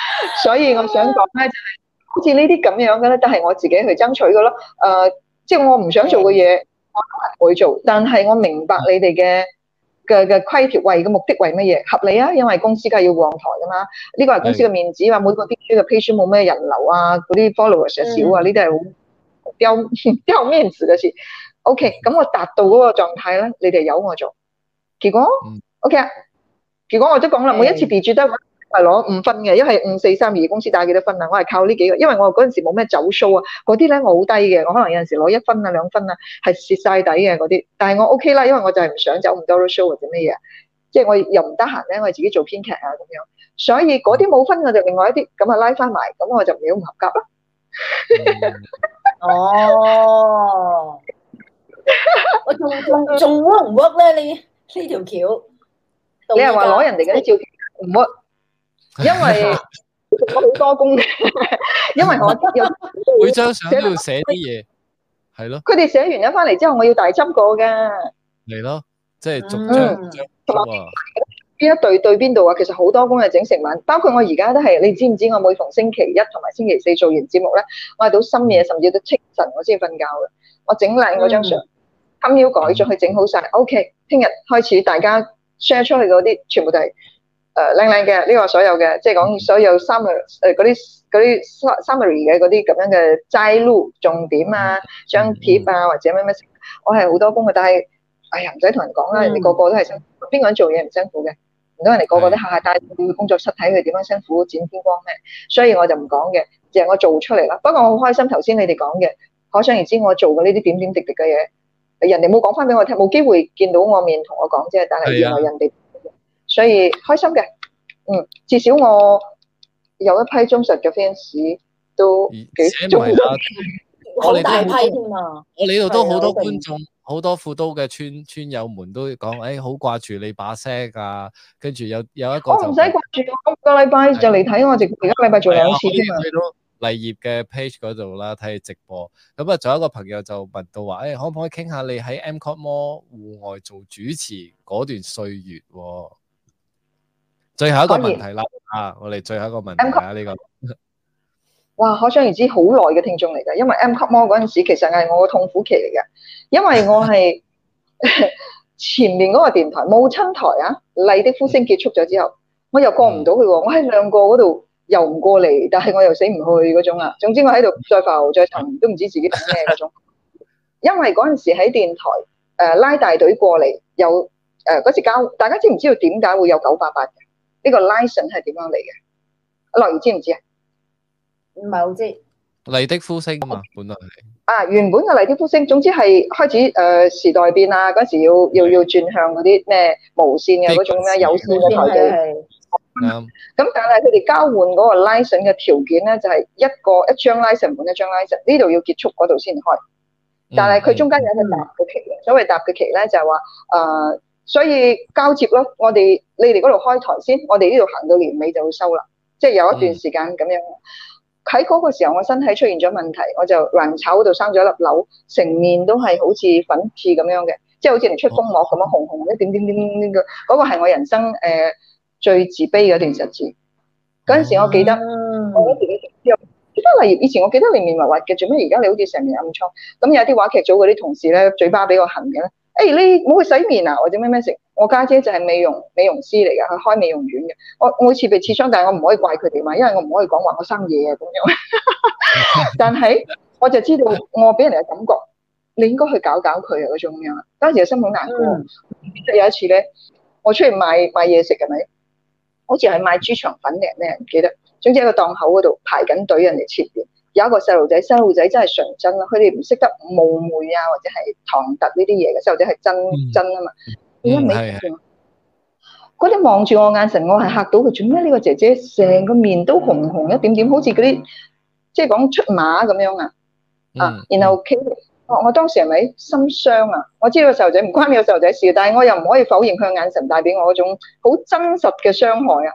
Speaker 5: [LAUGHS] 所以我想講咧就係，好似呢啲咁樣嘅咧，都係我自己去爭取嘅咯。誒、呃，即係我唔想做嘅嘢。我都係會做，但係我明白你哋嘅嘅嘅規條為嘅目的為乜嘢。合理啊，因為公司梗係要旺台噶嘛。呢個係公司嘅面子嘛，的每個 D J 嘅 page 冇咩人流啊，嗰啲 followers 少啊，呢啲係好丟丟面子嘅事。OK，咁我達到嗰個狀態咧，你哋由我做。結果、嗯、OK 啊，結果我都講啦，每一次 D J 都。係攞五分嘅，一係五四三二公司打幾多分啊？我係靠呢幾個，因為我嗰陣時冇咩走 show 啊，嗰啲咧我好低嘅，我可能有陣時攞一分啊兩分啊，係蝕晒底嘅嗰啲。但係我 OK 啦，因為我就係唔想走咁多 show 或者咩嘢，即係我又唔得閒咧，我係自己做編劇啊咁樣。所以嗰啲冇分我就另外一啲咁啊拉翻埋，咁我就唔秒唔合格啦。 [LAUGHS] 哦，仲
Speaker 2: 仲 work 唔 work 咧？你呢條橋，條條這個、你係話攞人哋嗰啲照片唔 work？ [LAUGHS] [LAUGHS] 因為我好多工嘅， [LAUGHS] 因為我有 [LAUGHS]
Speaker 5: 每張相都要寫啲
Speaker 1: 嘢，係咯，
Speaker 5: 佢哋寫完咗翻嚟之後，我要大針過嘅，
Speaker 1: 嚟咯，即係逐張，同
Speaker 5: 埋邊一對對邊度啊？其實好多工係整成晚，包括我而家都係，你知唔知我每逢星期一同埋星期四做完節目咧，我係到深夜甚至到清晨我先瞓覺嘅，我整理我張相，襟、嗯、要改咗佢，嗯、整，整好晒，OK，聽日開始大家 share 出去嗰啲全部都係。誒靚靚嘅呢個所有嘅，即係講所有 summary 嗰啲嗰啲 summary 嘅嗰啲咁樣嘅摘錄重點啊，張貼啊或者咩咩，我係好多工嘅，但係哎呀唔使同人講啦，你個個都係邊個人做嘢唔辛苦嘅，唔通人哋個個都下下帶到工作室睇佢點樣辛苦剪天光咩，所以我就唔講嘅，淨係、是、我做出嚟啦。不過我好開心，頭先你哋講嘅，可想而知我做過呢啲點點滴滴嘅嘢，人哋冇講翻俾我聽，冇機會見到我面同我講啫，但係原來人哋。所以開心嘅，嗯，至少我有一批忠實嘅 fans 都
Speaker 1: 幾忠，我哋大
Speaker 5: 批添啊！我呢度都好多觀眾，
Speaker 1: 好對多富都嘅村對村友們都講：，誒，好掛住你把聲啊！跟住有有一個、就是，我唔使
Speaker 5: 掛住，這個、我每個禮拜就嚟睇我直，而家禮拜做兩次添啊！
Speaker 1: 利業嘅 page 嗰度啦，睇你直播。咁啊，仲有一個朋友就問到話：，誒、哎、可唔可以傾下你喺 M Cot More 戶外做主持嗰段歲月？最後一個問題啦，而啊，我哋最後一個問題啊。呢、這個
Speaker 5: 哇，可想而知好耐嘅聽眾嚟嘅，因為 M 級魔嗰陣時，其實係我嘅痛苦期嚟嘅。因為我係 [LAUGHS] 前面嗰個電台母親台啊，《麗的呼聲》結束咗之後，我又過唔到去，嗯、我喺兩個嗰度游唔過嚟，但係我又死唔去嗰種啊。總之我喺度再浮再沉，嗯、都唔知自己等咩嗰種。因為嗰陣時喺電台誒、呃、拉大隊過嚟，又誒嗰時交大家知唔知道點解會有九八八？呢個 license 係點樣嚟嘅？樂兒知唔知啊？唔係好知，
Speaker 1: 知。麗的呼聲嘛，本
Speaker 5: 來啊，原本嘅麗的呼聲，總之係開始誒、呃、時代變啦，嗰時要要要轉向嗰啲咩無線嘅嗰種咩有線嘅台機。咁、嗯、但係佢哋交換嗰個 license 嘅條件咧，就係、是、一個一張 license 換一張 license，呢度要結束嗰度先開。但係佢中間有一個搭嘅期嘅，嗯嗯、所謂搭嘅期咧就係話誒。呃所以交接咯，我哋你哋嗰度開台先，我哋呢度行到年尾就會收啦，即係有一段時間咁樣。喺嗰、嗯、個時候，我身體出現咗問題，我就卵巢嗰度生咗一粒瘤，成面都係好似粉刺咁樣嘅，即係好似連出風膜咁樣、哦、紅紅一點點點點嘅。嗰、那個係我人生誒、呃、最自卑嗰段日子。嗰陣時我記得，嗯、我覺得自己點解黎？以前我記得你面滑滑嘅，做咩而家你好似成面暗瘡？咁有啲話劇組嗰啲同事咧，嘴巴比較痕嘅咧。誒、欸、你冇去洗面啊，或者咩咩食？我家姐，姐就係美容美容師嚟嘅，佢開美容院嘅。我我每次被刺傷，但係我唔可以怪佢哋嘛，因為我唔可以講話我生嘢啊咁樣。 [LAUGHS] 但係我就知道我俾人嘅感覺，你應該去搞搞佢啊嗰種樣。當時個心好難過。嗯、有一次咧，我出去買買嘢食係咪？買好似係買豬腸粉定咩唔記得。總之喺個檔口嗰度排緊隊人，人哋切嘅。有一個細路仔，細路仔真係純真啊。佢哋唔識得冒昧啊，或者係唐突呢啲嘢嘅。細路仔係真真啊嘛，你睇下住？嗰啲望住我眼神，我係嚇到佢。做咩呢個姐姐成個面都紅紅一點點，好似嗰啲即係講出馬咁樣啊？嗯、啊，然後佢我、嗯嗯啊、我當時係咪心傷啊？我知道個細路仔唔關你個細路仔事，但係我又唔可以否認佢眼神帶俾我嗰種好真實嘅傷害啊！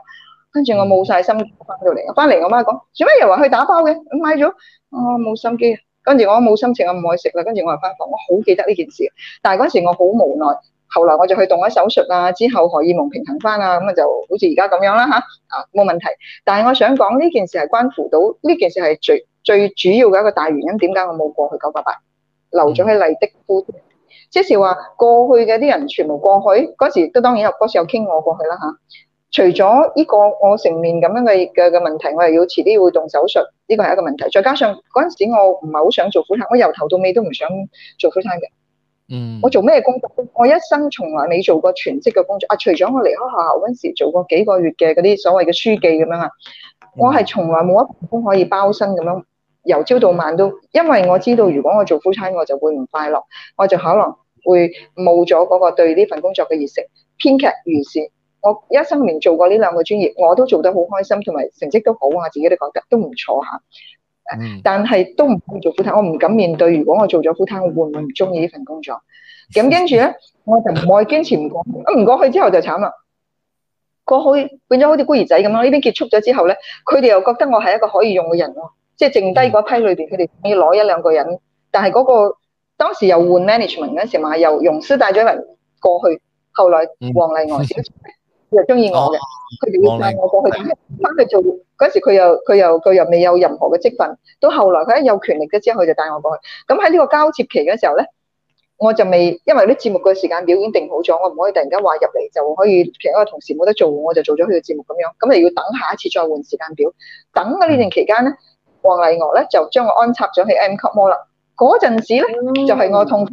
Speaker 5: 跟住我冇晒心機翻到嚟，翻嚟我媽講做咩又話去打包嘅，我買咗，啊、我冇心機。跟住我冇心情，我唔愛食啦。跟住我係翻房，我好記得呢件事。但係嗰時我好無奈。後來我就去動咗手術啊，之後荷爾蒙平衡翻啊，咁啊就好似而家咁樣啦吓，冇問題。但係我想講呢件事係關乎到呢件事係最最主要嘅一個大原因，點解我冇過去九八八，留咗喺麗的夫。即是話過去嘅啲人全部過去，嗰時都當然有時有傾我過,過去啦嚇。啊除咗呢個我成面咁樣嘅嘅嘅問題，我又要遲啲會動手術，呢個係一個問題。再加上嗰陣時我唔係好想做夫妻，我由頭到尾都唔想做夫妻嘅。嗯，我做咩工作？我一生從來未做過全職嘅工作。啊，除咗我離開學校嗰陣時做過幾個月嘅嗰啲所謂嘅書記咁樣啊，嗯、我係從來冇一份工可以包身咁樣，由朝到晚都。因為我知道如果我做夫妻，我就會唔快樂，我就可能會冇咗嗰個對呢份工作嘅熱誠。編劇如是。我一生年做過呢兩個專業，我都做得好開心，同埋成績都好，我自己都覺得都唔錯嚇。但係都唔會做 full time，我唔敢面對。如果我做咗 full time，會唔會唔中意呢份工作？咁跟住咧，我就唔愛堅持唔過去。唔過去之後就慘啦。過去變咗好似孤兒仔咁樣。呢邊結束咗之後咧，佢哋又覺得我係一個可以用嘅人喎，即、就、係、是、剩低嗰批裏邊，佢哋要攞一兩個人。但係嗰、那個當時又換 management 嗰陣時嘛，又融師帶咗人份過去，後來黃麗外。 [LAUGHS] 佢又中意我嘅，佢就會帶我過去，翻去做。嗰時佢又佢又佢又未有任何嘅積分，到後來佢一有權力嘅之後，佢就帶我過去。咁喺呢個交接期嘅時候咧，我就未，因為啲節目嘅時間表已經定好咗，我唔可以突然間話入嚟就可以，其他個同事冇得做，我就做咗佢嘅節目咁樣。咁你要等下一次再換時間表。等嘅呢段期間咧，黃麗娥咧就將我安插咗去 M 級模啦。嗰陣時咧就係、是、我同。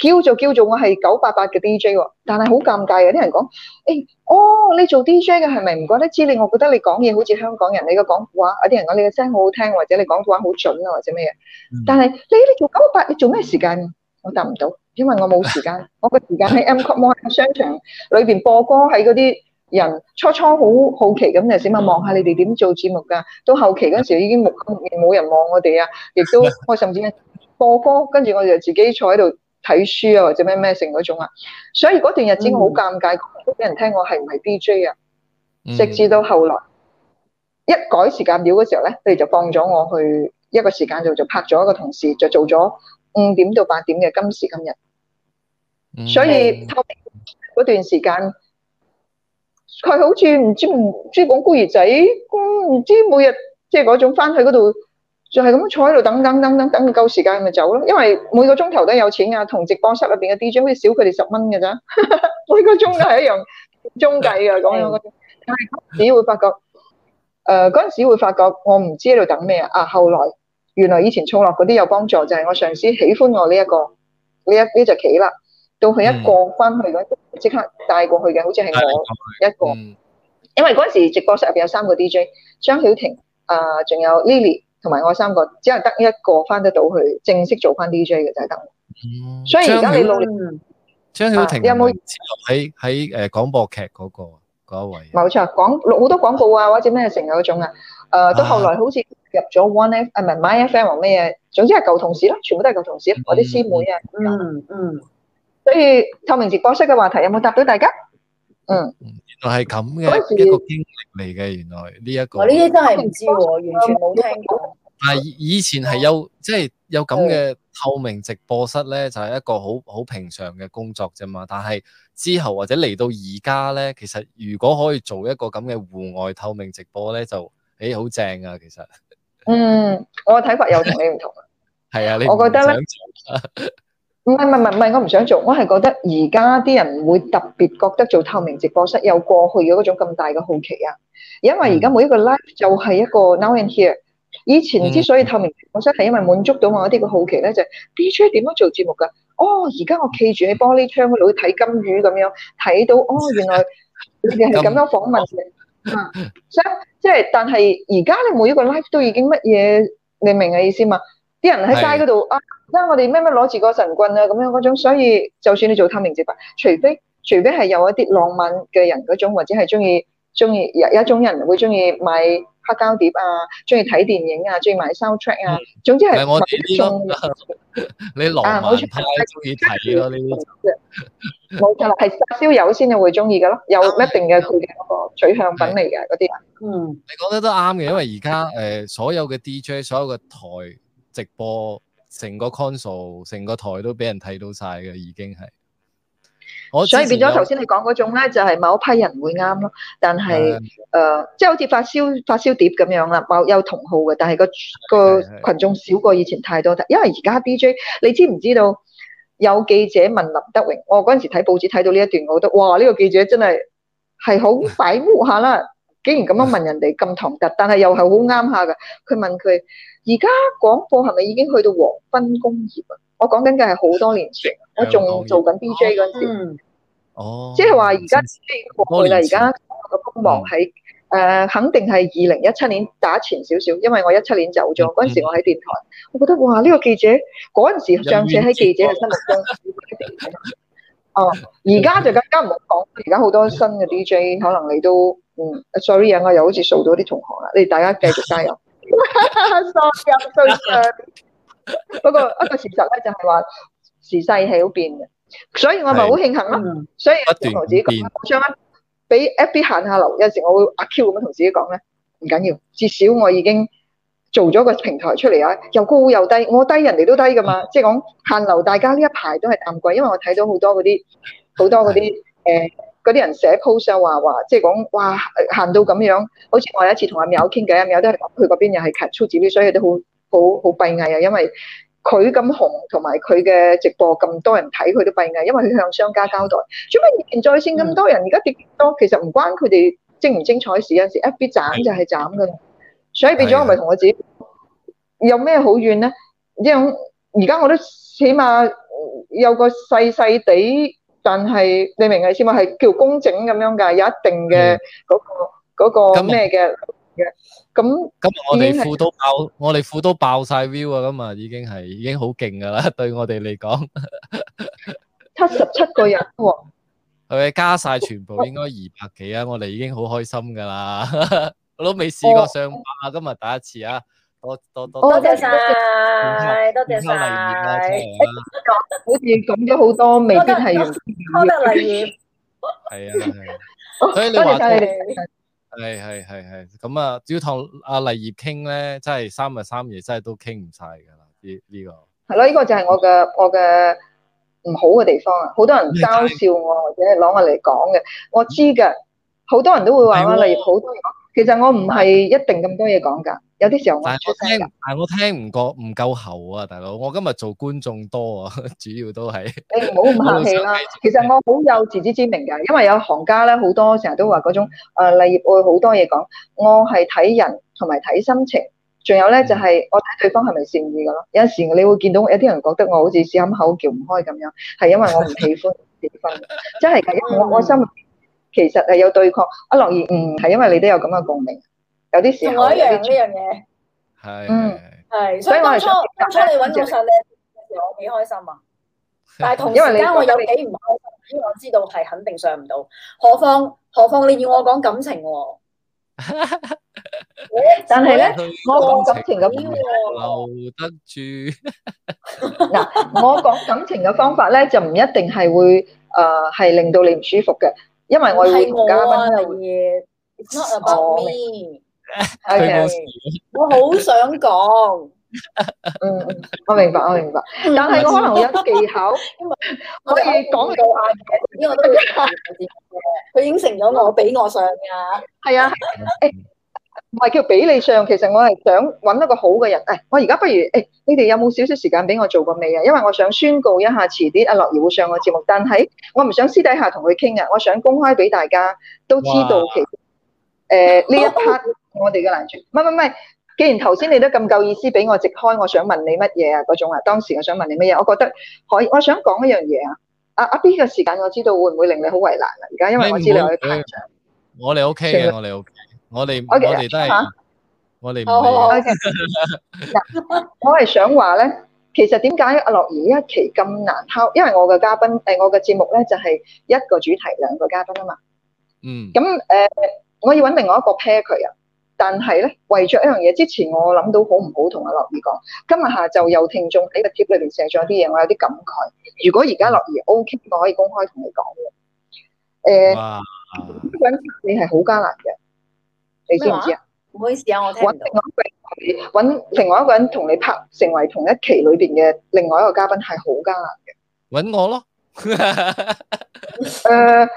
Speaker 5: 叫做叫做我係九八八嘅 DJ 喎，但係好尷尬嘅，啲人講，誒，哦，你做 DJ 嘅係咪唔覺得知你？我覺得你講嘢好似香港人你嘅講古話，有啲人講你嘅聲好好聽，或者你講古話好準啊，或者咩嘢？但係你你做九八八，你做咩時間？我答唔到，因為我冇時間，我個時間喺 M 扣摩喺個商場裏邊播歌，喺嗰啲人初初好好奇咁嚟，試問望下你哋點做節目㗎？到後期嗰時已經冇冇人望我哋啊，亦都我甚至播歌，跟住我就自己坐喺度。睇書啊，或者咩咩性嗰種啊，所以嗰段日子我好尷尬，都俾、嗯、人聽我係唔係 DJ 啊，嗯、直至到後來一改時間表嘅時候咧，佢哋就放咗我去一個時間度，就拍咗一個同事，就做咗五點到八點嘅今時今日。所以嗰、嗯、段時間，佢好似唔知唔知講孤兒仔，唔、嗯、知每日即係嗰種翻去嗰度。就係咁坐喺度等等等等等，夠時間咪走咯。因為每個鐘頭都有錢噶、啊，同直播室入邊嘅 DJ 好似少佢哋十蚊嘅咋。 [LAUGHS] 每個鐘都係一樣鐘計嘅、啊，講咗個字。係、嗯，只會發覺，誒嗰陣時會發覺我唔知喺度等咩啊。啊，後來原來以前沖落嗰啲有幫助，就係、是、我上司喜歡我呢、這個這個這個、一個呢一呢就企啦。到佢一過翻去嗰陣，即刻帶過去嘅，好似係我、嗯、一個。因為嗰陣時直播室入邊有三個 DJ，張曉婷啊，仲、呃、有 Lily。同埋我三個，只係得一個翻得到去正式做翻 D J 嘅就係得。所以而家你努力
Speaker 1: 張曉婷有冇喺喺誒廣播劇嗰、嗰個嗰一位？
Speaker 5: 冇錯，廣好多廣告啊，或者咩成日嗰種啊。誒，到後來好似入咗 One F 唔係 My F M 或咩嘢。總之係舊同事咯，全部都係舊同事。我啲師妹啊，嗯嗯。所以透明直播室嘅話題有冇答到大家？
Speaker 1: 嗯，原來係咁嘅一個經歷嚟嘅。原來呢一個我呢啲
Speaker 2: 真係唔知喎，完全冇聽
Speaker 1: 過。嗯，但係以前係有，即係有咁嘅透明直播室咧，就係一個好好平常嘅工作啫嘛。但係之後或者嚟到而家咧，其實如果可以做一個咁嘅戶外透明直播咧，就誒好正啊，其實。 [LAUGHS] 嗯，
Speaker 5: 我嘅睇法又
Speaker 1: 同你唔同啊。係 [LAUGHS] 啊，你我覺得咧。
Speaker 5: 唔係唔係唔係，我唔想做，我係覺得而家啲人會特別覺得做透明直播室有過去嘅嗰種咁大嘅好奇啊！因為而家每一個 live 就係一個 now and here。以前之所以透明直播室係因為滿足到我一啲嘅好奇咧，就係 DJ 點樣做節目噶？哦，而家我企住喺玻璃窗嗰度會睇金魚咁樣，睇到哦，原來你係咁樣訪問嘅。嗯，所以即係，但係而家你每一個 live 都已經乜嘢？你明嘅意思嘛？啲人喺街嗰度啊！因為、啊、我哋咩咩攞住個神棍啊，咁樣嗰種，所以就算你做透明接白，除非除非係有一啲浪漫嘅人嗰種，或者係中意中意有一種人會中意買黑膠碟啊，中意睇電影啊，中意買 soundtrack 啊，總之係。我哋啲
Speaker 1: 咯。你浪漫太中意睇咯，你
Speaker 5: 冇錯啦，係發燒友先會中意嘅咯，有一定嘅佢嘅嗰個取向品嚟嘅嗰啲人。嗯，
Speaker 1: 你講得都啱嘅，因為而家誒所有嘅 DJ，所有嘅台直播。成個 console，成個台都俾人睇到晒嘅，已經係。我所以變咗頭先
Speaker 5: 你講嗰種咧，就係某一批人會啱咯。但係誒，即係、嗯呃、好似發燒發燒碟咁樣啦，有同好嘅，但係個個羣眾少過以前太多。因為而家 DJ，你知唔知道？有記者問林德榮，我嗰陣時睇報紙睇到呢一段，我覺得哇，呢、呢個記者真係係好歹惡下啦！ [LAUGHS] 竟然咁樣問人哋咁唐突，但係又係好啱下嘅。佢問佢。而家廣播係咪已經去到黃昏工業啊？我講緊嘅係好多年前，我仲做緊 DJ 嗰陣時、嗯。哦，即係話而家即係過去啦。而家個鋒芒喺誒，肯定係二零一七年打前少少，因為我一七年走咗嗰陣時，我喺電台，我覺得哇呢、這個記者嗰陣、嗯、時尚且喺記者嘅身份上。哦、嗯，而家、 [LAUGHS] 嗯、就更加唔好講。而家好多新嘅 DJ，可能你都嗯，sorry 啊，我又好似掃到啲同學啦。你哋大家繼續加油。 [LAUGHS] [LAUGHS] 索入對 [LAUGHS] [LAUGHS] 不過一、那個事實咧就係、是、話時勢係好變嘅，所以我咪好慶幸咯。嗯、所以我同自己講，將俾、嗯嗯、FB 限下流，有陣時我會阿 Q 咁樣同自己講咧，唔緊要，至少我已經做咗個平台出嚟啊，又高又低，我低人哋都低噶嘛， [LAUGHS] 即係講限流，大家呢一排都係淡季，因為我睇到好多嗰啲好多啲誒。嗰啲人寫 post 話話，即係講哇，行到咁樣，好似我有一次同阿苗傾偈，阿苗 [MUSIC] 都係講佢嗰邊又係 cut 粗字啲，所以都好好好閉翳啊！因為佢咁紅，同埋佢嘅直播咁多人睇，佢都閉翳，因為佢向商家交代，做乜現在先咁多人，而家跌多，其實唔關佢哋精唔精彩事，有時 FB 斬就係斬噶啦。所以變咗我咪同我自己的有咩好怨咧？因為而家我都起碼有個細細哋。但係你明唔明嘅先嘛，係叫工整咁樣噶，有一定嘅嗰、嗰個嗰咩嘅嘅咁。嗯、
Speaker 1: 今日我哋副都爆，我哋副都爆晒 view 啊！咁啊，已經係已經好勁噶啦，對我哋嚟講。
Speaker 5: [LAUGHS] 七十七個人喎，
Speaker 1: 係咪 [LAUGHS] 加晒全部應該二百幾啊？ [LAUGHS] 我哋已經好開心噶啦， [LAUGHS] 我都未試過上馬，今日第一次啊！多多多，多謝晒，
Speaker 5: 多謝晒，多謝麗葉，你知講，
Speaker 1: 好似講咗好多，未必係，多謝麗葉，係啊，
Speaker 5: 所
Speaker 1: 以你話，多謝你，係係係係，咁啊，只要同阿麗葉傾咧，真係三日三夜真係都傾唔晒噶啦，呢呢個
Speaker 5: 係咯，呢個就係我嘅我嘅唔好嘅地方啊，好多人嘲笑我或者攞我嚟講嘅，我知嘅，好多人都會話我麗葉好多嘢講，其實我唔係一定咁多嘢講噶。有啲時候我，我
Speaker 1: 聽，但係我聽唔過，唔夠喉啊，大佬！我今日做觀眾多啊，主要都係
Speaker 5: 你唔好咁客氣啦。 [LAUGHS] 其實我好有自知之明嘅，因為有行家咧，好多成日都話嗰種誒禮、呃、業會好多嘢講。我係睇人同埋睇心情，仲有咧、嗯、就係我睇對方係咪善意嘅咯。有時你會見到有啲人覺得我好似試口叫唔開咁樣，係因為我唔喜歡結婚， [LAUGHS] 真係嘅。因為我我心其實係有對抗。我樂意唔係、嗯、因為你都有咁嘅共鳴。有啲少，同我一樣呢樣嘢，係，嗯，係的，所
Speaker 2: 以講初，剛初你搵咗上咧，我幾開心啊！但係同因為你，你，我有幾唔開心，因為我知道係肯定上唔到，何況何況你要我講感情喎？ [LAUGHS] 但
Speaker 4: 係咧， [LAUGHS] 我講感情嘅標喎，留得住
Speaker 5: 嗱。我講感情嘅方法咧，就唔一定係會誒，係、呃、令到你唔舒服嘅，因為我會同嘉賓。
Speaker 3: i [LAUGHS] t
Speaker 5: Okay.
Speaker 2: 我好想講。嗯，
Speaker 5: 我明白，我明白。
Speaker 2: 但係我可能有技巧， [LAUGHS] 因為我可以講到下因呢，我都係佢應承咗我俾我上
Speaker 5: 噶，
Speaker 2: 係啊，唔係、啊哎、叫俾
Speaker 5: 你上。其實我係想揾一個好嘅人。誒、哎，我而家不如誒、哎，你哋有冇少少時間俾我做個未啊？因為我想宣告一下，遲啲阿樂怡會上個節目，但係我唔想私底下同佢傾啊。我想公開俾大家都知道其實誒呢哇、呃、一 part。我哋嘅難處，唔唔唔，既然頭先你都咁夠意思俾我直開，我想問你乜嘢啊？嗰種啊，當時我想問你乜嘢？我覺得可以，我想講一樣嘢啊。阿阿 B 嘅時間，我知道會唔會令你好為難啊？而家因為我知你喺台上，
Speaker 1: 我哋 O K 嘅，我哋 O K，我哋、啊、我哋都係我哋
Speaker 5: O K。嗱，我係想話咧，其實點解阿樂怡呢一期咁難敲？因為我嘅嘉賓誒，我嘅節目咧就係一個主題，兩個嘉賓啊嘛。
Speaker 3: 嗯、
Speaker 5: mm.。咁誒，我要搵另外一個 pair 佢啊。但係咧，為咗一樣嘢，之前我，我諗到好唔好同阿樂兒講。今日下晝有聽眾喺個貼裏邊寫咗啲嘢，我有啲感慨。如果而家樂兒 OK，我可以公開同你講嘅。誒、呃，揾、啊、你係好艱難嘅，你知
Speaker 2: 唔知啊？唔好意思啊，我揾
Speaker 5: 另外一個人，同你拍，成為同一期裏邊嘅另外一個嘉賓加，係好艱難嘅。
Speaker 1: 揾我咯。
Speaker 5: 誒
Speaker 1: [LAUGHS] 呃。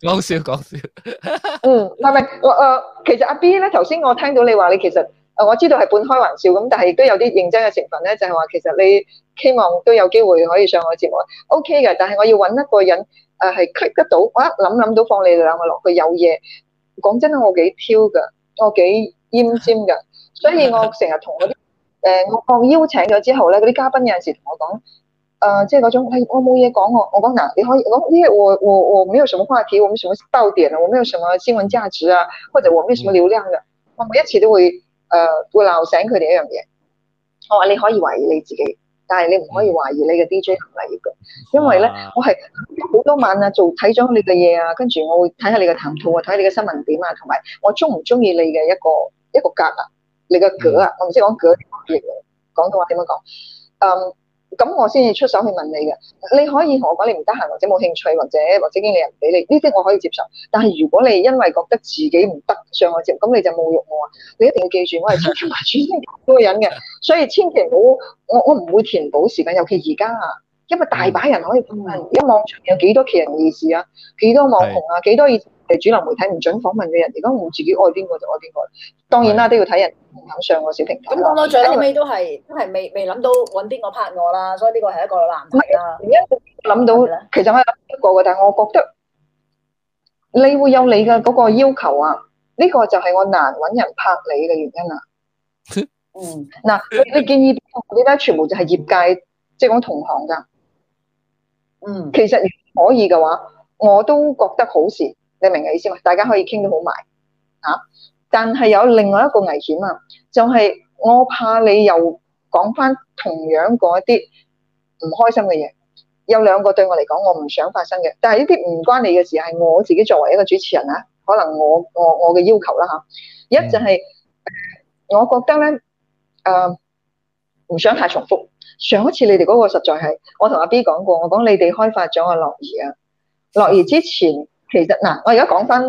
Speaker 1: 講
Speaker 5: 笑講笑，笑 [LAUGHS] 嗯，係咪？我、呃、誒，其實阿 B 咧，頭先我聽到你話，你其實誒，我知道係半開玩笑咁，但係亦都有啲認真嘅成分咧，就係、是、話其實你希望都有機會可以上我節目，OK 嘅。但係我要揾一個人誒，係、呃、cut 得到，我一諗諗到放你兩個落去有嘢。講真，我幾挑噶，我幾奄尖噶，所以我成日同嗰啲誒，我邀請咗之後咧，嗰啲嘉賓有陣時同我講。誒、呃，即係嗰種我冇嘢講喎，我講嗱、啊，你可以我因為我我我沒有什麼話題，我沒什麼爆點啊，我沒有什麼新聞價值啊，或者我沒有什麼流量嘅，嗯、我每一次都會誒、呃、會鬧醒佢哋一樣嘢。我話你可以懷疑你自己，但係你唔可以懷疑你嘅 D J 同埋嘢嘅，因為咧、啊、我係好多晚啊做睇咗你嘅嘢啊，跟住我會睇下你嘅談吐啊，睇下你嘅新聞點啊，同埋我中唔中意你嘅一個一個格啊，你嘅格啊，嗯、我唔知講格，講普通話點樣講，嗯。咁我先至出手去問你嘅，你可以同我講你唔得閒或者冇興趣或者或者經理唔俾你，呢啲我可以接受。但係如果你因為覺得自己唔得上我接，咁你就侮辱我啊！你一定要記住，我係千萬選先個人嘅，所以千祈唔好，我我唔會填補時間，尤其而家啊，因為大把人可以問，而家、嗯嗯、網上有幾多奇人異事啊，幾多網紅啊，幾的多係主流媒體唔准訪問嘅人，如果我自己愛邊個就愛邊個。當然啦，的都要睇人肯唔肯上我小平台。咁講為到最尾都係都
Speaker 2: 係未未諗到搵邊個拍我啦，所以呢個係一個難題。唔
Speaker 5: 係，唔一定諗到。的其實我諗一個嘅，但係我覺得你會有你嘅嗰個要求啊。呢、這個就係我難搵人拍你嘅原因啦、啊。嗯，嗱， [LAUGHS] 你建議嗰啲咧，全部就係業界即係講同行㗎。 [LAUGHS] 嗯，其實可以嘅話，我都覺得好事。你明嘅意思嘛？大家可以傾到好埋啊！但係有另外一個危險啊，就係，是，我怕你又講翻同樣嗰啲唔開心嘅嘢。有兩個對我嚟講，我唔想發生嘅。但係呢啲唔關你嘅事，係我自己作為一個主持人啊，可能我我我嘅要求啦，啊，嚇。一就係，我覺得咧，誒，呃、唔想太重複。上一次你哋嗰個實在係，我同阿 B 講過，我講你哋開發咗阿樂兒啊，樂兒之前。其實嗱，我而家講翻，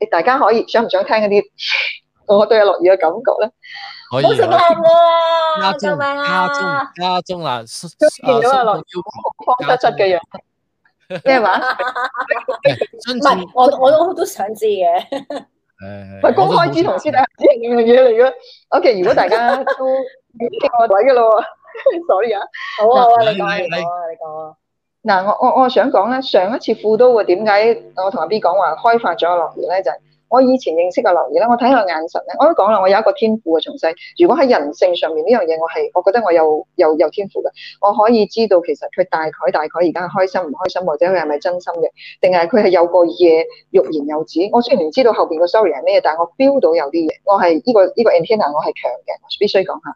Speaker 5: 你大家可以想唔想聽嗰啲我對阿樂兒嘅感覺咧？
Speaker 1: 可以。好醒目喎！加鐘中啊！加鐘啊！見到阿樂兒，方
Speaker 2: 方出出嘅樣。咩話？唔係 [LAUGHS] [LAUGHS] 我我我，我都想知嘅。唔
Speaker 3: 係公開知同私
Speaker 2: 底下知係兩樣嘢嚟嘅。 [LAUGHS] [LAUGHS] OK，如果大家都識個位嘅咯，所以啊！好啊，好啊，你
Speaker 5: 講啊，你講啊。嗱，我我我想講咧，上一次副都嘅點解我同阿 B 講話開發咗樂兒咧，就係、是、我以前認識個樂兒咧，我睇下眼神咧，我都講啦，我有一個天賦嘅，從細如果喺人性上面呢樣嘢，這個、我係我覺得我有有有天賦嘅，我可以知道其實佢大概大概而家係開心唔開心，或者佢係咪真心嘅，定係佢係有個嘢欲言又止。我雖然唔知道後邊個 sorry 係咩，但係我 feel 到有啲嘢，我係呢、這個呢、這個 antenna，我係強嘅，我必須講下。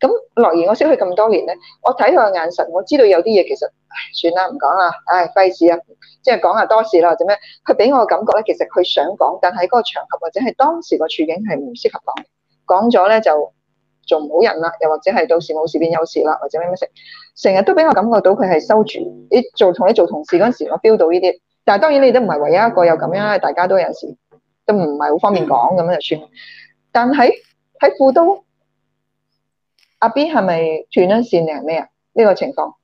Speaker 5: 咁樂兒，我識佢咁多年咧，我睇佢嘅眼神，我知道有啲嘢其實。算啦，唔講啦，唉，費事啊，即係講下多事啦，或者咩？佢俾我嘅感覺咧，其實佢想講，但係嗰個場合或者係當時個處境係唔適合講，講咗咧就做唔好人啦，又或者係到時冇事變有事啦，或者咩咩成日都俾我感覺到佢係收住。你做同你做同事嗰陣時，我 feel 到呢啲。但係當然你都唔係唯一一個有咁樣，大家都有事，都唔係好方便講咁樣就算。但係喺副都，阿 B 係咪斷咗線定係咩啊？呢個情況。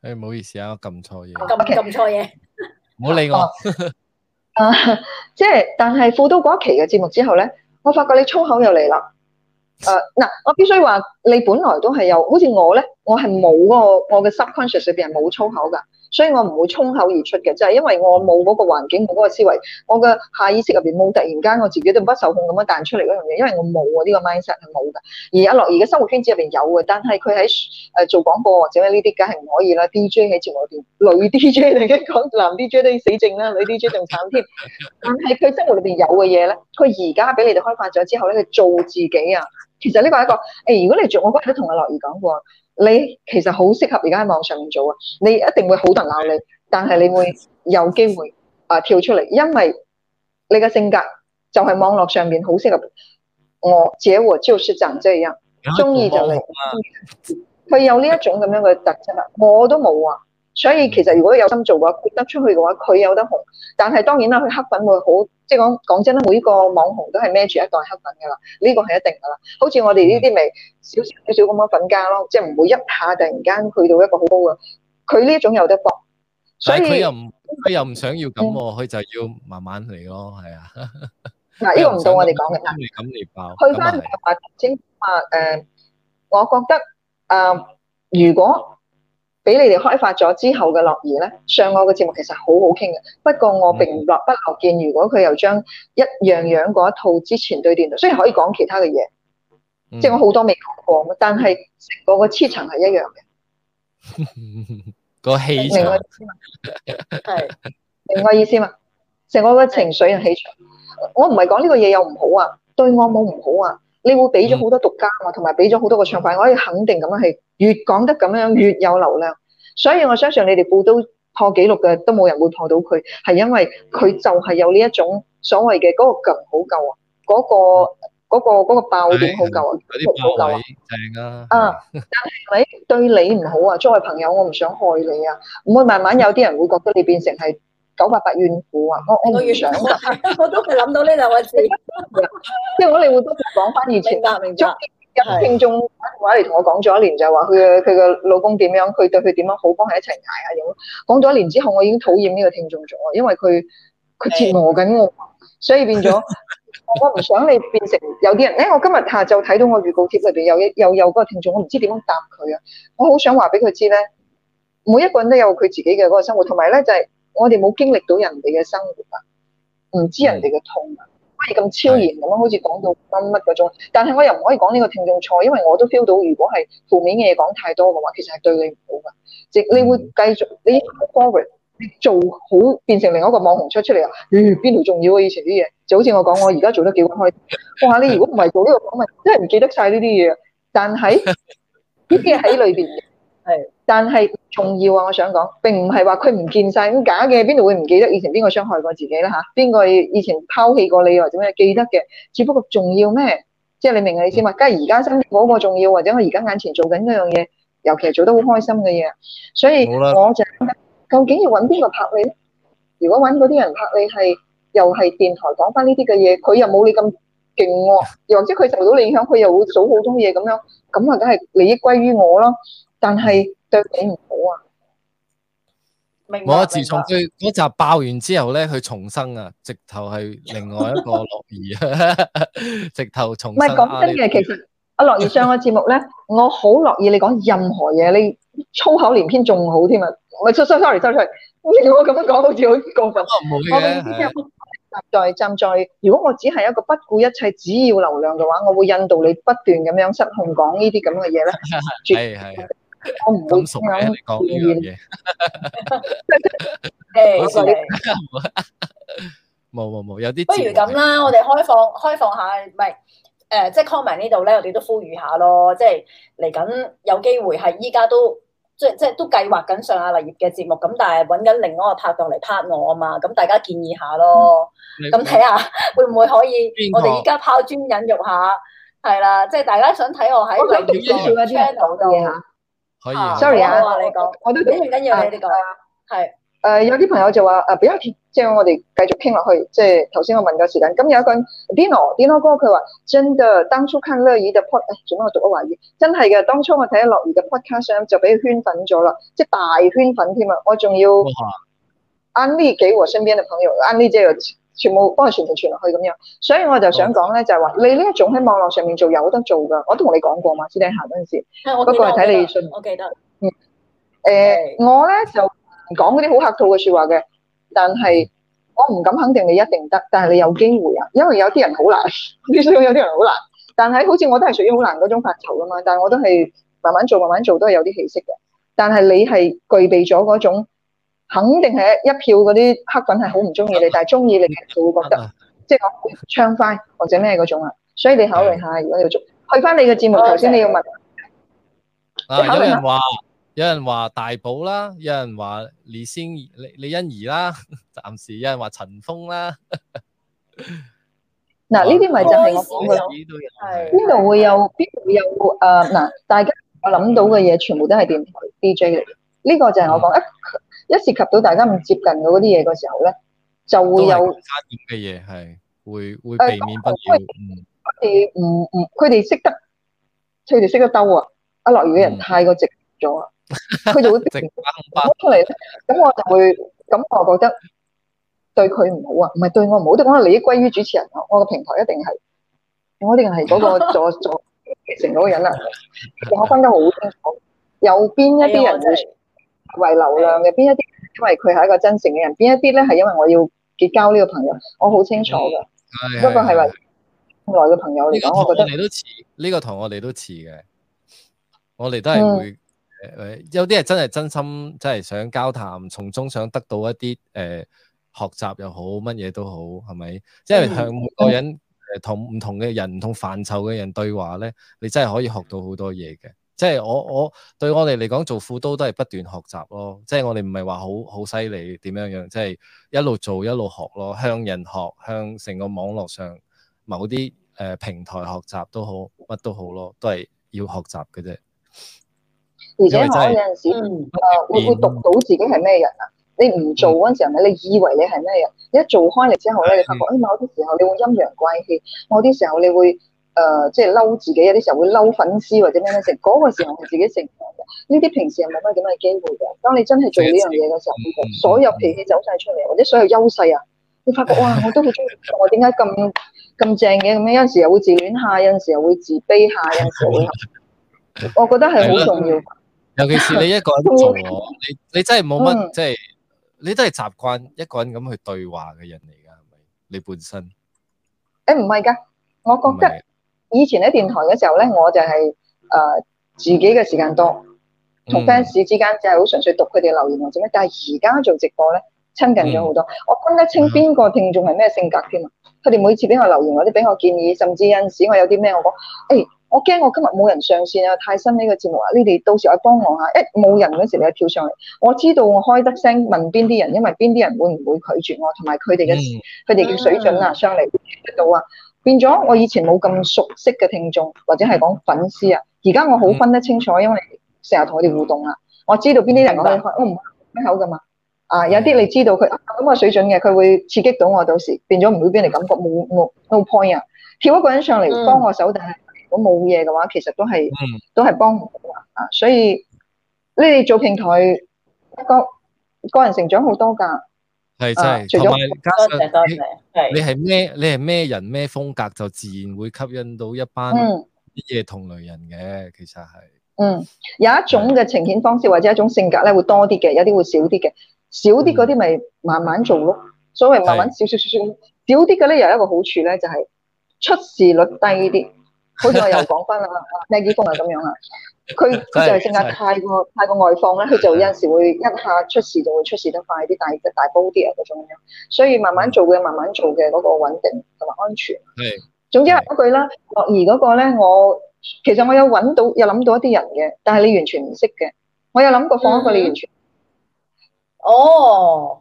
Speaker 1: 誒，唔好意思啊，我撳錯嘢，撳撳錯嘢，唔好理我。
Speaker 5: [LAUGHS] 啊，啊，即係，但係附到嗰一期嘅節目之後咧，我發覺你粗口又嚟啦。誒，啊，嗱，啊，我必須話，你本來都係有，好似我咧，我係冇個我嘅 subconscious 入邊係冇粗口噶。所以我唔會衝口而出嘅，就係因為我冇嗰個環境，冇嗰個思維，我嘅下意識入邊冇突然間我自己都不受控咁樣彈出嚟嗰樣嘢，因為我冇啊呢個 mindset 係冇㗎。而阿樂怡嘅生活圈子入邊有嘅，但係佢喺誒做廣播或者呢啲梗係唔可以啦。DJ 喺節目入邊女 DJ 嚟嘅，男 DJ 都要死正啦，女 DJ 仲慘添。但係佢生活裏邊有嘅嘢咧，佢而家俾你哋開發咗之後咧，佢做自己啊。其實呢個係一個誒、欸，如果你做，我嗰日都同阿樂怡講過。你其實好適合而家喺網上面做啊！你一定會好多人鬧你，但係你會有機會啊跳出嚟，因為你嘅性格就係網絡上面好適合我。我這我就是長這樣，中意就嚟，佢有呢、啊嗯、一種咁樣嘅特質啊！我都冇啊。所以其實如果有心做嘅話，豁得出去嘅話，佢有得紅。但係當然啦，佢黑粉會好，即係講講真啦，每個網紅都係孭住一袋黑粉嘅啦，呢個係一定嘅啦。好似我哋呢啲咪少少少咁樣粉加咯，即係唔會一下突然間去到一個好高嘅。佢呢一種有得搏，
Speaker 1: 所以佢又唔佢又唔想要咁喎、啊，佢 [LAUGHS] 就要慢慢嚟咯，係啊。
Speaker 5: 嗱、啊，呢個唔到我哋講嘅。
Speaker 1: 咁嚟爆。就是、去
Speaker 5: 翻白清話誒，我覺得誒、
Speaker 1: 呃，如果
Speaker 5: 俾你哋開發咗之後嘅樂兒咧，上我嘅節目其實好好傾嘅。不過我並樂不樂見，嗯、如果佢又將一樣樣嗰一套之前對電腦，雖然可以講其他嘅嘢，嗯、
Speaker 1: 即係我
Speaker 5: 好多未講過，但係成個個次層係一樣嘅。
Speaker 1: [LAUGHS] 個氣， [LAUGHS] 明白意
Speaker 5: 思嘛？係，明我意思嘛？成個個情緒嘅氣場，我唔係講呢個嘢又唔好啊，對我冇唔好啊。你會俾咗好多獨家啊，同埋俾咗好多個唱法。我可以肯定咁樣係越講得咁樣，樣越有流量。所以我相信你哋估到破紀錄嘅，都冇人會破到佢，係因為佢就係有呢一種所謂嘅嗰個勁好夠啊，嗰、嗰個嗰、嗰個嗰個、爆點好夠啊，有啲爆啊，足正啊，啊、嗯，的但係你對你唔好啊，的作為朋友我唔想害你啊，唔會慢慢有啲人會覺得你變成係九八八怨婦啊，我我都要想啊，我，我，
Speaker 2: [LAUGHS] [LAUGHS] 我都係諗到呢兩回事，即係我哋會不斷講翻以前明
Speaker 5: 白，明白。一聽眾打電話嚟同我講咗一年，就係話佢嘅佢嘅老公點樣，佢對佢點樣好，幫佢一齊捱下咁。講咗一年之後，我已經討厭呢個聽眾咗，因為佢佢折磨緊我，所以變咗的我唔想你變成有啲人咧、 [LAUGHS] 欸。我今日下晝睇到我預告貼入邊有有有嗰個聽眾，我唔知點樣答佢啊！我好想話俾佢知咧，每一個人都有佢自己嘅嗰個生活，同埋咧就係、是、我哋冇經歷到人哋嘅生活啊，唔知人哋嘅痛啊。可以咁超然咁樣，好似講到乜乜嗰種，但係我又唔可以講呢個聽眾錯，因為我都 feel 到，如果係負面嘅嘢講太多嘅話，其實係對你唔好㗎，即你會繼續你 forward，你做好變成另一個網紅出出嚟啊！咦，邊、呃、度重要啊？以前啲嘢，就好似我講，我而家做得幾開心，哇！你如果唔係做呢個訪問，真係唔記得曬呢啲嘢。但係呢啲嘢喺裏邊係。但係重要啊！我想講，並唔係話佢唔見晒咁假嘅，邊度會唔記得以前邊個傷害過自己啦？吓、啊，邊個以前拋棄過你或者咩記得嘅？只不過重要咩？即係你明我意思嘛？梗係而家身嗰個重要，或者我而家眼前做緊嗰樣嘢，尤其係做得好開心嘅嘢。所以我，我就吧究竟要揾邊個拍你咧？如果揾嗰啲人拍你，係又係電台講翻呢啲嘅嘢，佢又冇你咁勁喎，又或者佢受到你影響，佢又會做好多嘢咁樣，咁啊梗係利益歸於我咯。但係對你唔好啊！明
Speaker 2: 啊！我自從佢
Speaker 1: 嗰集爆完之後咧，佢重生啊！直頭係另外一個樂意。 [LAUGHS] 重啊！直頭重唔係講真嘅，其實
Speaker 5: 阿樂 [LAUGHS] 意上個節目咧，我好樂意你講任何嘢，你粗口連篇仲好添啊！唔係，Sorry，Sorry，Sorry，如果我咁樣講好似好過
Speaker 2: 分。啊、我唔好意思，
Speaker 5: 再暫再，如果我只係一個不顧一切、只要流量嘅話，我會引導你不斷咁樣失控講呢啲咁嘅嘢咧。
Speaker 3: 係係 [LAUGHS] 的。 [LAUGHS] 我唔咁熟嘅，啊，嗯，你
Speaker 1: 講呢樣
Speaker 2: 嘢。
Speaker 5: 誒，
Speaker 1: 冇冇冇，有啲不如咁啦，我哋
Speaker 2: 開放開放下，唔係誒，即係康明呢度咧，我哋都呼籲下咯，即係嚟緊有機會係依家都即係即係都計劃緊上下麗業嘅節目，咁但係揾緊另外個拍檔嚟 part 我啊嘛，咁大家建議下咯，咁睇下會唔會可以我哋依家拋磚引玉下，係啦個，即係大家想睇我喺獨立 channel 度。Sorry 啊，你講說，我都等唔緊要
Speaker 5: 啊，你講，係，誒有啲朋友就話，誒、啊，不如即係我哋繼續傾落去，即係頭先我問個時間，咁有一個 Dino，Dino 哥佢話，真的當初看樂兒嘅 pod，誒、哎，做咩我讀咗懷疑，真係嘅，當初我睇下樂兒嘅 podcast 就俾佢圈粉咗啦，即、就、係、是、大圈粉添啊，我仲要安利給我身邊嘅朋友，安利即、這、係、個。全部幫佢傳傳傳落去咁樣，所以我就想講咧，的就係話你呢一種喺網絡上面做有得做噶，我都同你講過嘛，私底下嗰陣時，我不過係睇你信唔信。我記得。誒、嗯，呃、Okay. 我咧就講嗰啲好客套嘅説話嘅，但係我唔敢肯定你一定得，但係你有機會啊，因為有啲人好難，必 [LAUGHS] 須有啲人好難，但係好似我都係屬於好難嗰種範疇噶嘛，但係我都係慢慢做，慢慢做都係有啲氣息嘅，但係你係具備咗嗰種。肯定係一票嗰啲黑粉係好唔中意你，但係中意你嘅佢會覺得即係唱返或者咩嗰種啊。所以你考慮下，的如果你要做，去翻你嘅節目，頭先你要問
Speaker 1: Okay. 你啊，有人話有人話大寶啦，有人話李仙李李欣怡啦，暫時有人話陳鋒啦。
Speaker 5: 嗱
Speaker 3: 呢啲咪就係我講嘅，係邊度
Speaker 5: 會有邊度會有誒嗱、啊？大家我諗到嘅嘢全部都係電台 DJ 嚟嘅，呢、呢個就係我講一。嗯一涉及到大家唔接近到嗰啲嘢嘅時候咧，就會有
Speaker 1: 差點嘅嘢，係會會避免不掉。嗯、呃，佢
Speaker 5: 唔唔，佢哋識得，佢哋識得兜啊！阿樂園嘅人太過直咗啊，佢就會直觀觀出嚟，咁我就會，咁我，我覺得對佢唔好啊，唔係對我唔好，即係講利益歸於主持人。我個平台一定係，我哋係嗰個助助成嗰個人啊，我分得好清楚。右邊一啲人會、 [LAUGHS] 哎。為流量嘅邊一啲，因為佢係一個真誠嘅人，邊一啲咧係因為我要結交呢個朋友，我好清楚嘅。
Speaker 1: 係，不過係話
Speaker 5: 內嘅朋友，嚟講，我覺
Speaker 1: 得你都似，呢個同我哋都似嘅。我哋都係會誒，嗯、有啲係真係真心，真係想交談，從中想得到一啲誒、呃、學習又好，乜嘢都好，係咪？即、就、為、是、向每個人誒、嗯、同唔同嘅人、唔同範疇嘅人對話咧，你真係可以學到好多嘢嘅。即係我我對我哋嚟講做輔導都係不斷學習咯，即係我哋唔係話好好犀利點樣樣，即係一路做一路學咯，向人學，向成個網絡上某啲誒、呃、平台學習都好，乜都好咯，都係要學習嘅啫。而且我有陣
Speaker 5: 時誒會、嗯呃、會讀到自己係咩人啊？你唔做嗰陣時你你以為你係咩人？一做開嚟之後咧，你發覺誒某啲時候你會陰陽怪氣，某啲時候你會。誒，即係嬲自己，有啲時候會嬲粉絲或者咩咩食，嗰、嗰個時候係自己成長嘅。呢啲平時係冇乜點樣嘅機會嘅。當你真係做呢樣嘢嘅時候，你所有脾氣走晒出嚟，或者所有優勢啊，你發覺哇，我都好中意我，點解咁咁正嘅？咁樣有陣時又會自戀下，有陣時又會自卑下，有陣時會，我覺得係好重要。
Speaker 1: 尤其是你一個人做 [LAUGHS] 你，你真、 [LAUGHS] 嗯、真你真係冇乜，即係你都係習慣一個人咁去對話嘅人嚟噶，係咪？你本身
Speaker 5: 誒唔係噶，我覺得。以前喺電台嘅時候咧，我就係、是、誒、呃、自己嘅時間多，同 fans 之間就係好純粹讀佢哋留言或者咩。嗯、但係而家做直播咧，親近咗好多，嗯、我分得清邊個聽眾係咩性格添啊！佢哋、嗯、每次俾我留言，或者俾我建議，甚至有陣時我有啲咩我講，誒，我驚、欸、我，我今日冇人上線啊，太新呢個節目啊，你哋到時有幫我下、啊，欸、一冇人嗰時你就跳上嚟，我知道我開得聲問邊啲人，因為邊啲人會唔會拒絕我，同埋佢哋嘅佢哋嘅水準啊，上嚟得到啊。變咗，我以前冇咁熟悉嘅聽眾或者係講粉絲啊，而家我好分得清楚，因為成日同佢哋互動啊。我知道邊啲人、嗯、我唔開口㗎嘛，啊有啲你知道佢咁個水準嘅，佢會刺激到我，到時變咗唔會俾人感覺冇冇 no point 啊，跳一個人上嚟幫我手，嗯、但係如果冇嘢嘅話，其實都係都係幫唔到啊，所以你哋做平台個個人成長好多㗎。
Speaker 1: 係真係，多謝多謝。你係咩？你係咩人？咩風格就自然會吸引到一班啲嘢，同類人嘅。嗯、其實係
Speaker 5: 嗯，有一種嘅呈現方式或者一種性格咧，會多啲嘅，有啲會少啲嘅。少啲嗰啲咪慢慢做咯。嗯、所謂慢慢少少少少的少啲嘅咧，又有一個好處咧，就係出事率低啲。好似 [LAUGHS] 我又講翻啦，咩機風啊咁樣啦。佢 [LAUGHS] 就係性格太過 [LAUGHS] 太過外放咧，佢就有陣時會一下出事就會出事得快啲，大大煲啲啊嗰種樣。所以慢慢做嘅，慢慢做嘅嗰、嗰個穩定同埋安全。係， [LAUGHS] 總之係嗰句啦。樂兒嗰個咧，我其實我有揾到有諗到一啲人嘅，但係你完全唔識嘅。我有諗過放一個你完
Speaker 2: 全、嗯、哦，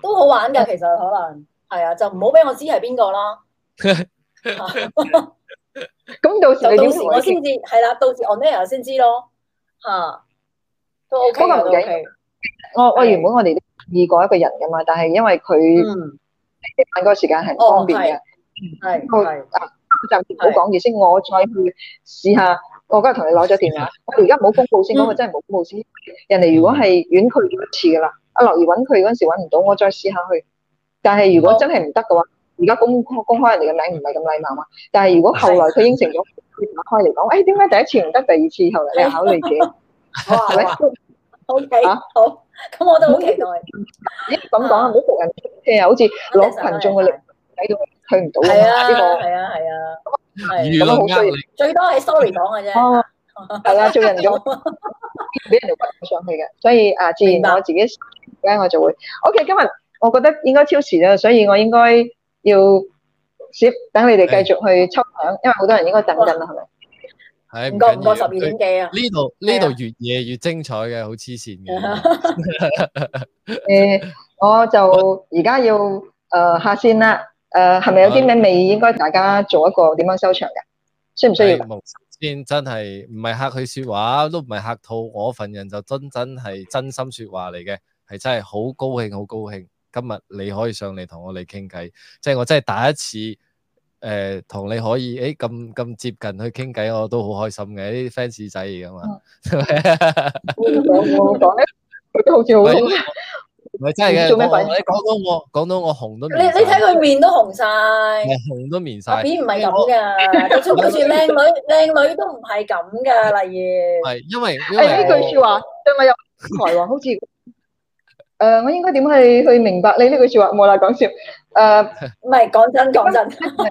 Speaker 2: 都好玩㗎。其實可能係啊， [LAUGHS] [LAUGHS] 就唔好俾我知係邊個啦。 [LAUGHS] 咁到時你，到時我先至係啦，到時 on air 先知咯，吓、啊、都 OK 不過唔緊。
Speaker 5: 我、哦、我原本我哋都試過一個人噶嘛，但係因為佢一晚個時間係唔方便嘅，係佢啊，暫時唔好講住先。是我再去試下，我今日同你攞咗電話，啊、我而家冇公布先，嗰、嗯、個真係冇公布先。人哋如果係遠區就次噶啦。阿樂怡揾佢嗰時揾唔到，我再試下去。但係如果真係唔得嘅話。而家公公開人哋嘅名唔係咁禮貌嘛，但係如果後來佢應承咗，開嚟講，誒點解第一次唔得，第二次後來你考慮自己，係
Speaker 2: 咪？OK，好，咁我都好期待。咦咁講啊，唔好服人，即係又好似攞群眾嘅力睇到佢唔到啊！呢啊，係啊，係啊，係咁都好需要，最多係 sorry 講嘅啫，係啦，做人中俾人哋屈上去嘅，
Speaker 5: 所以啊，自然我自己咧我就會 OK。今日我覺得應該超時啦，所以我應該。要等你哋繼續去抽獎，因為好多人應該等緊啦，係咪？哎？
Speaker 1: 係唔過唔過十二點幾啊？呢度呢度越夜越精彩嘅，好黐線
Speaker 5: 嘅。誒，我就而家要誒下線啦。誒、呃、係咪、呃、有啲咩未應該大家做一個點樣收場嘅？需唔需要、
Speaker 1: 哎？先真係唔係客氣說話，都唔係客套，我份人就真真係真心說話嚟嘅，係真係好高興，好高興。今日你可以上嚟同我哋傾偈，即係我真係第一次誒同、呃，你可以誒咁咁接近去傾偈，我都好開心嘅，啲 fans 仔嚟噶嘛。幹嘛我講咩？佢都好似好紅。唔係真係嘅，你講到我，講到我紅都你。你睇
Speaker 2: 佢面都紅曬，
Speaker 1: 紅都面晒，邊
Speaker 2: 唔係咁㗎？好似靚女靚女都唔係咁㗎，例如。
Speaker 1: 係因為誒呢句説
Speaker 2: 話，張偉有台話好似。
Speaker 5: 誒、呃，我應該點去去明白你呢句説話？冇啦，講笑。誒、呃，唔係講真講真。嗱，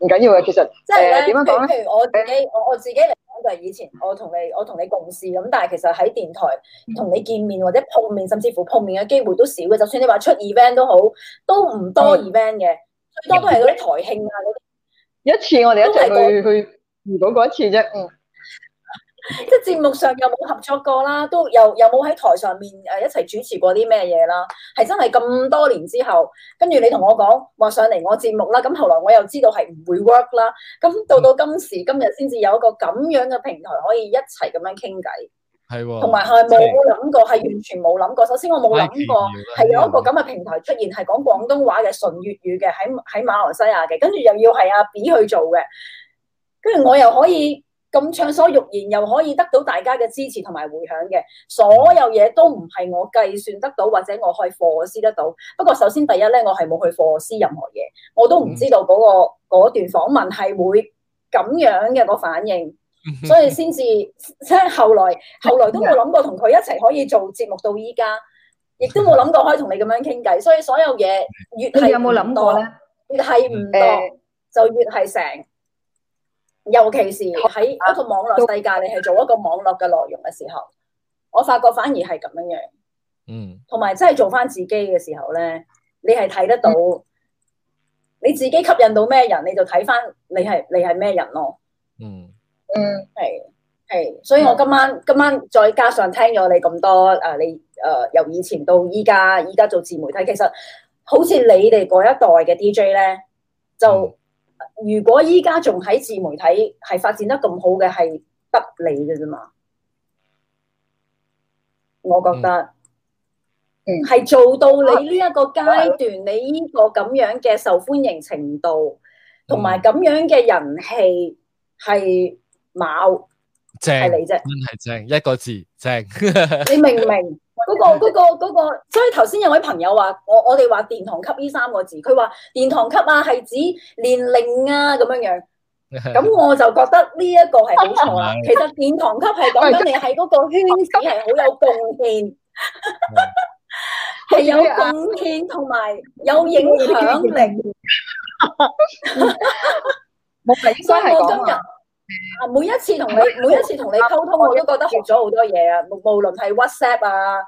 Speaker 5: 唔緊要嘅，其實即係咧，點樣講？譬如
Speaker 2: 我自己，我、呃、我自己嚟講就係以前我同你，我同你共事咁，但係其實喺電台同你見面或者碰面，甚至乎碰面嘅機會都少嘅。就算你話出 event 都好，都唔多 event 嘅，嗯、最多都係嗰啲台慶啊。 [LAUGHS] 一次，我哋一齊去去，那個、如果嗰一次啫，嗯。即係節目上又冇合作過啦，都又又冇喺台上面誒、一齊主持過啲咩嘢啦，係真係咁多年之後，跟住你同我講話上嚟我節目啦，咁後來我又知道係唔會 work 啦，咁到到今時今日先至有一個咁樣嘅平台可以一齊咁樣傾偈。
Speaker 4: 係喎，同埋係冇諗過，係、
Speaker 2: 就是、完全冇諗過。首先我冇諗過係有一個咁嘅平台出現，係講廣東話嘅純粵語嘅喺喺馬來西亞嘅，跟住又要係阿 B 去做嘅，跟住我又可以。咁暢所欲言又可以得到大家嘅支持同埋回響嘅，所有嘢都唔係我計算得到或者我可以構思得到。不過首先第一咧，我係冇去構思任何嘢，我都唔知道嗰、嗰個嗰、嗯、段訪問係會咁樣嘅個反應，所以先至 [LAUGHS] 即係後來後來都冇諗過同佢一齊可以做節目到依家，亦都冇諗過可以同你咁樣傾偈。所以所有嘢越你有冇諗過咧？越係唔多、呃、就越係成。尤其是喺一個網絡世界，你係做一個網絡嘅內容嘅時候，我發覺反而係咁樣樣。嗯，同埋真係做翻自己嘅時候咧，你係睇得到你自己吸引到咩人，你就睇翻你係你係咩人咯。嗯嗯，係係，所以我今晚今晚再加上聽咗你咁多啊、呃，你誒、呃、由以前到依家，依家做自媒體，其實好似你哋嗰一代嘅 DJ 咧，就。嗯如果依家仲喺自媒體係發展得咁好嘅，係得你嘅啫嘛，我覺得，嗯，係做到你呢一個階段，你呢個咁樣嘅受歡迎程度，同埋咁樣嘅人氣係冇
Speaker 1: 正，係你啫，真係正，一個字，正，
Speaker 2: 你明唔明？嗰個、嗰個、嗰個，所以頭先有位朋友話我我哋話殿堂級呢三個字，佢話殿堂級啊係指年齡啊咁樣樣，咁我就覺得呢一個係好錯啦。 [LAUGHS] 其實殿堂級係講緊你喺嗰個圈子係好有貢獻，
Speaker 7: 係 [LAUGHS] [LAUGHS] 有貢
Speaker 2: 獻同埋有影響力。冇， [LAUGHS] [LAUGHS] 應該係講啊。啊！每一次同你，每一次同你溝通，我都覺得學咗好多嘢啊！無論係 WhatsApp 啊，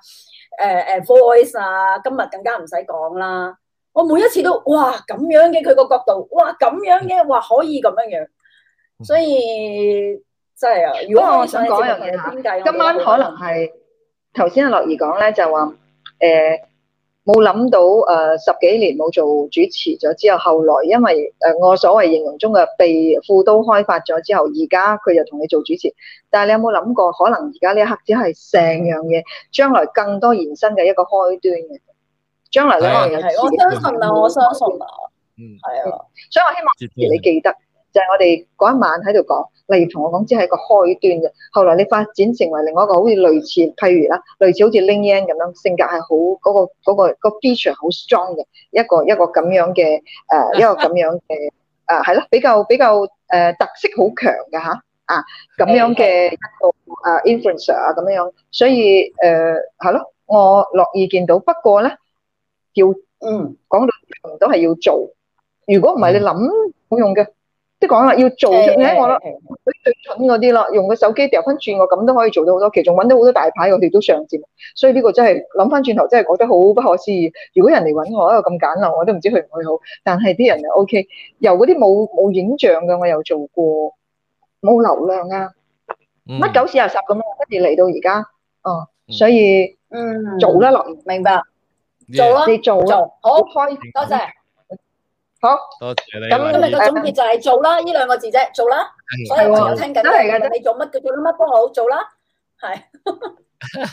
Speaker 2: 誒誒 Voice 啊，今日更加唔使講啦。我每一次都哇咁樣嘅佢個角度，哇咁樣嘅，哇可以咁樣樣，所以真係啊。如果我想講樣嘢，點計今晚可能
Speaker 5: 係頭先阿樂兒講咧，就話誒。欸冇諗到，誒、呃，十幾年冇做主持咗之後，後來因為誒、呃、我所謂形容中嘅被副都開發咗之後，而家佢又同你做主持。但係你有冇諗過，可能而家呢一刻只係成樣嘢，將來更多延伸嘅一個開端嘅。將來呢個又係，我相
Speaker 2: 信啊，我相信啊、嗯，嗯，係啊、嗯，所以我希望你
Speaker 5: 記得。就係我哋嗰一晚喺度講，例如同我講，只係個開端嘅。後來你發展成為另外一個好似類似，譬如啦，類似好似 Ling Yan 咁樣，性格係好嗰個嗰、嗰個嗰個 feature 好 strong 嘅一個一個咁樣嘅誒、呃、一個咁樣嘅，啊係咯，比較比較誒、呃、特色好強嘅，吓，啊咁樣嘅一個誒 influencer 啊咁、啊、樣，所以誒係咯，我樂意見到。不過咧，要嗯講到都係要做，如果唔係你諗好、嗯、用嘅。即係講啦，要做嘅，我諗嗰啲最蠢嗰啲咯，用個手機掉翻轉我，咁都可以做到好多，其中仲搵到好多大牌，我哋都上節目，所以呢個真係諗翻轉頭，真係我覺得好不可思議。如果人嚟搵我喺度咁簡陋，我都唔知去唔去好，但係啲人又 OK，由嗰啲冇冇影像嘅，我又做過冇流量啊，乜狗屎垃圾咁，跟住嚟到而家，哦，嗯、
Speaker 2: 所以嗯，做得落，明白，yeah,
Speaker 5: 做啦、啊，你做啦，做
Speaker 2: 好，可多謝。好
Speaker 4: 多謝你。咁今日個總結就
Speaker 2: 係做啦，呢兩個字啫，做啦。所有朋友聽緊，你做乜嘅做
Speaker 5: 乜都好，做啦。係，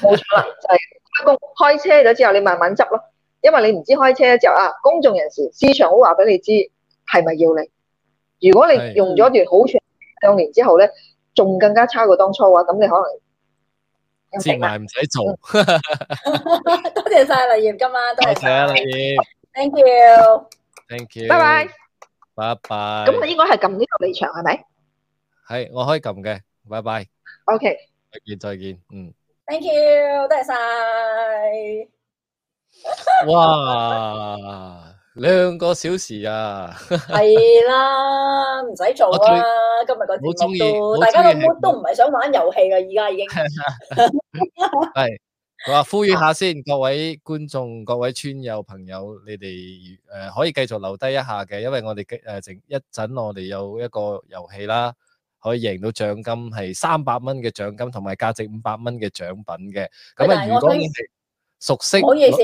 Speaker 5: 冇錯啦，就係開車咗之後，你慢慢執咯。因為你唔知開車之後啊，公眾人士市場好話俾你知係咪要你。如果你用咗段好長兩年之後咧，仲更加差過當初嘅話，咁你可能
Speaker 1: 唔使做。
Speaker 2: 多謝晒黎艷，今晚都係。多謝黎
Speaker 1: 艷
Speaker 2: ，Thank you。Thank you，
Speaker 1: 拜拜，拜拜。咁你應
Speaker 2: 該係撳呢個離場係
Speaker 1: 咪？係，我可以撳嘅。拜拜。Okay，再見再見。嗯。
Speaker 2: Thank you，多謝晒。
Speaker 1: 哇，兩個小時啊！係
Speaker 2: 啦，唔使做啦。今日個好鍾意，都，大家都都唔係想玩遊戲噶，而家已經
Speaker 1: 係。我呼籲下先，各位觀眾、各位村友朋友，你哋誒可以繼續留低一下嘅，因為我哋誒整一陣我哋有一個遊戲啦，可以贏到獎金係三百蚊嘅獎金，同埋價值五百蚊嘅獎品嘅。咁啊，如果熟悉，唔好意思，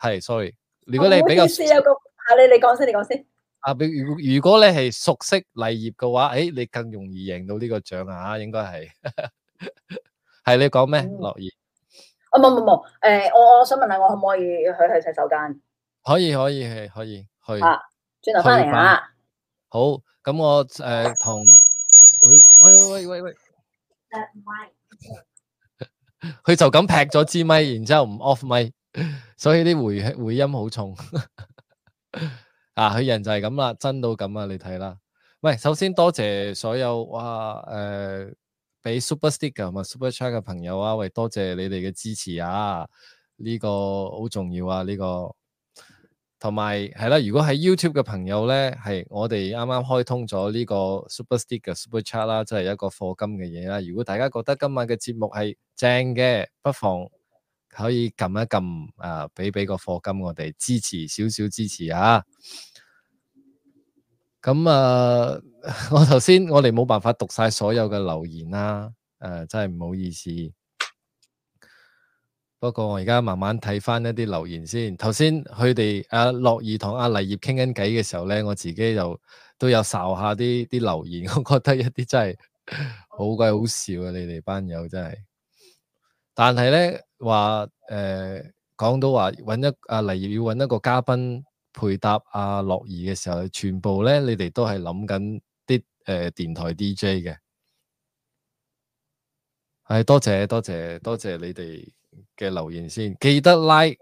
Speaker 1: 係 sorry。如果你比較熟
Speaker 2: 悉啊，個啊
Speaker 1: 你你講先，你講先。啊，如如果你係熟悉利業嘅話，誒，你更容易贏到呢個獎啊，應該係係你講咩？樂業。
Speaker 2: 啊，冇冇
Speaker 1: 冇，誒，我我想問下，我可唔可以去去洗手間？可以，可以，係可以去。吓，轉頭翻嚟啊！好，咁我誒同佢，喂喂喂喂喂，佢就咁劈咗支咪，然之後唔 off 咪，所以啲回回音好重。啊，佢人就係咁啦，真到咁啊！你睇啦。喂，首先多謝所有哇，誒，俾 super sticker 同埋 super chat 嘅朋友啊，喂，多謝你哋嘅支持啊！呢個好重要啊，呢個同埋係啦。如果喺 YouTube 嘅朋友咧，係我哋啱啱開通咗呢個 super sticker super chat 啦，即係一個課金嘅嘢啦。如果大家覺得今晚嘅節目係正嘅，不妨可以撳一撳啊，俾俾個課金我哋支持少少支持啊！咁啊，嗯，我頭先我哋冇辦法讀晒所有嘅留言啦，誒、呃，真係唔好意思。不過我而家慢慢睇返一啲留言先。頭先佢哋阿樂兒同阿黎葉傾緊偈嘅時候咧，我自己又都有睄下啲啲留言，我覺得一啲真係好鬼好笑啊！你哋班友真係。但係咧話誒，講到話搵一阿，啊、黎葉要搵一個嘉賓。配搭阿樂兒嘅時候，全部咧你哋都係諗緊啲誒電台 DJ 嘅。係、哎、多謝多謝多謝你哋嘅留言先，記得 like、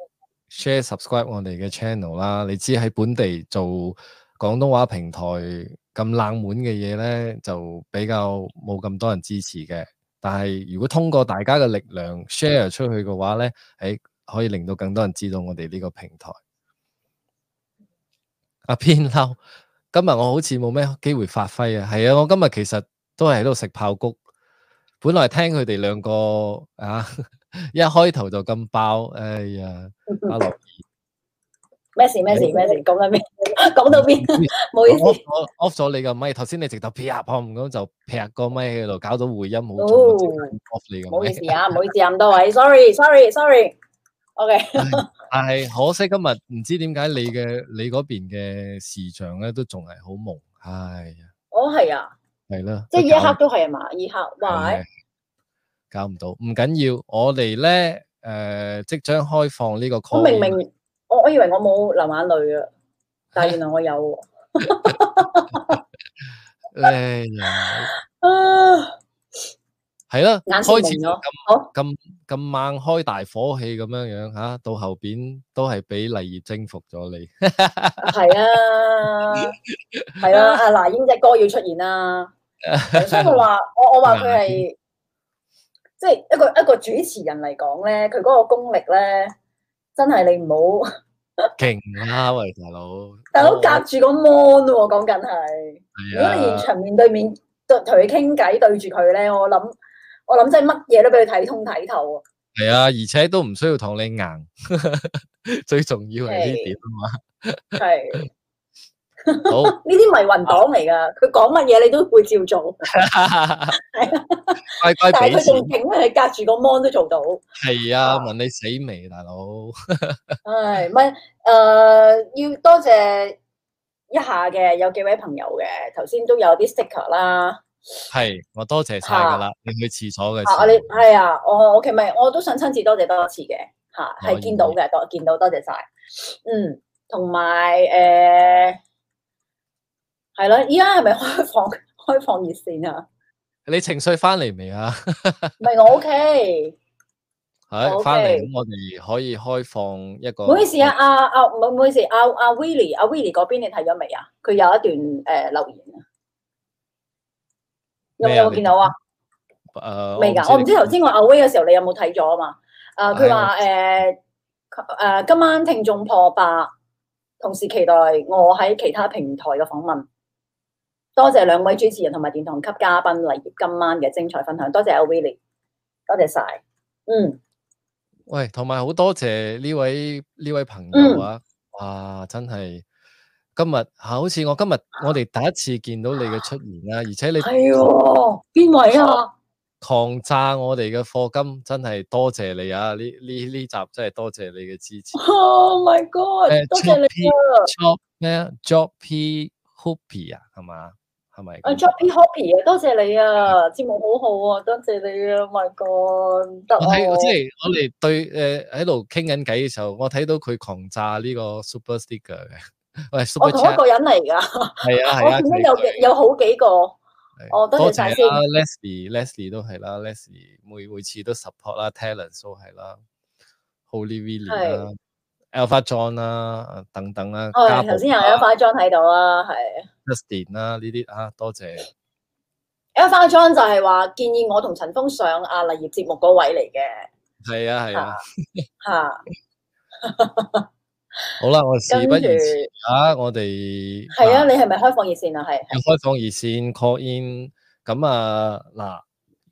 Speaker 1: share、subscribe 我哋嘅 channel 啦。你知喺本地做廣東話平台咁冷門嘅嘢咧，就比較冇咁多人支持嘅。但係如果通過大家嘅力量 share 出去嘅話咧，誒、哎、可以令到更多人知道我哋呢個平台。阿偏嬲，今日我好似冇咩機會發揮啊！係啊，我今日其實都係喺度食爆谷。本來聽佢哋兩個啊，一開頭就咁爆，哎呀！阿樂，咩事咩事咩事？講緊咩？講到邊？唔好
Speaker 2: 意思。
Speaker 1: 我 off 咗你個咪，頭先你直頭劈炮，咁就劈個咪喺度，搞到回音好。哦。off 你個咪。唔好意
Speaker 2: 思啊！唔好意思咁多位，sorry，sorry，sorry。O.K.
Speaker 1: 但係可惜今日唔知點解你嘅你嗰邊嘅市場咧都仲係好蒙。唉呀！哦係啊，係啦，即係一刻
Speaker 2: 都係啊嘛，二刻，喂，
Speaker 1: 搞唔到，唔緊要，我哋咧誒即將開放呢個 call，我明明
Speaker 2: 我我以為我冇流眼淚啊，但係原來我有，
Speaker 1: 唉呀！係咯，開始咁咁咁猛開大火氣咁樣樣吓、啊，到後邊都係俾麗葉征服咗你。
Speaker 2: 係 [LAUGHS] 啊，係啊，阿、啊、那英隻歌要出現啦，
Speaker 4: 所以佢話我我話佢係即
Speaker 2: 係一個一個主持人嚟講咧，佢嗰個功力咧真係你唔
Speaker 4: 好勁啊
Speaker 3: 喂，大佬，大佬隔住
Speaker 2: 個 mon 喎、啊，講緊係，
Speaker 3: 如果你現場
Speaker 2: 面對面對同佢傾偈對住佢咧，我諗。我諗真係乜嘢都俾佢睇通睇透
Speaker 1: 啊！係啊，而且都唔需要同你硬，最重要係呢點啊嘛，係。好
Speaker 2: 呢啲迷魂黨嚟噶，佢講乜嘢你都會照做。係，
Speaker 1: 乖乖俾錢。但係佢仲
Speaker 2: 竟然係隔住個 mon 都做到。
Speaker 1: 係啊，問你死未，大佬？
Speaker 2: 係，唔係誒，要多謝一下嘅，有幾位朋友嘅，頭先都有啲 sticker 啦。
Speaker 1: 係，我多謝晒㗎喇。啊、你去廁所嘅時候，啊，你，
Speaker 2: 係啊，我 OK 咪，我都想親自多謝多次嘅吓，係見到嘅明，多見到多謝晒。嗯，同埋誒，係、呃、咯，依家係咪開放開放熱線
Speaker 1: 啊？你情緒翻嚟未啊？
Speaker 2: 唔係我 OK，
Speaker 1: 係翻嚟咁，我哋可以開放一個。唔好意思
Speaker 2: 啊，阿阿唔好意思，阿阿 Willie 阿 Willie 嗰邊你睇咗未啊？佢、啊啊、有，有一段誒、呃、留言
Speaker 3: 有冇有冇見到啊？
Speaker 4: 誒、
Speaker 3: 呃、未㗎的，我唔知頭
Speaker 2: 先我阿威嘅時候你有冇睇咗啊嘛？誒佢話誒誒今晚聽眾破百，同時期待我喺其他平台嘅訪問。多謝兩位主持人同埋殿堂級嘉賓嚟今晚嘅精彩分享。多謝阿威利，多謝晒！
Speaker 1: 嗯，喂，同埋好多謝呢位呢位朋友啊！嗯、啊，真係～今日吓，好似我今日我哋第一次見到你嘅出現啊。而且你係哦，邊、哎、位啊？狂炸我哋嘅課金，真係多謝你啊！呢呢呢集真係多謝你嘅支持。
Speaker 3: Oh my god！多謝你啊！咩啊、uh,？Joppy
Speaker 1: Hoopy 啊？係嘛？係咪？啊！Joppy Hoopy 啊！多謝你啊！節目好
Speaker 2: 好啊！多謝，謝你啊、oh、！My God！
Speaker 1: 我睇我知，我哋對誒喺度傾緊偈嘅時候，我睇到佢狂炸呢個 Super Sticker 嘅。喂 chat, 我同一個人
Speaker 2: 嚟噶，係啊係啊，我見到有有好幾個，哦的，我都多謝、啊、先。
Speaker 1: Leslie Leslie 都係啦，Leslie 每每次都 support 啦，Talent 都係啦，Holy Villie 啦，Alpha John 啦、啊，等等啦、啊。哦、哎，頭先、啊、有 Alpha
Speaker 2: John 喺度啦，係、
Speaker 1: 啊。Justin 啦，呢啲啊，多謝。
Speaker 2: Alpha John 就係話建議我同陳鋒上啊麗業節目嗰位嚟嘅。
Speaker 1: 係啊係啊。嚇！好啦，我事不宜遲，我哋
Speaker 2: 係啊，你係咪
Speaker 1: 開放熱線啊？係，開放熱線的 call in 咁啊嗱、啊，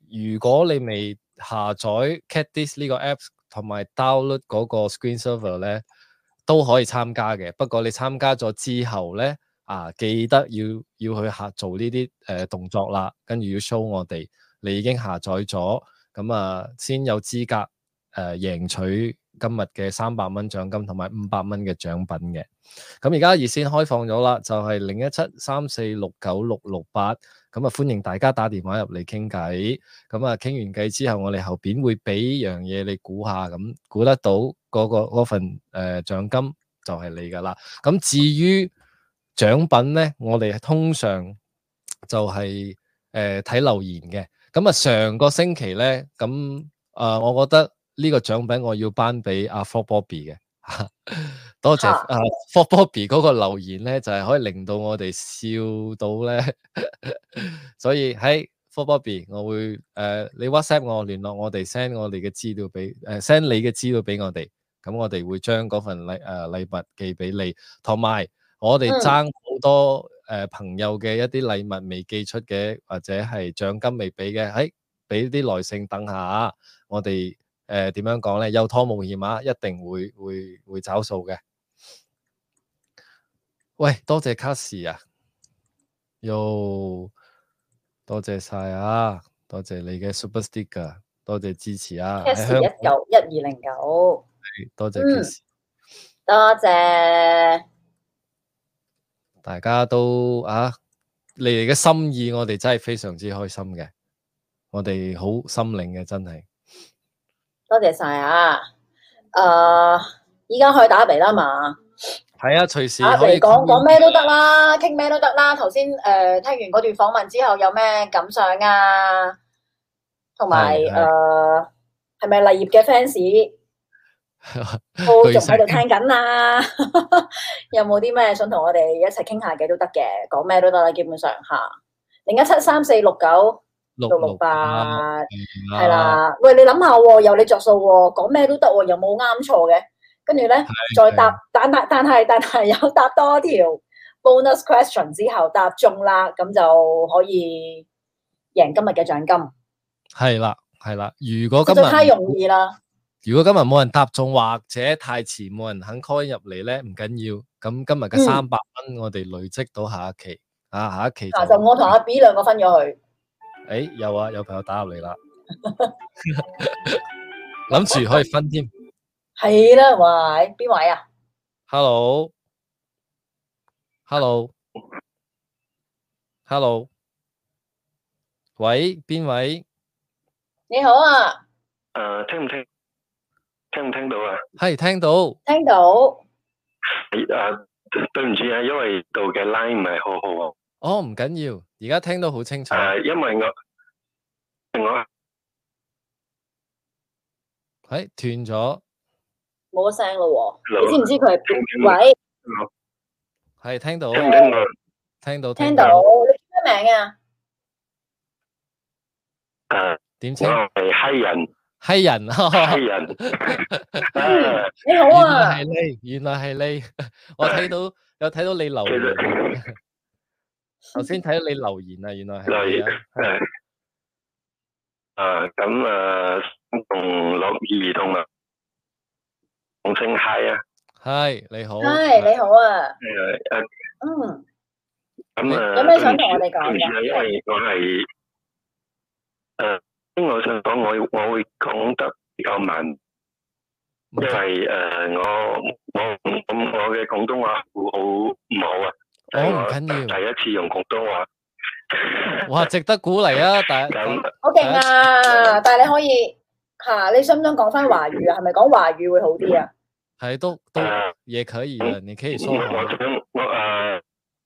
Speaker 1: 如果你未下載 Catch This 呢個 apps 同埋 download 嗰個 screen server 咧，都可以參加嘅。不過你參加咗之後咧啊，記得要要去下做呢啲誒動作啦，跟住要 show 我哋你已經下載咗，咁啊先有資格誒呃、贏取。今日嘅三百蚊獎金同埋五百蚊嘅獎品嘅，咁而家熱線開放咗啦，就係零一七三四六九六六八，咁啊歡迎大家打電話入嚟傾偈。咁啊傾完偈之後，我哋後邊會俾樣嘢你估下，咁估得到嗰個份誒獎金就係你噶啦。咁至於獎品咧，我哋通常就係誒睇留言嘅，咁啊上個星期咧，咁啊、呃、我覺得。呢個獎品我要頒俾阿 For Bobby 嘅，多謝啊，啊 For Bobby 嗰個留言咧，就係、是、可以令到我哋笑到咧， [LAUGHS] 所以喺 For Bobby，我會誒、呃、你 WhatsApp 我聯絡我哋 send 我哋嘅資料俾誒 send 你嘅資料俾我哋，咁我哋會將嗰份禮誒禮、呃、物寄俾你，同埋我哋爭好多誒、嗯呃、朋友嘅一啲禮物未寄出嘅，或者係獎金未俾嘅，誒俾啲耐性等下，我哋。誒，點、呃、樣講咧？有拖無欠啊，一定會會會找數嘅。喂，多謝卡士啊，喲多謝晒啊，多謝你嘅 super sticker、啊、多謝支持啊。卡士一九一二零九，多謝卡士，
Speaker 2: 多謝，多謝
Speaker 1: 大家都啊，你哋嘅心意我心，我哋真係非常之開心嘅，我哋好心領嘅，真係。多
Speaker 2: 謝晒啊！誒，依家可以打畀啦嘛，
Speaker 1: 係啊，隨時可以講講咩都得啦，
Speaker 2: 傾咩都得啦。頭先誒聽完嗰段訪問之後，有咩感想啊？同埋誒，係咪麗葉嘅 fans？好仲喺度聽緊啊！有冇啲咩想同我哋一齊傾下嘅都得嘅，講咩都得啦，基本上吓零一七三四六九。六六八，係啦。喂，你諗下喎，有你着數喎，講咩都得喎，又冇啱錯嘅？跟住咧，再答，但係但係但係有答多條 bonus question 之後答中啦，咁就可以贏今日嘅獎金。
Speaker 1: 係啦，係啦。如果今日就太容易啦。如果今日冇人答中或者太遲冇人肯 call 入嚟咧，唔緊要。咁今日嘅三百蚊我哋累積到下一期啊，下一期嗱
Speaker 2: 就我同阿 B 兩個分咗去。
Speaker 1: 誒，有啊，有朋友打入嚟啦，諗住可以分添，
Speaker 2: 係啦，喂，邊位啊
Speaker 1: ？Hello，hello，hello，喂，邊位？
Speaker 2: 你好啊。
Speaker 1: 誒，聽唔聽？
Speaker 6: 聽唔聽到啊？
Speaker 1: 係聽到。
Speaker 6: 聽到。誒誒，對唔住啊，因為度嘅 line 唔係好好。
Speaker 1: 哦，唔緊要，而家聽到好清楚。
Speaker 6: 誒，因為我，我，
Speaker 1: 係斷咗，
Speaker 2: 冇聲啦喎。你知
Speaker 1: 唔知佢係？喂，係聽到，聽到，聽到，聽到。
Speaker 2: 你叫咩名
Speaker 6: 啊？啊，點稱？係黑人，
Speaker 1: 黑人，黑人。你好啊，係你，原來係你，我睇到有睇到你留言。頭先睇到你留言啊，原來係誒，
Speaker 6: 誒，咁誒，同六二移動啊，同姓係啊，係你好，係你好啊，
Speaker 1: 誒，嗯，咁啊，
Speaker 3: 有
Speaker 6: 咩想同我哋講啊？因為我係誒，我想講我我會講得比較慢，因為誒，我我咁我嘅廣東話好唔好啊？好唔緊要，第一次用廣東話，哇，值
Speaker 1: 得鼓勵啊！大 [NOISE] 那好
Speaker 2: 勁啊！但係你可以吓、啊，你想唔想講翻華語啊？係咪講華語會好啲啊？
Speaker 1: 係都都也可以啊，你可以送 [NOISE] 我
Speaker 6: 我誒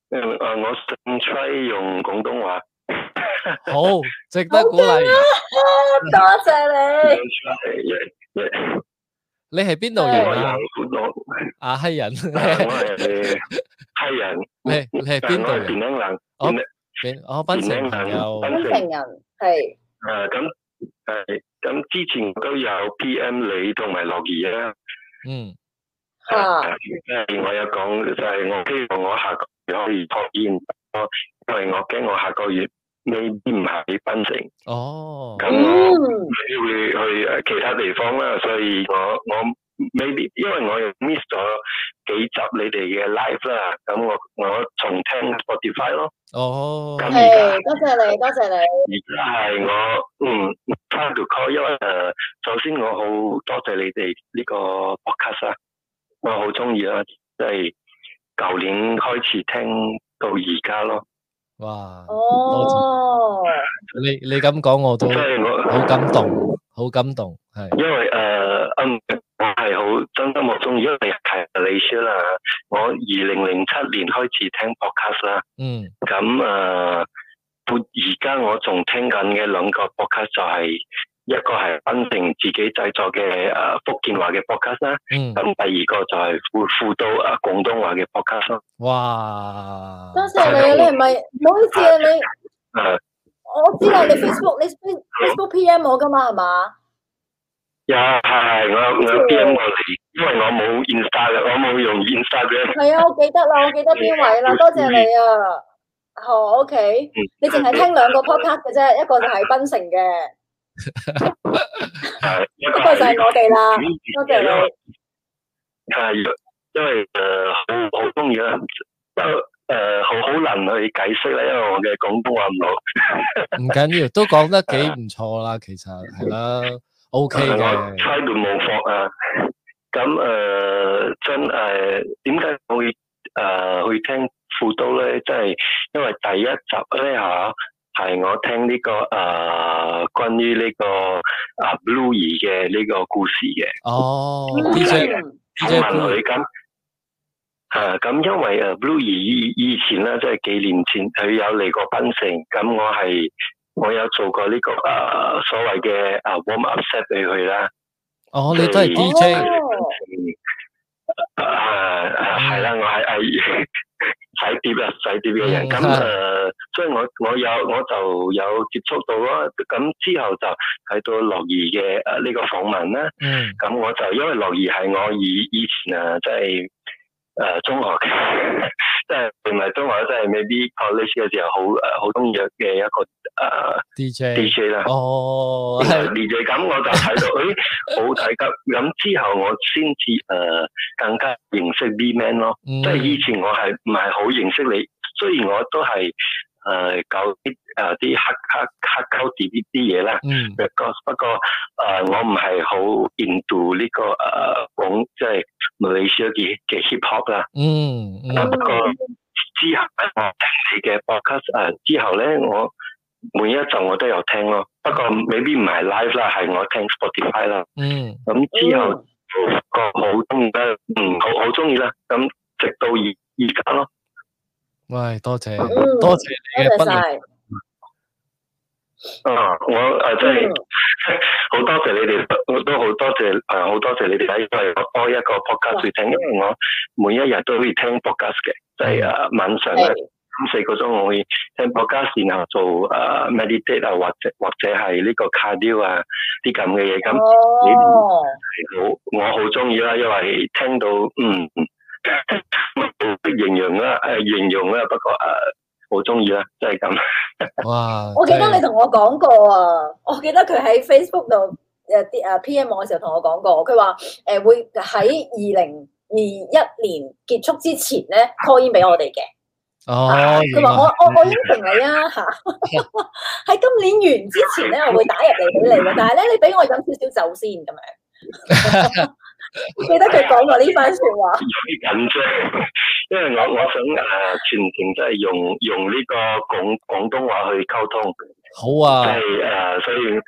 Speaker 6: 誒，我想 try、啊、用廣東話。
Speaker 1: 好、哦，值得鼓勵，
Speaker 6: 多、啊、謝，謝你。
Speaker 1: 你係邊度人啊？阿黑人，我係你
Speaker 6: 黑人。你，
Speaker 1: 你係邊度人？我係田香
Speaker 6: 蘭。我，我田香蘭，温城人，係。誒
Speaker 3: 咁
Speaker 6: 誒咁，之前都有 PM 你同埋樂兒嘅。嗯。啊。誒我有講，就係我希望我下個月可以脱煙，因為我驚我下個月。你必唔喺檳城哦，咁你、oh, 會去其他地方啦，所以我我 maybe 因為我又 miss 咗幾集你哋嘅 live 啦，咁我我重聽 Spotify 咯哦，係、oh, hey,
Speaker 3: 多謝你，多謝你，
Speaker 6: 而家係我嗯翻條 call，因為誒、啊，首先我好多謝你哋呢個 podcast 啊，我好中意啊，即係舊年開始聽到而家咯。哇！
Speaker 1: 哦、oh.，你你咁講我都好感動，好感動
Speaker 6: 係、呃嗯。因為誒，係好，真心我中意。我二零零七年開始聽播客啦，嗯，咁、呃、啊，播而家我仲聽緊嘅兩個播客就係、是。一個係檳城自己製作嘅誒、啊、福建話嘅 podcast 啦，咁第二個就係會附到誒廣東話嘅 podcast 啦。c 哇！
Speaker 2: 多謝，謝你啊！你係咪唔好意思啊？你，我知道你 Facebook 你 Facebook P M 我噶嘛係嘛？
Speaker 6: 有係、yeah, 我 PM 我 P M 我嚟，因為我冇 Instagram 我冇用 Instagram 嘅。
Speaker 2: t 係啊，我記得啦，我記得邊位啦，多謝，謝你啊。好 Gu ist imizi、哦、OK，你淨係聽兩個 podcast 嘅啫，一個就係檳城嘅。
Speaker 6: 不過就係我哋啦， [LAUGHS] 這個、多謝你。係，因為誒，我好中意啦，誒，好好、呃、難去解釋啦，因為我嘅廣東話唔好。
Speaker 1: 唔緊要，都講得幾唔錯啦，其實係啦的，OK 啦的。
Speaker 6: 猜對冇錯啊！咁誒、呃，真誒，點解會誒去、呃、聽副都咧？即、就、係、是、因為第一集咧吓。啊係我聽呢、這個誒，uh, 關於呢、這個啊、uh, Bluey 嘅呢個故事嘅哦，D J 即係問佢咁吓咁，因為誒、uh, Bluey 以以前咧即係幾年前，佢有嚟過檳城，咁我係我有做過呢、這個誒、uh, 所謂嘅啊 Warm Up Set 俾佢啦。
Speaker 7: 哦、oh, 以，你都係 D J，誒
Speaker 6: 係啦，我係阿。哎哎 [LAUGHS] 睇碟啊，睇碟嘅人。咁誒，所以我我有我就有接觸到咯。咁之後就睇到樂兒嘅誒呢個訪問啦。咁，嗯，我就因為樂兒係我以以前啊，就是，即係誒中學嘅。即係同埋都學，即係 maybe college 嘅時候，哎，好誒，好中意嘅一個誒
Speaker 1: DJ，DJ 啦。
Speaker 6: 哦，DJ 咁我就睇到，誒好睇㗎。咁之後我先至誒更加認識 B Man 咯。嗯、即係以前我係唔係好認識你，雖然我都係。誒，搞啲誒啲黑黑黑溝呢啲嘢啦。嗯。不過誒，我唔係好認同呢個誒講即係 music 嘅 hiphop 啦。
Speaker 4: 嗯。不過
Speaker 6: 之後，我聽你嘅 broadcast 誒之後咧，我每一集我都有聽咯。不過未必唔係 live 啦，係我聽 Spotify 啦。嗯。咁之後個好中唔得，嗯，好好中意啦。咁直到而而家咯。
Speaker 1: 喂，多謝，
Speaker 6: 多謝你嘅
Speaker 3: 分
Speaker 6: 享。啊，我誒真係好多謝你哋，我都好多謝誒，好多謝你哋喺開一個播客最 Wow, 聽，因為我每一日都可以聽播客嘅，即係誒晚上咧，hey. 五四個鐘我會聽播客然後做誒、uh, meditate 啊，或者或者係呢個 cardio 啊，啲咁嘅嘢，咁你好，我好中意，啦，因為聽到嗯。Wow, wow. 形 [LAUGHS] 容啦、啊，誒、啊，形容啦、啊啊，不過誒、啊，好中意啦，真係咁。哇
Speaker 4: 我
Speaker 2: 我！我記得你同我講過啊，我記得佢喺 Facebook 度誒啲誒 PM 網嘅時候同我講過，佢話誒會喺二零二一年結束之前咧，call in 俾我哋嘅。
Speaker 4: 哦，佢話、啊、我我我應承你
Speaker 2: 啊，吓 [LAUGHS] 喺今年完之前咧，我會打入嚟俾你，你。但係咧，你俾我飲少少酒先咁樣。 [LAUGHS] 記得佢講過呢番說話。有
Speaker 6: 啲緊張，因為我我想誒全程就係用用呢個廣廣東話去溝通。好啊。係誒，所以誒、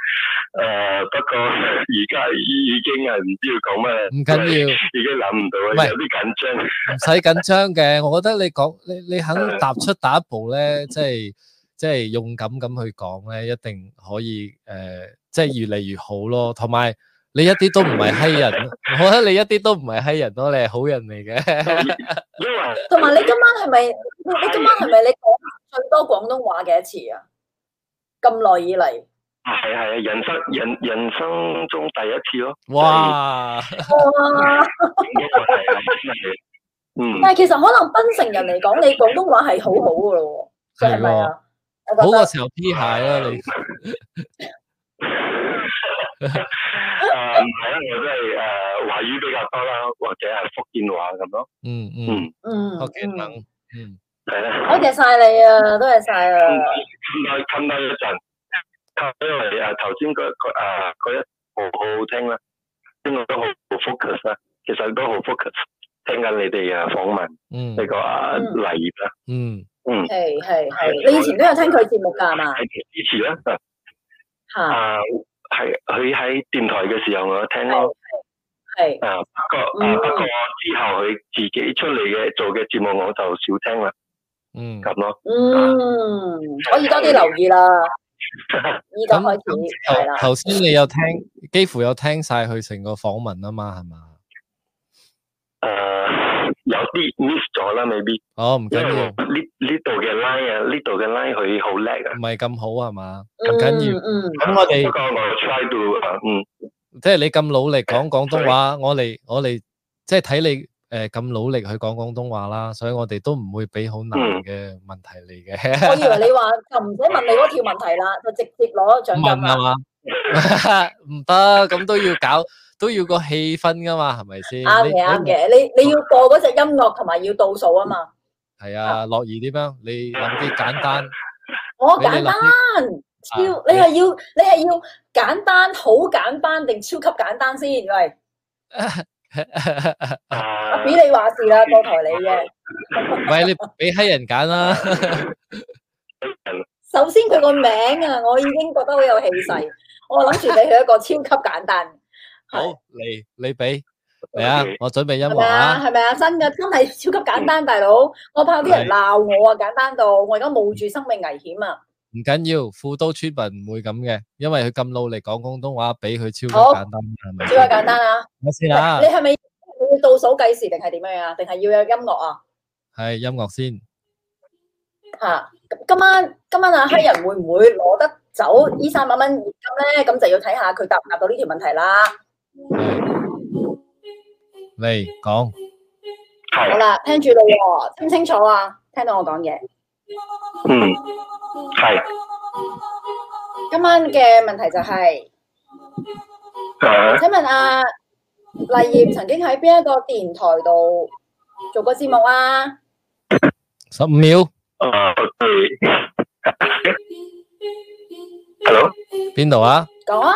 Speaker 6: 呃，不過而家已經係唔知要講咩，唔緊要，已經諗唔到。唔係有啲緊張，
Speaker 1: 唔使緊張嘅。 [LAUGHS] 我覺得你講你你肯踏出第一步咧，即係即係勇敢咁去講咧，一定可以誒，即、呃、係越嚟越好咯，同埋。你一啲都唔係欺人，我覺得你一啲都唔係欺人咯，你係好人嚟嘅。同
Speaker 2: 埋你今晚係咪？你你今晚係咪你講最多廣東話嘅一次啊？咁耐以嚟，
Speaker 6: 係係啊！人生人人生中第一次咯。哇哇！嗯，但
Speaker 2: 係其實可能，檳城人嚟講，你廣東話係好好噶咯，即係咪啊？好過
Speaker 4: 成日 P 下啦，你。
Speaker 6: 誒，係、 [NOISE] 那個那個、啊，我都係誒，華語比較多啦，或者係福建話咁咯。嗯嗯嗯，
Speaker 3: 福
Speaker 6: 建腔。嗯，係啊。多謝晒
Speaker 3: 你啊，多謝晒啊。
Speaker 6: 再襟低一陣，頭先啊，頭先嗰個啊嗰一，好好聽啦，聽我都好 focus 啊。其實都好 focus，聽緊你哋啊訪問。嗯。呢個啊黎啦。嗯嗯。係係係，你以前
Speaker 2: 都有聽佢節目㗎嘛？
Speaker 6: 以前咧，吓、uh,。係佢喺電台嘅時候，我聽咯，係啊，不過、嗯啊、不過之後佢自己出嚟嘅做嘅節目，我就少聽啦，嗯，咁咯，嗯，
Speaker 2: 可以多啲留意啦，依家開始係啦。
Speaker 1: 頭先你有聽，幾乎有聽晒佢成個訪問啊嘛，係嘛？誒、
Speaker 6: 呃。有啲 miss 咗啦，未必哦，唔緊要。呢呢度嘅 line 啊，呢度嘅 line 佢好叻啊，唔係咁好係嘛，
Speaker 1: 咁緊要。咁我哋不
Speaker 6: 過我 try 到啊，嗯，
Speaker 1: 即係你咁努力講廣東話，我哋我哋，即係睇你誒咁努力去講廣東話啦，所以我哋都唔會俾好難嘅問題嚟嘅。
Speaker 2: 我以為你話
Speaker 1: 就唔使問你嗰條問題啦，就直接攞個獎金啊嘛？唔得，咁都要搞。都要個氣氛噶嘛，係咪先？啱嘅，啱嘅。
Speaker 2: 你你要播嗰隻音樂，同埋要倒數啊嘛。
Speaker 1: 係啊，樂兒點樣？你諗啲簡單。
Speaker 2: 我簡單，
Speaker 1: 超你係要，
Speaker 2: 你係要簡單，好簡單定超級簡單先？喂，我俾你話事啦，過台你嘅。
Speaker 1: 唔係你俾黑人揀啦。
Speaker 2: 首先佢個名啊，我已經覺得好有氣勢。我諗住俾佢一個超級簡單。
Speaker 1: 好，嚟你俾嚟啊！我準備音樂啊，
Speaker 2: 係咪啊？真噶真係超級簡單，大佬，我怕啲人鬧我啊！簡單到我而家冒住生命危險啊！
Speaker 1: 唔緊要，富都村民唔會咁嘅，因為佢咁努力講廣東話，俾佢超級簡單啊！係咪？超
Speaker 2: 級簡單
Speaker 1: 啊！我先啦，你係
Speaker 2: 咪要倒數計時定係點樣啊？定係要有音樂啊？
Speaker 1: 係音樂先
Speaker 2: 吓，今晚今晚啊，黑人會唔會攞得走呢三百蚊現金咧？咁就要睇下佢答唔答到呢條問題啦。
Speaker 1: 嚟講好
Speaker 2: 啦，聽住啦，清唔清楚啊？聽到我講嘢？嗯，
Speaker 1: 係。
Speaker 2: 今晚嘅問題就係，請問阿麗葉曾經喺邊一個電台度做過節目啊？
Speaker 1: 十五秒。誒
Speaker 4: ，Hello？
Speaker 1: 邊度啊？
Speaker 3: 講啊！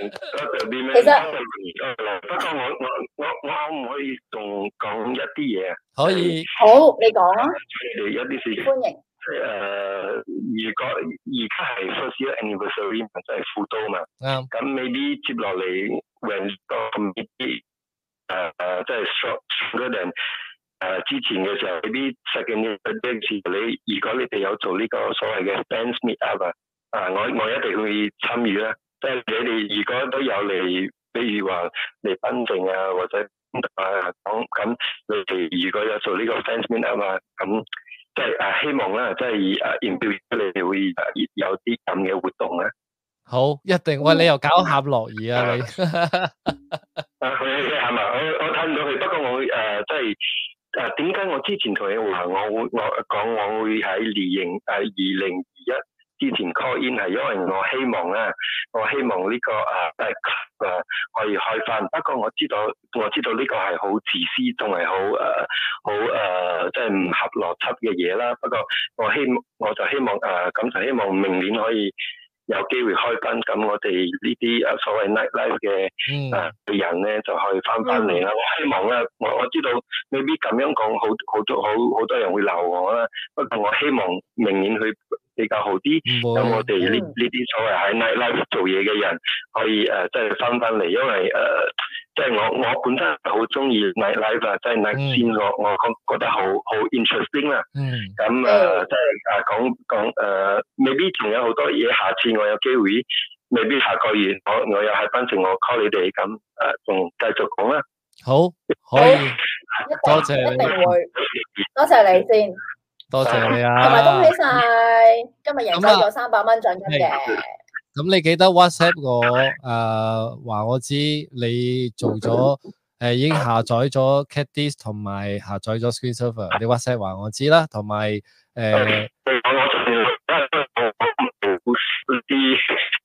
Speaker 6: 其實不過我我我我可唔可以仲講一啲嘢啊？可以
Speaker 2: 好，你講啊。有啲事
Speaker 6: 歡迎。誒，如果而家係 first year anniversary，即係輔導嘛，啱。咁 maybe 接落嚟 when 多 maybe 誒，即係 short short 嗰陣誒之前嘅時候，maybe second year project 時，你如果你哋有做呢個所謂嘅 fans meet up 啊，啊，我我一定會參與啦。即係你哋如果都有嚟，比如話嚟賓城啊，或者啊講咁，你哋如果有做呢個 fansman 啊嘛，咁即係啊希望啦，即係啊 inbuilt 出嚟你哋會啊有啲咁嘅活動咧。
Speaker 1: 好，一定餵你又搞下樂兒啊！
Speaker 6: 啊，係咪？我我睇唔到佢，不過我誒即係誒點解我之前同你話我會我講我會喺二零誒二零二一。之前 call in 係因為我希望咧、啊，我希望呢個誒 back up 可以開翻。不過我知道我知道呢個係好自私，同埋、uh, 好誒好誒，即係唔合邏輯嘅嘢啦。不過我希我就希望誒咁、uh, 就希望明年可以有機會開翻，咁我哋呢啲誒所謂 night life 嘅誒嘅人咧就可以翻翻嚟啦。Mm. 我希望咧，我我知道未必 y 咁樣講好好多好好多人會鬧我啦。不過我希望明年去，比較好啲，咁會我哋呢呢啲所謂喺 nightlife 做嘢嘅人，可以誒、啊，即係翻翻嚟，因為誒、啊，即、就、係、是、我我本身好中意 nightlife 啊，即係 night 線我覺覺得好好 interesting 啦。咁誒、啊，即係誒講講誒、呃，未必仲有好多嘢，下次我有機會，未必下個月我，我我又喺班上我 call 你哋咁誒，仲、啊、繼續講啦、
Speaker 1: 啊。好，好，多謝，一定會，多
Speaker 2: 謝,多謝你先。
Speaker 1: 多謝你啊，同埋恭喜
Speaker 2: 晒，今日贏翻咗三百蚊獎金嘅。
Speaker 1: 咁你記得 WhatsApp 我，誒，話我知你做咗，誒，已經下載咗 Cat Disk 同埋下載咗 Screen Server，你 WhatsApp 話我知啦。同埋誒，
Speaker 6: 我我我唔好啲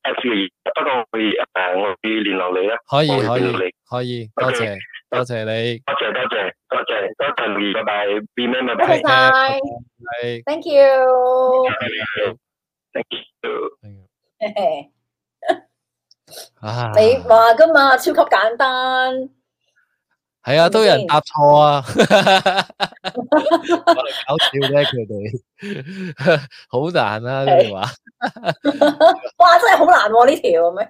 Speaker 6: Apps 嘅，不過可以誒，我會聯絡你啦。可以可以
Speaker 1: 可以，多謝。多謝你，多謝多謝
Speaker 6: 多謝，多謝，拜拜，B 妹咪，多謝，係，Thank
Speaker 2: you，Thank you，你話㗎嘛，超級簡單，
Speaker 1: 係啊，都有人答錯啊，搞笑咧，佢哋好難啊，你話，
Speaker 2: 哇，真係好難呢條咩？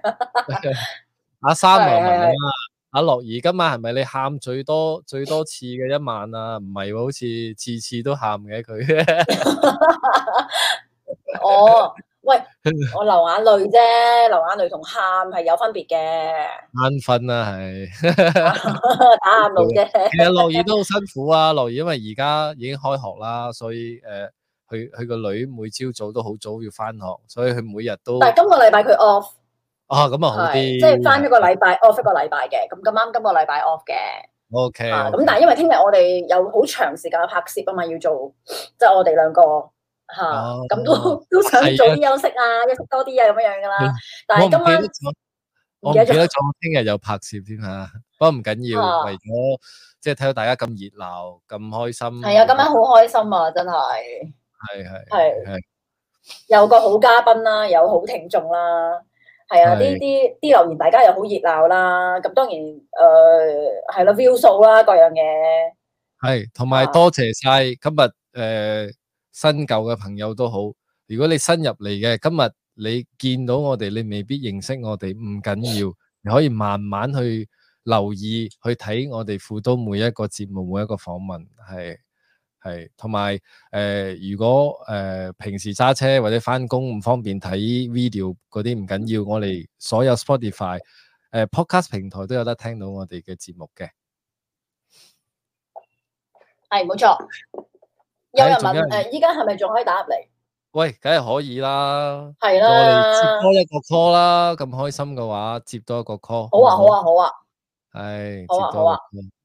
Speaker 1: 阿三問問啊。阿樂兒今晚係咪你喊最多最多次嘅一晚啊？唔係喎，好似次次都喊嘅佢。哦，喂，
Speaker 2: 我流眼淚啫，流眼淚同喊係有分別嘅。
Speaker 1: 眼瞓啊，係 [LAUGHS] [LAUGHS]
Speaker 2: 打喊路啫。
Speaker 1: 其實樂兒都好辛苦啊，樂兒因為而家已經開學啦，所以誒，佢佢個女每朝早都好早要翻學，所以佢每日都。 [LAUGHS] 但係今
Speaker 2: 個禮拜佢 off
Speaker 1: 啊，咁啊好啲，即係翻一個禮
Speaker 2: 拜 off 一個禮拜嘅，咁咁啱今個禮拜 off 嘅。
Speaker 1: OK，咁但係
Speaker 2: 因為聽日我哋有好長時間嘅拍攝啊嘛，要做，即係我哋兩個吓，咁都都想早啲休息啊，休息多啲啊，咁樣樣噶啦。但係今晚我唔記得咗，
Speaker 1: 聽日有拍攝添吓，不過唔緊要，為咗即係睇到大家咁熱鬧咁開心。係啊，今
Speaker 2: 晚好開心啊，真係，係
Speaker 1: 係係係，
Speaker 2: 有個好嘉賓啦，有好聽眾啦。係啊，呢啲啲留言大家又好熱鬧啦。咁當然，誒係啦，view 數啦，各樣
Speaker 1: 嘢。係，同埋多謝晒今日誒、呃、新舊嘅朋友都好。如果你新入嚟嘅，今日你見到我哋，你未必認識我哋，唔緊要，要，你可以慢慢去留意去睇我哋富都每一個節目，每一個訪問係。係，同埋誒，如果誒、呃、平時揸車或者翻工唔方便睇 video 嗰啲，唔緊要，我哋所有 Spotify 誒、呃、podcast 平台都有得聽到我哋嘅節目嘅。
Speaker 2: 係
Speaker 1: 冇錯，有人問誒，依家係咪仲可以打入嚟？喂，梗係可以啦，係啦、啊，接多一個 call 啦，咁開心嘅話，接多一個 call 好好、啊。好啊，好啊，好啊，係、哎，接多一個 call 好啊，好啊。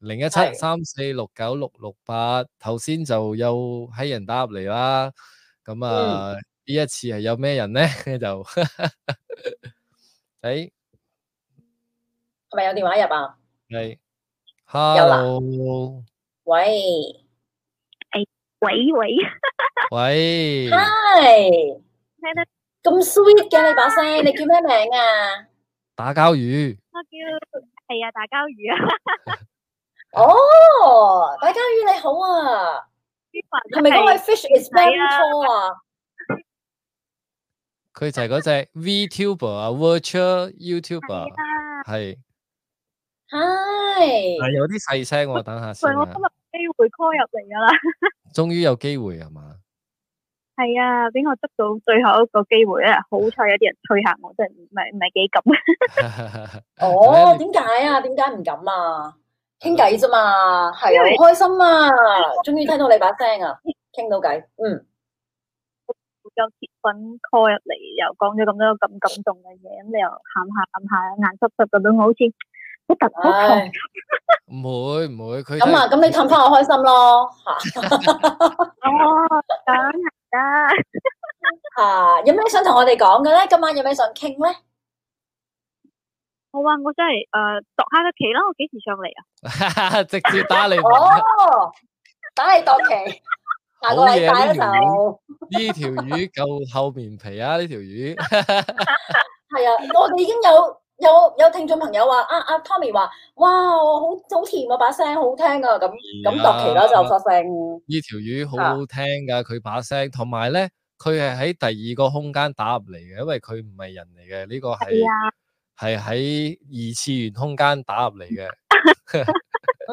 Speaker 1: 零一七三四六九六六八，頭先就有閪人打入嚟啦，咁啊呢一次係有咩人咧？就誒，係
Speaker 2: 咪有電話入啊？
Speaker 1: 係，Hello，喂，誒，
Speaker 2: 喂喂，喂，Hi，聽得咁 sweet 嘅你把聲，你叫咩名啊？
Speaker 1: 打交魚，
Speaker 2: 我叫係啊，打交魚啊。哦，大家瑜你好啊，係咪嗰位 Fish is Man call 啊？
Speaker 1: 佢就係嗰隻 V tuber 啊，Virtual YouTuber
Speaker 3: 係，係，係有啲細
Speaker 1: 聲，我等下先。我今
Speaker 3: 日機會 call 入嚟噶啦，
Speaker 1: 終於有機會係嘛？
Speaker 3: 係
Speaker 7: 啊，俾我得到最後一個機會啊？好彩有啲人退下，我真係唔係唔係幾敢。哦，
Speaker 4: 點
Speaker 2: 解啊？點解唔敢啊？傾偈啫嘛，係啊，好開心啊！終於聽到你把聲啊，傾到
Speaker 3: 偈，
Speaker 7: 嗯，有結婚 call 入嚟，又講咗咁多咁感動嘅嘢，咁你又喊下喊下，眼濕濕，咁等好似一突哭，唔
Speaker 1: 會唔會，咁啊，咁、 [LAUGHS] 嗯、你
Speaker 2: 氹翻我開心咯，吓， [LAUGHS] 哦，講而家，吓、 [LAUGHS] 啊，有咩想同我哋講嘅咧？今晚有咩想傾咧？
Speaker 7: 我話我真係誒、呃，度下個期啦，我幾時上嚟啊？
Speaker 1: [LAUGHS] 直接打你 [LAUGHS] 哦，打
Speaker 2: 你度期，
Speaker 1: 打個禮拜一。呢條魚夠厚面皮啊！呢條魚
Speaker 2: 係 [LAUGHS] [LAUGHS] 啊，我哋已經有有有聽眾朋友話阿阿、啊啊、Tommy 話，哇，好好甜啊，把聲好聽啊，咁咁度期啦就發聲。
Speaker 1: 呢、啊、條魚好好聽噶，佢把聲，同埋咧佢係喺第二個空間打入嚟嘅，因為佢唔係人嚟嘅，呢、這個係。 [LAUGHS] [LAUGHS] 係喺二次元空間打入嚟嘅，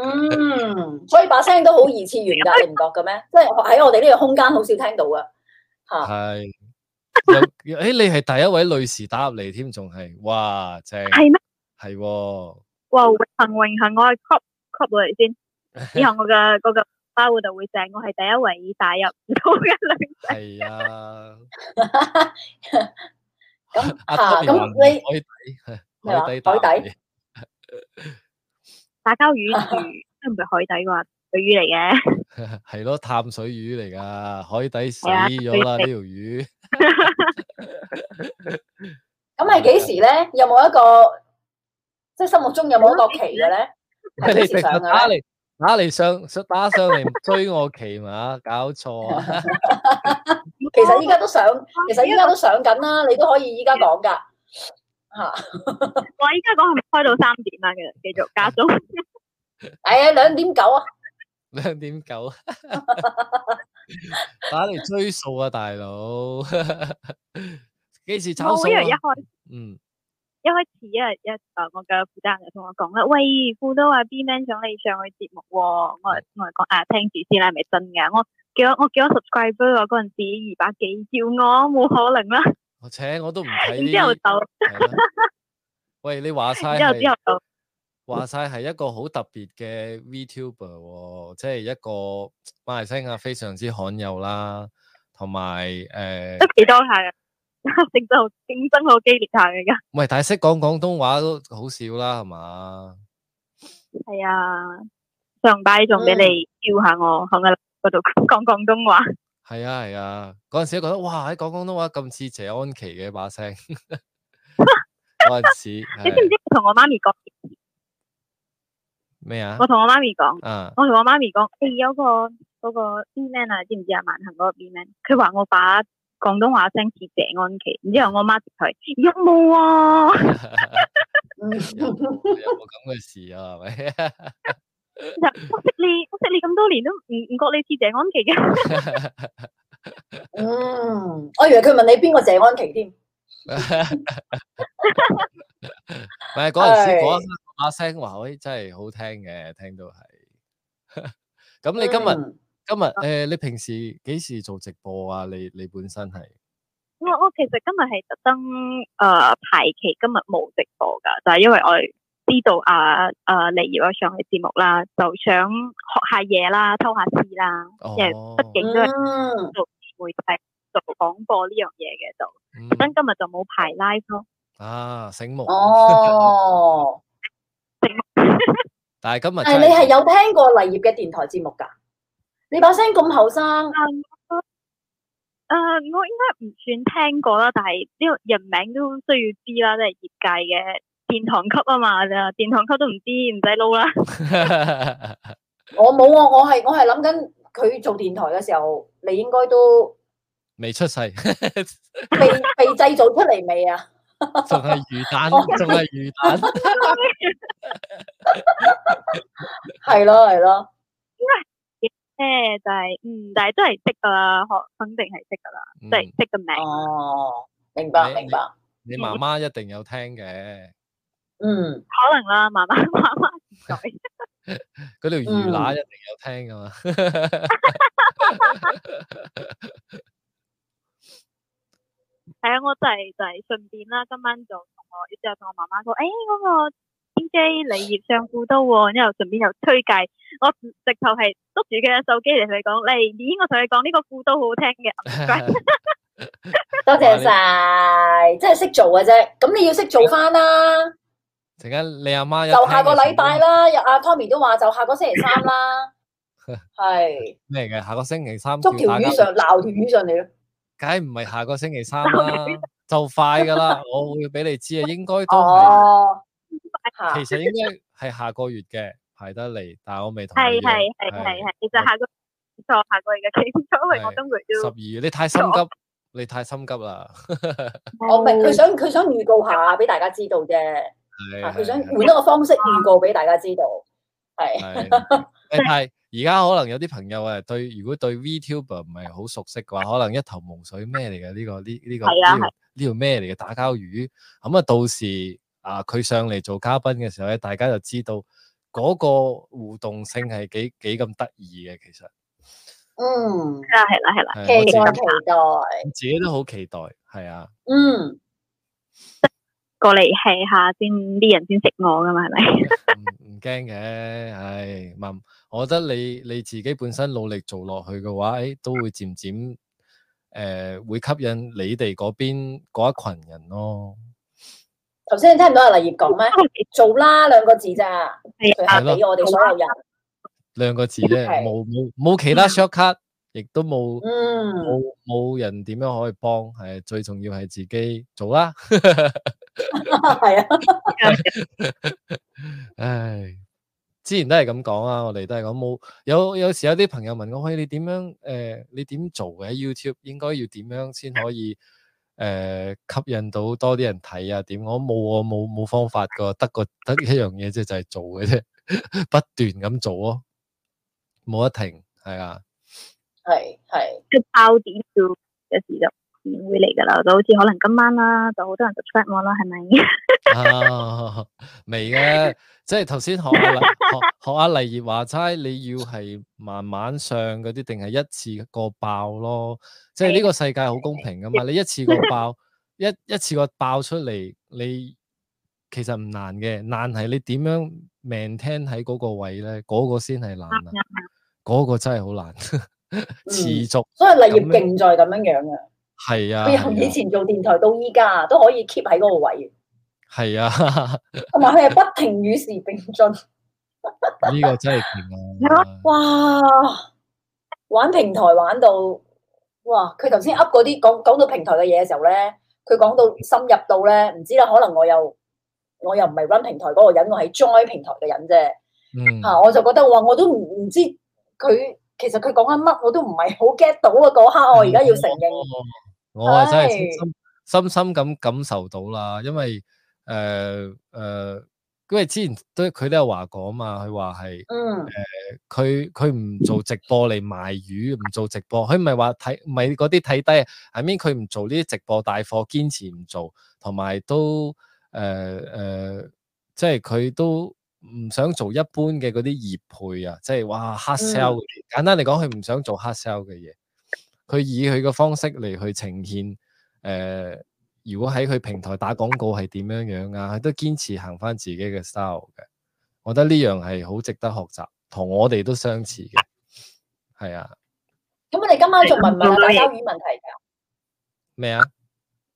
Speaker 1: 嗯，
Speaker 2: 所以把聲都好二次元噶，你唔覺嘅咩？即係喺我哋呢個空間好
Speaker 1: 少聽到啊。係，誒，你係第一位女士打入嚟添，仲係，哇，正，係咩？係喎，
Speaker 7: 哇，榮幸榮幸，我 cut cut 過嚟先，以後我嘅嗰個包會就會正，我係第一位已打入到嘅女仔。係啊。咁吓，咁你海底係嘛？海底打交魚住，唔係海底啩？魚嚟嘅，
Speaker 1: 係咯，淡水魚嚟噶，海底死咗啦呢條魚。
Speaker 2: 咁係幾時咧？有冇一個即係心目中有冇一個期嘅咧？
Speaker 1: 係幾時上嘅咧？打嚟上，打上嚟追我騎馬，搞錯
Speaker 2: 啊！其實依家都上，其實依家都上緊啦，你都可以依家講噶。
Speaker 7: 我依家講係咪開到三點啊？繼續加速。哎呀，兩點九
Speaker 1: 啊！兩點九，打嚟追數啊，大佬！幾時抽？好啊，一
Speaker 7: 開。嗯。一開始一日日誒，我嘅負責人就同我講啦：，喂，咕多啊，BMan 想你上去節目，我我講啊，聽住先啦，係咪真㗎？我叫我叫我 subscriber 嗰陣時二百幾，叫我冇可能啦。
Speaker 1: 我請我都唔睇。之後就，喂，你話晒係，話晒係一個好特別嘅 Vtuber，即係一個馬來西亞非常之罕有啦，同埋誒。都幾
Speaker 7: 多下啊！就爭，競爭好激烈下嘅，
Speaker 1: 唔係，但係識講廣東話都好少啦，係嘛？
Speaker 7: 係啊，上屆仲俾你叫下我喺個嗰度講廣東話。
Speaker 1: 係啊係啊，嗰陣、啊啊、時覺得哇，喺講廣東話咁似謝安琪嘅把聲，我 [LAUGHS] 似。 [LAUGHS] 啊、你知唔
Speaker 7: 知佢同我媽咪講咩啊？我同我媽咪講，啊、我同我媽咪講，誒、欸，有、那個嗰、那個那個 B man 啊，知唔知啊？萬恒嗰個 B man，佢話我把那個廣東話聲似謝安琪，然之後我阿媽接佢，有冇啊？冇
Speaker 1: 咁嘅事啊？係咪啊？我
Speaker 7: 識你，我識你咁多年都唔唔覺你似謝安琪嘅。嗯，
Speaker 2: 我以為佢問你邊個謝安琪
Speaker 1: 添。唔係嗰陣時講一聲話聲話，喂，真係好聽嘅，聽到係。咁你今日？今日誒、呃，你平時幾時做直播啊？你你本身係
Speaker 7: 我、啊、我其實今日係特登誒排期，今日冇直播噶，但係因為我知道啊啊黎葉阿上嘅節目啦，就想學下嘢啦，偷下師啦，即係畢竟都係做媒體做廣播呢樣嘢嘅，就特登今日就冇排 live 咯。嗯、
Speaker 1: 啊，醒目哦！ [LAUGHS] 但係今日誒，但是你係
Speaker 2: 有聽過黎葉嘅電台節目噶？
Speaker 7: 你把聲咁後
Speaker 2: 生？
Speaker 7: 啊，我應該唔算聽過啦，但係呢個人名都需要知啦，即係業界嘅
Speaker 2: 殿堂級啊嘛，殿堂級都唔知，唔使撈啦。
Speaker 1: [LAUGHS]
Speaker 2: 我冇啊，我係我係諗緊佢做電台嘅時候，你應該都
Speaker 1: 未出世，
Speaker 2: 未被製造出嚟未啊？
Speaker 1: 仲 [LAUGHS] 係魚蛋，仲係魚
Speaker 2: 蛋，係咯係咯。
Speaker 7: 誒、欸，就係、是，嗯，但係都係識噶啦，學肯定係識噶啦，即係識嘅名。哦，明白明
Speaker 1: 白。你媽媽一定有聽嘅，嗯,
Speaker 7: 嗯，可能啦，媽媽媽媽唔改。嗰條 [LAUGHS] 魚乸一定有
Speaker 1: 聽噶嘛。
Speaker 7: 係啊，我就係、是、就係、是、順便啦，今晚就同我，然之後同我媽媽講，誒、哎，嗰、那個。機嚟業上古刀，然後順便又推介我直頭係督住嘅手機嚟同你講你，咦？我同你講呢個古刀好好聽嘅，
Speaker 2: 多謝晒，真係識做嘅啫。咁你要識做翻啦。
Speaker 1: 陣間你阿媽就下個禮拜
Speaker 2: 啦，阿 Tommy 都話就下個星期三
Speaker 1: 啦，係咩嘅？下個星期三捉條魚上，
Speaker 2: 撈條魚上嚟
Speaker 1: 咯。梗係唔係下個星期三啦，就快噶啦，我會俾你知啊，應該都係。其實應該係下個月嘅，排得嚟，但係我未同意。係係係係係，
Speaker 7: 其實下個月唔錯，下個月嘅。其實因為我都未要。十二
Speaker 1: 月，你太心急，你太心急啦。
Speaker 2: 我明，佢想佢想預告下俾大家知道啫，
Speaker 1: 佢想換一個
Speaker 2: 方式預告俾大家知
Speaker 1: 道。係係，而家可能有啲朋友誒，對如果對 Vtuber 唔係好熟悉嘅話，可能一頭霧水，咩嚟嘅呢個呢呢個呢條咩嚟嘅打交魚？咁啊到時。啊！佢上嚟做嘉賓嘅時候咧，大家就知道嗰個互動性係幾幾咁得意嘅，其實。嗯，
Speaker 7: 係啦，係啦，係啦的，期待，期待。
Speaker 1: 我自己都好期待，係啊。嗯。
Speaker 7: 過嚟氣下先，啲人先識我㗎嘛？係咪？
Speaker 1: 唔驚嘅，唉，媽、哎，我覺得你你自己本身努力做落去嘅話，誒，都會漸漸誒會吸引你哋嗰邊嗰一群人咯。
Speaker 2: 頭先你聽唔到阿黎葉講咩？做啦
Speaker 1: 兩個字咋，係俾我哋所有人兩個字啫，冇冇冇其他 short cut，亦都冇，嗯，冇冇人點樣可以幫，係最重要係自己做啦，係 [LAUGHS] 啊 [LAUGHS] 是的， [LAUGHS] 唉，之前都係咁講啊，我哋都係咁冇，有有時有啲朋友問我，喂，呃，你點樣、啊？誒，你點做嘅 YouTube？應該要點樣先可以？誒、呃，吸引到多啲人睇啊？點，我冇我冇冇方法㗎，得個得一樣嘢即係做嘅啫， [LAUGHS] 不斷咁做咯，冇得停，係啊，
Speaker 7: 係係，佢包點做嘅事就。 [NOISE] [NOISE] [NOISE] 會嚟噶啦，
Speaker 1: 就好似可能今晚啦，就好多人是是 [LAUGHS] subscribe 我啦，係咪？啊，未嘅、啊，即係頭先學、啊、 [LAUGHS] 學學阿、啊、黎葉話齋，你要係慢慢上嗰啲，定係一次過爆咯？即係呢個世界好公平噶嘛？你一次過爆， [LAUGHS] 一一次過爆出嚟，你其實唔難嘅，但係你點樣 maintain 喺嗰個位咧？嗰、嗰個先係難啊，嗰、嗰個真係好難 [LAUGHS] 持續、嗯。所以，黎葉
Speaker 2: 勁在咁樣樣啊。
Speaker 1: 係啊，佢由以
Speaker 2: 前做電台到依家都可以 keep 喺嗰個位，
Speaker 1: 係是啊，
Speaker 2: 同埋佢係不停與時並進，
Speaker 1: 呢個真係點
Speaker 2: 啊！哇，玩平台玩到哇！佢頭先噏嗰啲講講到平台嘅嘢嘅時候咧，佢講到深入到咧，唔知啦，可能我又我又唔係 run 平台嗰個人，我係 join 平台嘅人啫，吓、嗯啊，我就覺得話我都唔唔知佢其實佢講緊乜，我都唔係好 get 到啊！嗰刻我而家要承認。嗯嗯
Speaker 1: 我啊真係深深深深咁感受到啦，因為誒誒、呃呃，因為之前都佢都有話講嘛，佢話係誒佢佢唔做直播嚟賣魚，唔做直播，佢唔係話睇，唔係嗰啲睇低，係咪佢唔做呢啲直播帶貨，堅持唔做，同埋都誒誒，即係佢都唔想做一般嘅嗰啲業配啊，即、就、係、是、哇黑 sell、嗯、簡單嚟講，佢唔想做黑 sell 嘅嘢。佢以佢個方式嚟去呈現，誒、呃，如果喺佢平台打廣告係點樣樣啊，佢都堅持行翻自己嘅 style 嘅，我覺得呢樣係好值得學習，同我哋都相似嘅，係啊。
Speaker 2: 咁我哋今晚仲問唔問打交語問題？
Speaker 1: 咩啊麼？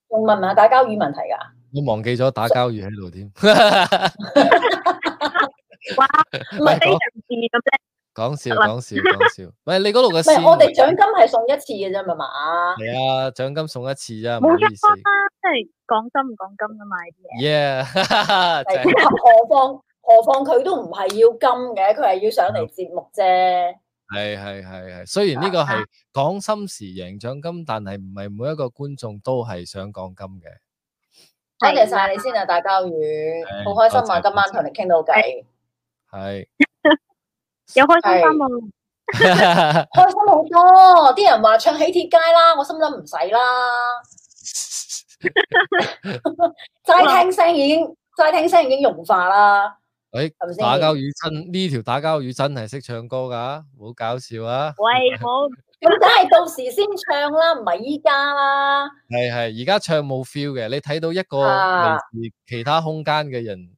Speaker 1: 仲問
Speaker 2: 唔問打交語問題噶？
Speaker 1: 我忘記咗打交語喺度添。 [LAUGHS]
Speaker 2: [LAUGHS] 哇！唔係非常咁啫。
Speaker 1: 講笑講笑講笑，唔係你嗰度嘅。唔係我哋獎
Speaker 2: 金係送一次嘅啫，係嘛？係
Speaker 1: 啊，獎金送一次啫，冇意思。
Speaker 2: 即係講金唔講金噶嘛啲
Speaker 1: 嘢。yeah，何
Speaker 2: 況何況佢都唔係要金嘅，佢係要上嚟節目啫。
Speaker 1: 係係係係，雖然呢個係講心時贏獎金，但係唔係每一個觀眾都係想講金嘅。
Speaker 2: 多謝晒你先啊，大交魚，好開心啊，今晚同你傾到偈。係。有開心翻嘛、啊？ [LAUGHS] 開心好多，啲人話唱喜帖街啦，我心諗唔使啦。齋 [LAUGHS] [LAUGHS] 聽聲已經，齋聽聲已經融化啦。
Speaker 1: 誒、欸，係係，打交魚真呢條打交魚真係識唱歌噶，好搞笑啊！ [LAUGHS]
Speaker 2: 喂，好，咁梗係到時先唱啦，唔係依家啦。
Speaker 1: 係係，而家唱冇 feel 嘅，你睇到一個其他空間嘅人。啊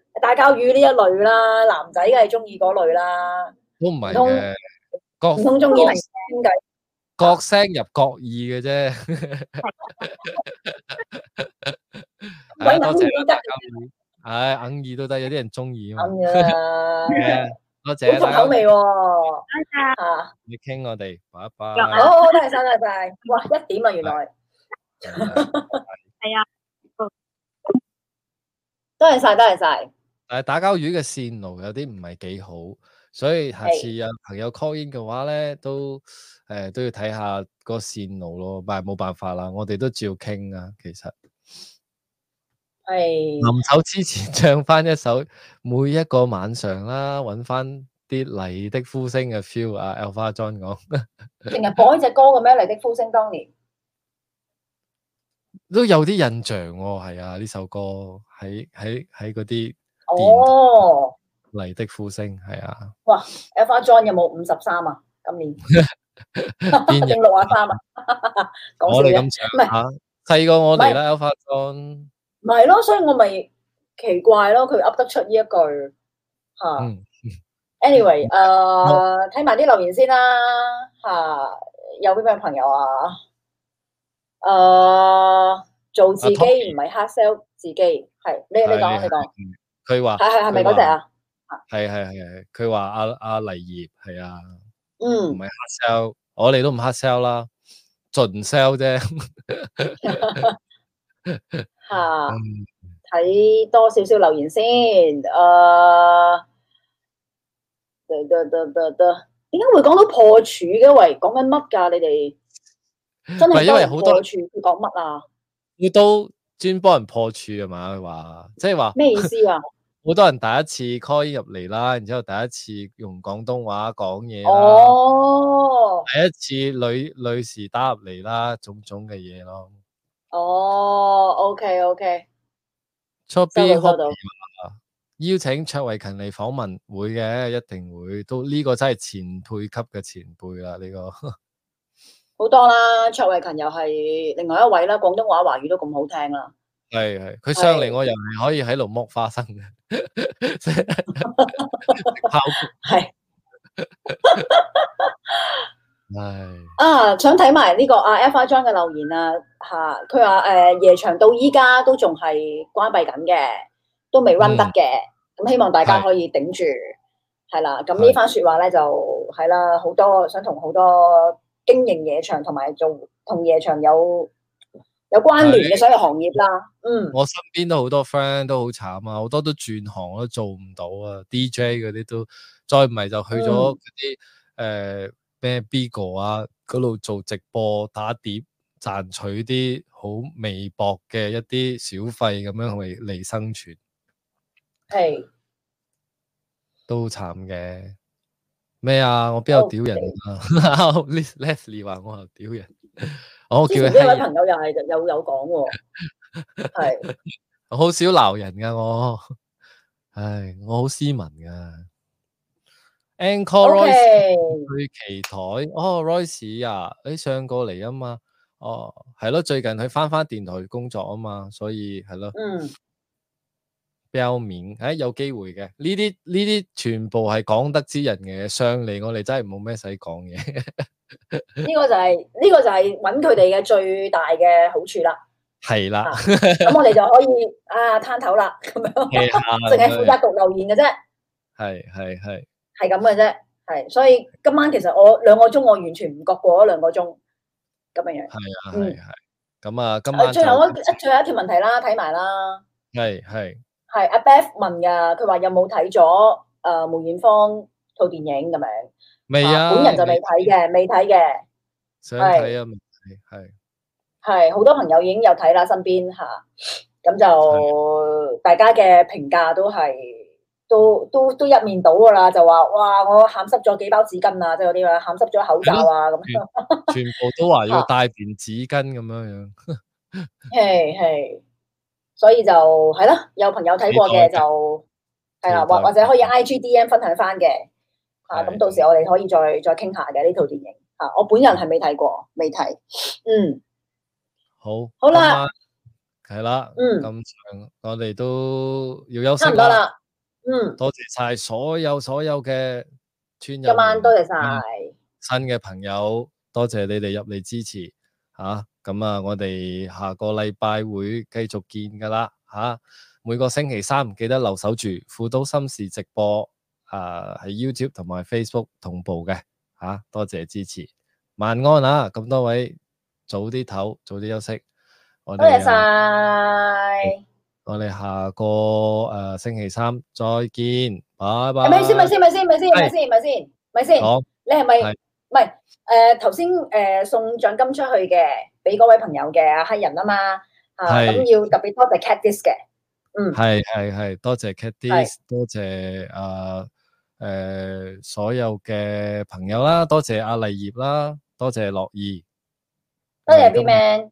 Speaker 2: 大膠魚呢一類啦，
Speaker 1: 男仔梗係中意嗰類啦，唔通唔通中意嚟聲嘅，各聲入各耳嘅啫。鬼諗住都得，唉，硬耳都得，有啲人中意
Speaker 3: 嘛。
Speaker 1: 多謝，好重口味
Speaker 3: 喎。啊，
Speaker 1: 你傾我哋，拜拜。好，多謝晒，
Speaker 7: 多謝晒。哇，一點啊，原來係啊，多謝晒，多謝晒。
Speaker 1: 但打交魚嘅線路有啲唔係幾好，所以下次有朋友 call in 嘅話咧，都誒、呃、都要睇下個線路咯。但係冇辦法啦，我哋都照傾啊。其實係臨走之前唱翻一首每一個晚上啦，揾翻啲《麗的呼聲》嘅 feel 啊。Alpha John 講成日播呢隻歌
Speaker 2: 嘅咩？《麗的呼聲》當
Speaker 1: 年都有啲印象，係啊，呢首歌喺喺喺嗰啲。哦，黎的呼聲係啊！
Speaker 2: 哇，Elphar John 有冇五十三啊？今年定六啊三啊？我哋咁長唔係，
Speaker 1: 細過我哋啦，Elphar John。
Speaker 2: 唔係咯，所以我咪奇怪咯，佢噏得出呢一句吓。Anyway，誒，睇埋啲留言先啦吓。有邊位朋友啊？誒，做自己唔係 hard sell 自己係，你你講，你講。
Speaker 1: 佢話係
Speaker 2: 係
Speaker 1: 係咪嗰隻啊？係係係，佢話阿阿黎葉係啊，
Speaker 2: 啊嗯，唔係
Speaker 1: 黑 sell，我哋都唔黑 sell 啦，盡 sell 啫。
Speaker 2: 吓，睇多少少留言先。誒、呃，得得得得得，點解會講到破處嘅？喂，講緊乜㗎？你哋真係因為好多破處，講乜啊？
Speaker 1: 都。專幫人破處呀嘛？佢話即係話咩意思啊？好 [LAUGHS] 多人第一次 call 入嚟啦，然之後第一次用廣東話講嘢哦，第一次女女士打入嚟啦，種種嘅嘢咯。哦，OK OK。出 B 收到。收到 [LAUGHS] 邀請卓慧勤嚟訪問會嘅，一定會都呢、這個真係前輩級嘅前輩啦，呢、這個。
Speaker 2: 好多啦，卓慧勤又係另外一位啦，廣東話、華語都咁好聽啦。
Speaker 1: 係係，佢上嚟我又唔可以喺度剝花生嘅，係、
Speaker 2: 這個。啊，想睇埋呢個阿 Alpha John 嘅留言啊，吓佢話誒，夜場到依家都仲係關閉緊嘅，都未溫得嘅，咁、嗯嗯、希望大家可以頂住，係是是啦。咁呢番說話咧，就係啦，好多想同好多。經營夜場同埋做同夜場有有關聯嘅所有行業啦，對嗯。
Speaker 1: 我身邊都好多 friend 都好慘啊，好多都轉行都做唔到啊，DJ 嗰啲都再唔係就去咗啲誒咩 Bigo 啊嗰度做直播打碟賺取啲好微薄嘅一啲小費咁樣嚟嚟生存，
Speaker 3: 係
Speaker 1: 是都慘嘅。咩啊？我邊有屌人啊？Leslie 話我係屌人，我叫呢位朋友又
Speaker 2: 係又有講
Speaker 1: 喎，係，我好少鬧人噶我， [LAUGHS] 唉，我好斯文噶。Anchor Royce，去棋檯哦，Royce 啊，你上過嚟啊嘛？哦係咯，最近佢翻翻電台工作啊嘛，所以係咯。表面，誒，有機會嘅呢啲呢啲全部係講得之人嘅上嚟，我哋真係冇咩使講嘢。
Speaker 2: 呢個就係呢個就係揾佢哋嘅最大嘅好處啦。
Speaker 1: 係啦，
Speaker 2: 咁我哋就可以啊攤頭啦，咁樣淨係負責讀留言嘅啫。
Speaker 1: 係係係
Speaker 2: 係咁嘅啫，係所以今晚其實我兩個鐘我完全唔覺過咗兩個鐘咁樣
Speaker 1: 樣。係啊係係，咁啊今晚最後我
Speaker 2: 最後一條問題啦，睇埋啦。
Speaker 1: 係係。
Speaker 2: 係阿 Beth 問㗎，佢話有冇睇咗誒梅艷芳套電影咁樣？
Speaker 1: 未啊，本人就未
Speaker 2: 睇嘅，未睇嘅。
Speaker 1: 想睇啊，係係
Speaker 2: 係好多朋友已經有睇啦，身邊嚇咁，就大家嘅評價都係都都都一面倒㗎啦，就話哇我喊濕咗幾包紙巾啊，即係嗰啲話喊濕咗口罩啊咁，
Speaker 1: 全部都話要帶便紙巾咁樣樣。
Speaker 2: 係係。所以就係啦，有朋友睇過嘅就係啦，或、嗯、或者可以 I G D M 分享翻嘅嚇，咁的、啊、到時我哋可以再再傾下嘅呢套電影嚇、啊，我本人係未睇過，未睇，嗯，
Speaker 1: 好，好啦，係啦，嗯，咁上我哋都要休息啦，差唔多啦，嗯，多謝晒所有所有嘅村友，今晚多謝晒、嗯、新嘅朋友，多謝你哋入嚟支持。啊，咁啊，我哋下個禮拜會繼續見噶啦，吓，每個星期三記得留守住輔導心事直播，啊，係 YouTube 同埋 Facebook 同步嘅，吓，多謝支持，晚安啊，咁多位早啲唞，早啲休息，多謝
Speaker 3: 晒，
Speaker 1: 我哋下個誒星期三再見，拜拜。咪先咪先咪先咪先咪
Speaker 2: 先咪先，你係咪？唔係，誒，頭先誒送獎金出去嘅，俾嗰位朋友嘅阿黑人啊嘛，啊，咁要特別多謝 Cat Dis 嘅，
Speaker 1: 嗯，係係係，多謝 Cat Dis，多謝啊，誒，所有嘅朋友啦，多謝阿麗葉啦，多謝樂意，
Speaker 2: 多謝 Bman，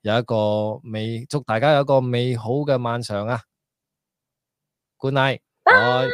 Speaker 2: 有
Speaker 1: 一個美，祝大家有一個美好嘅晚上啊，good night，拜。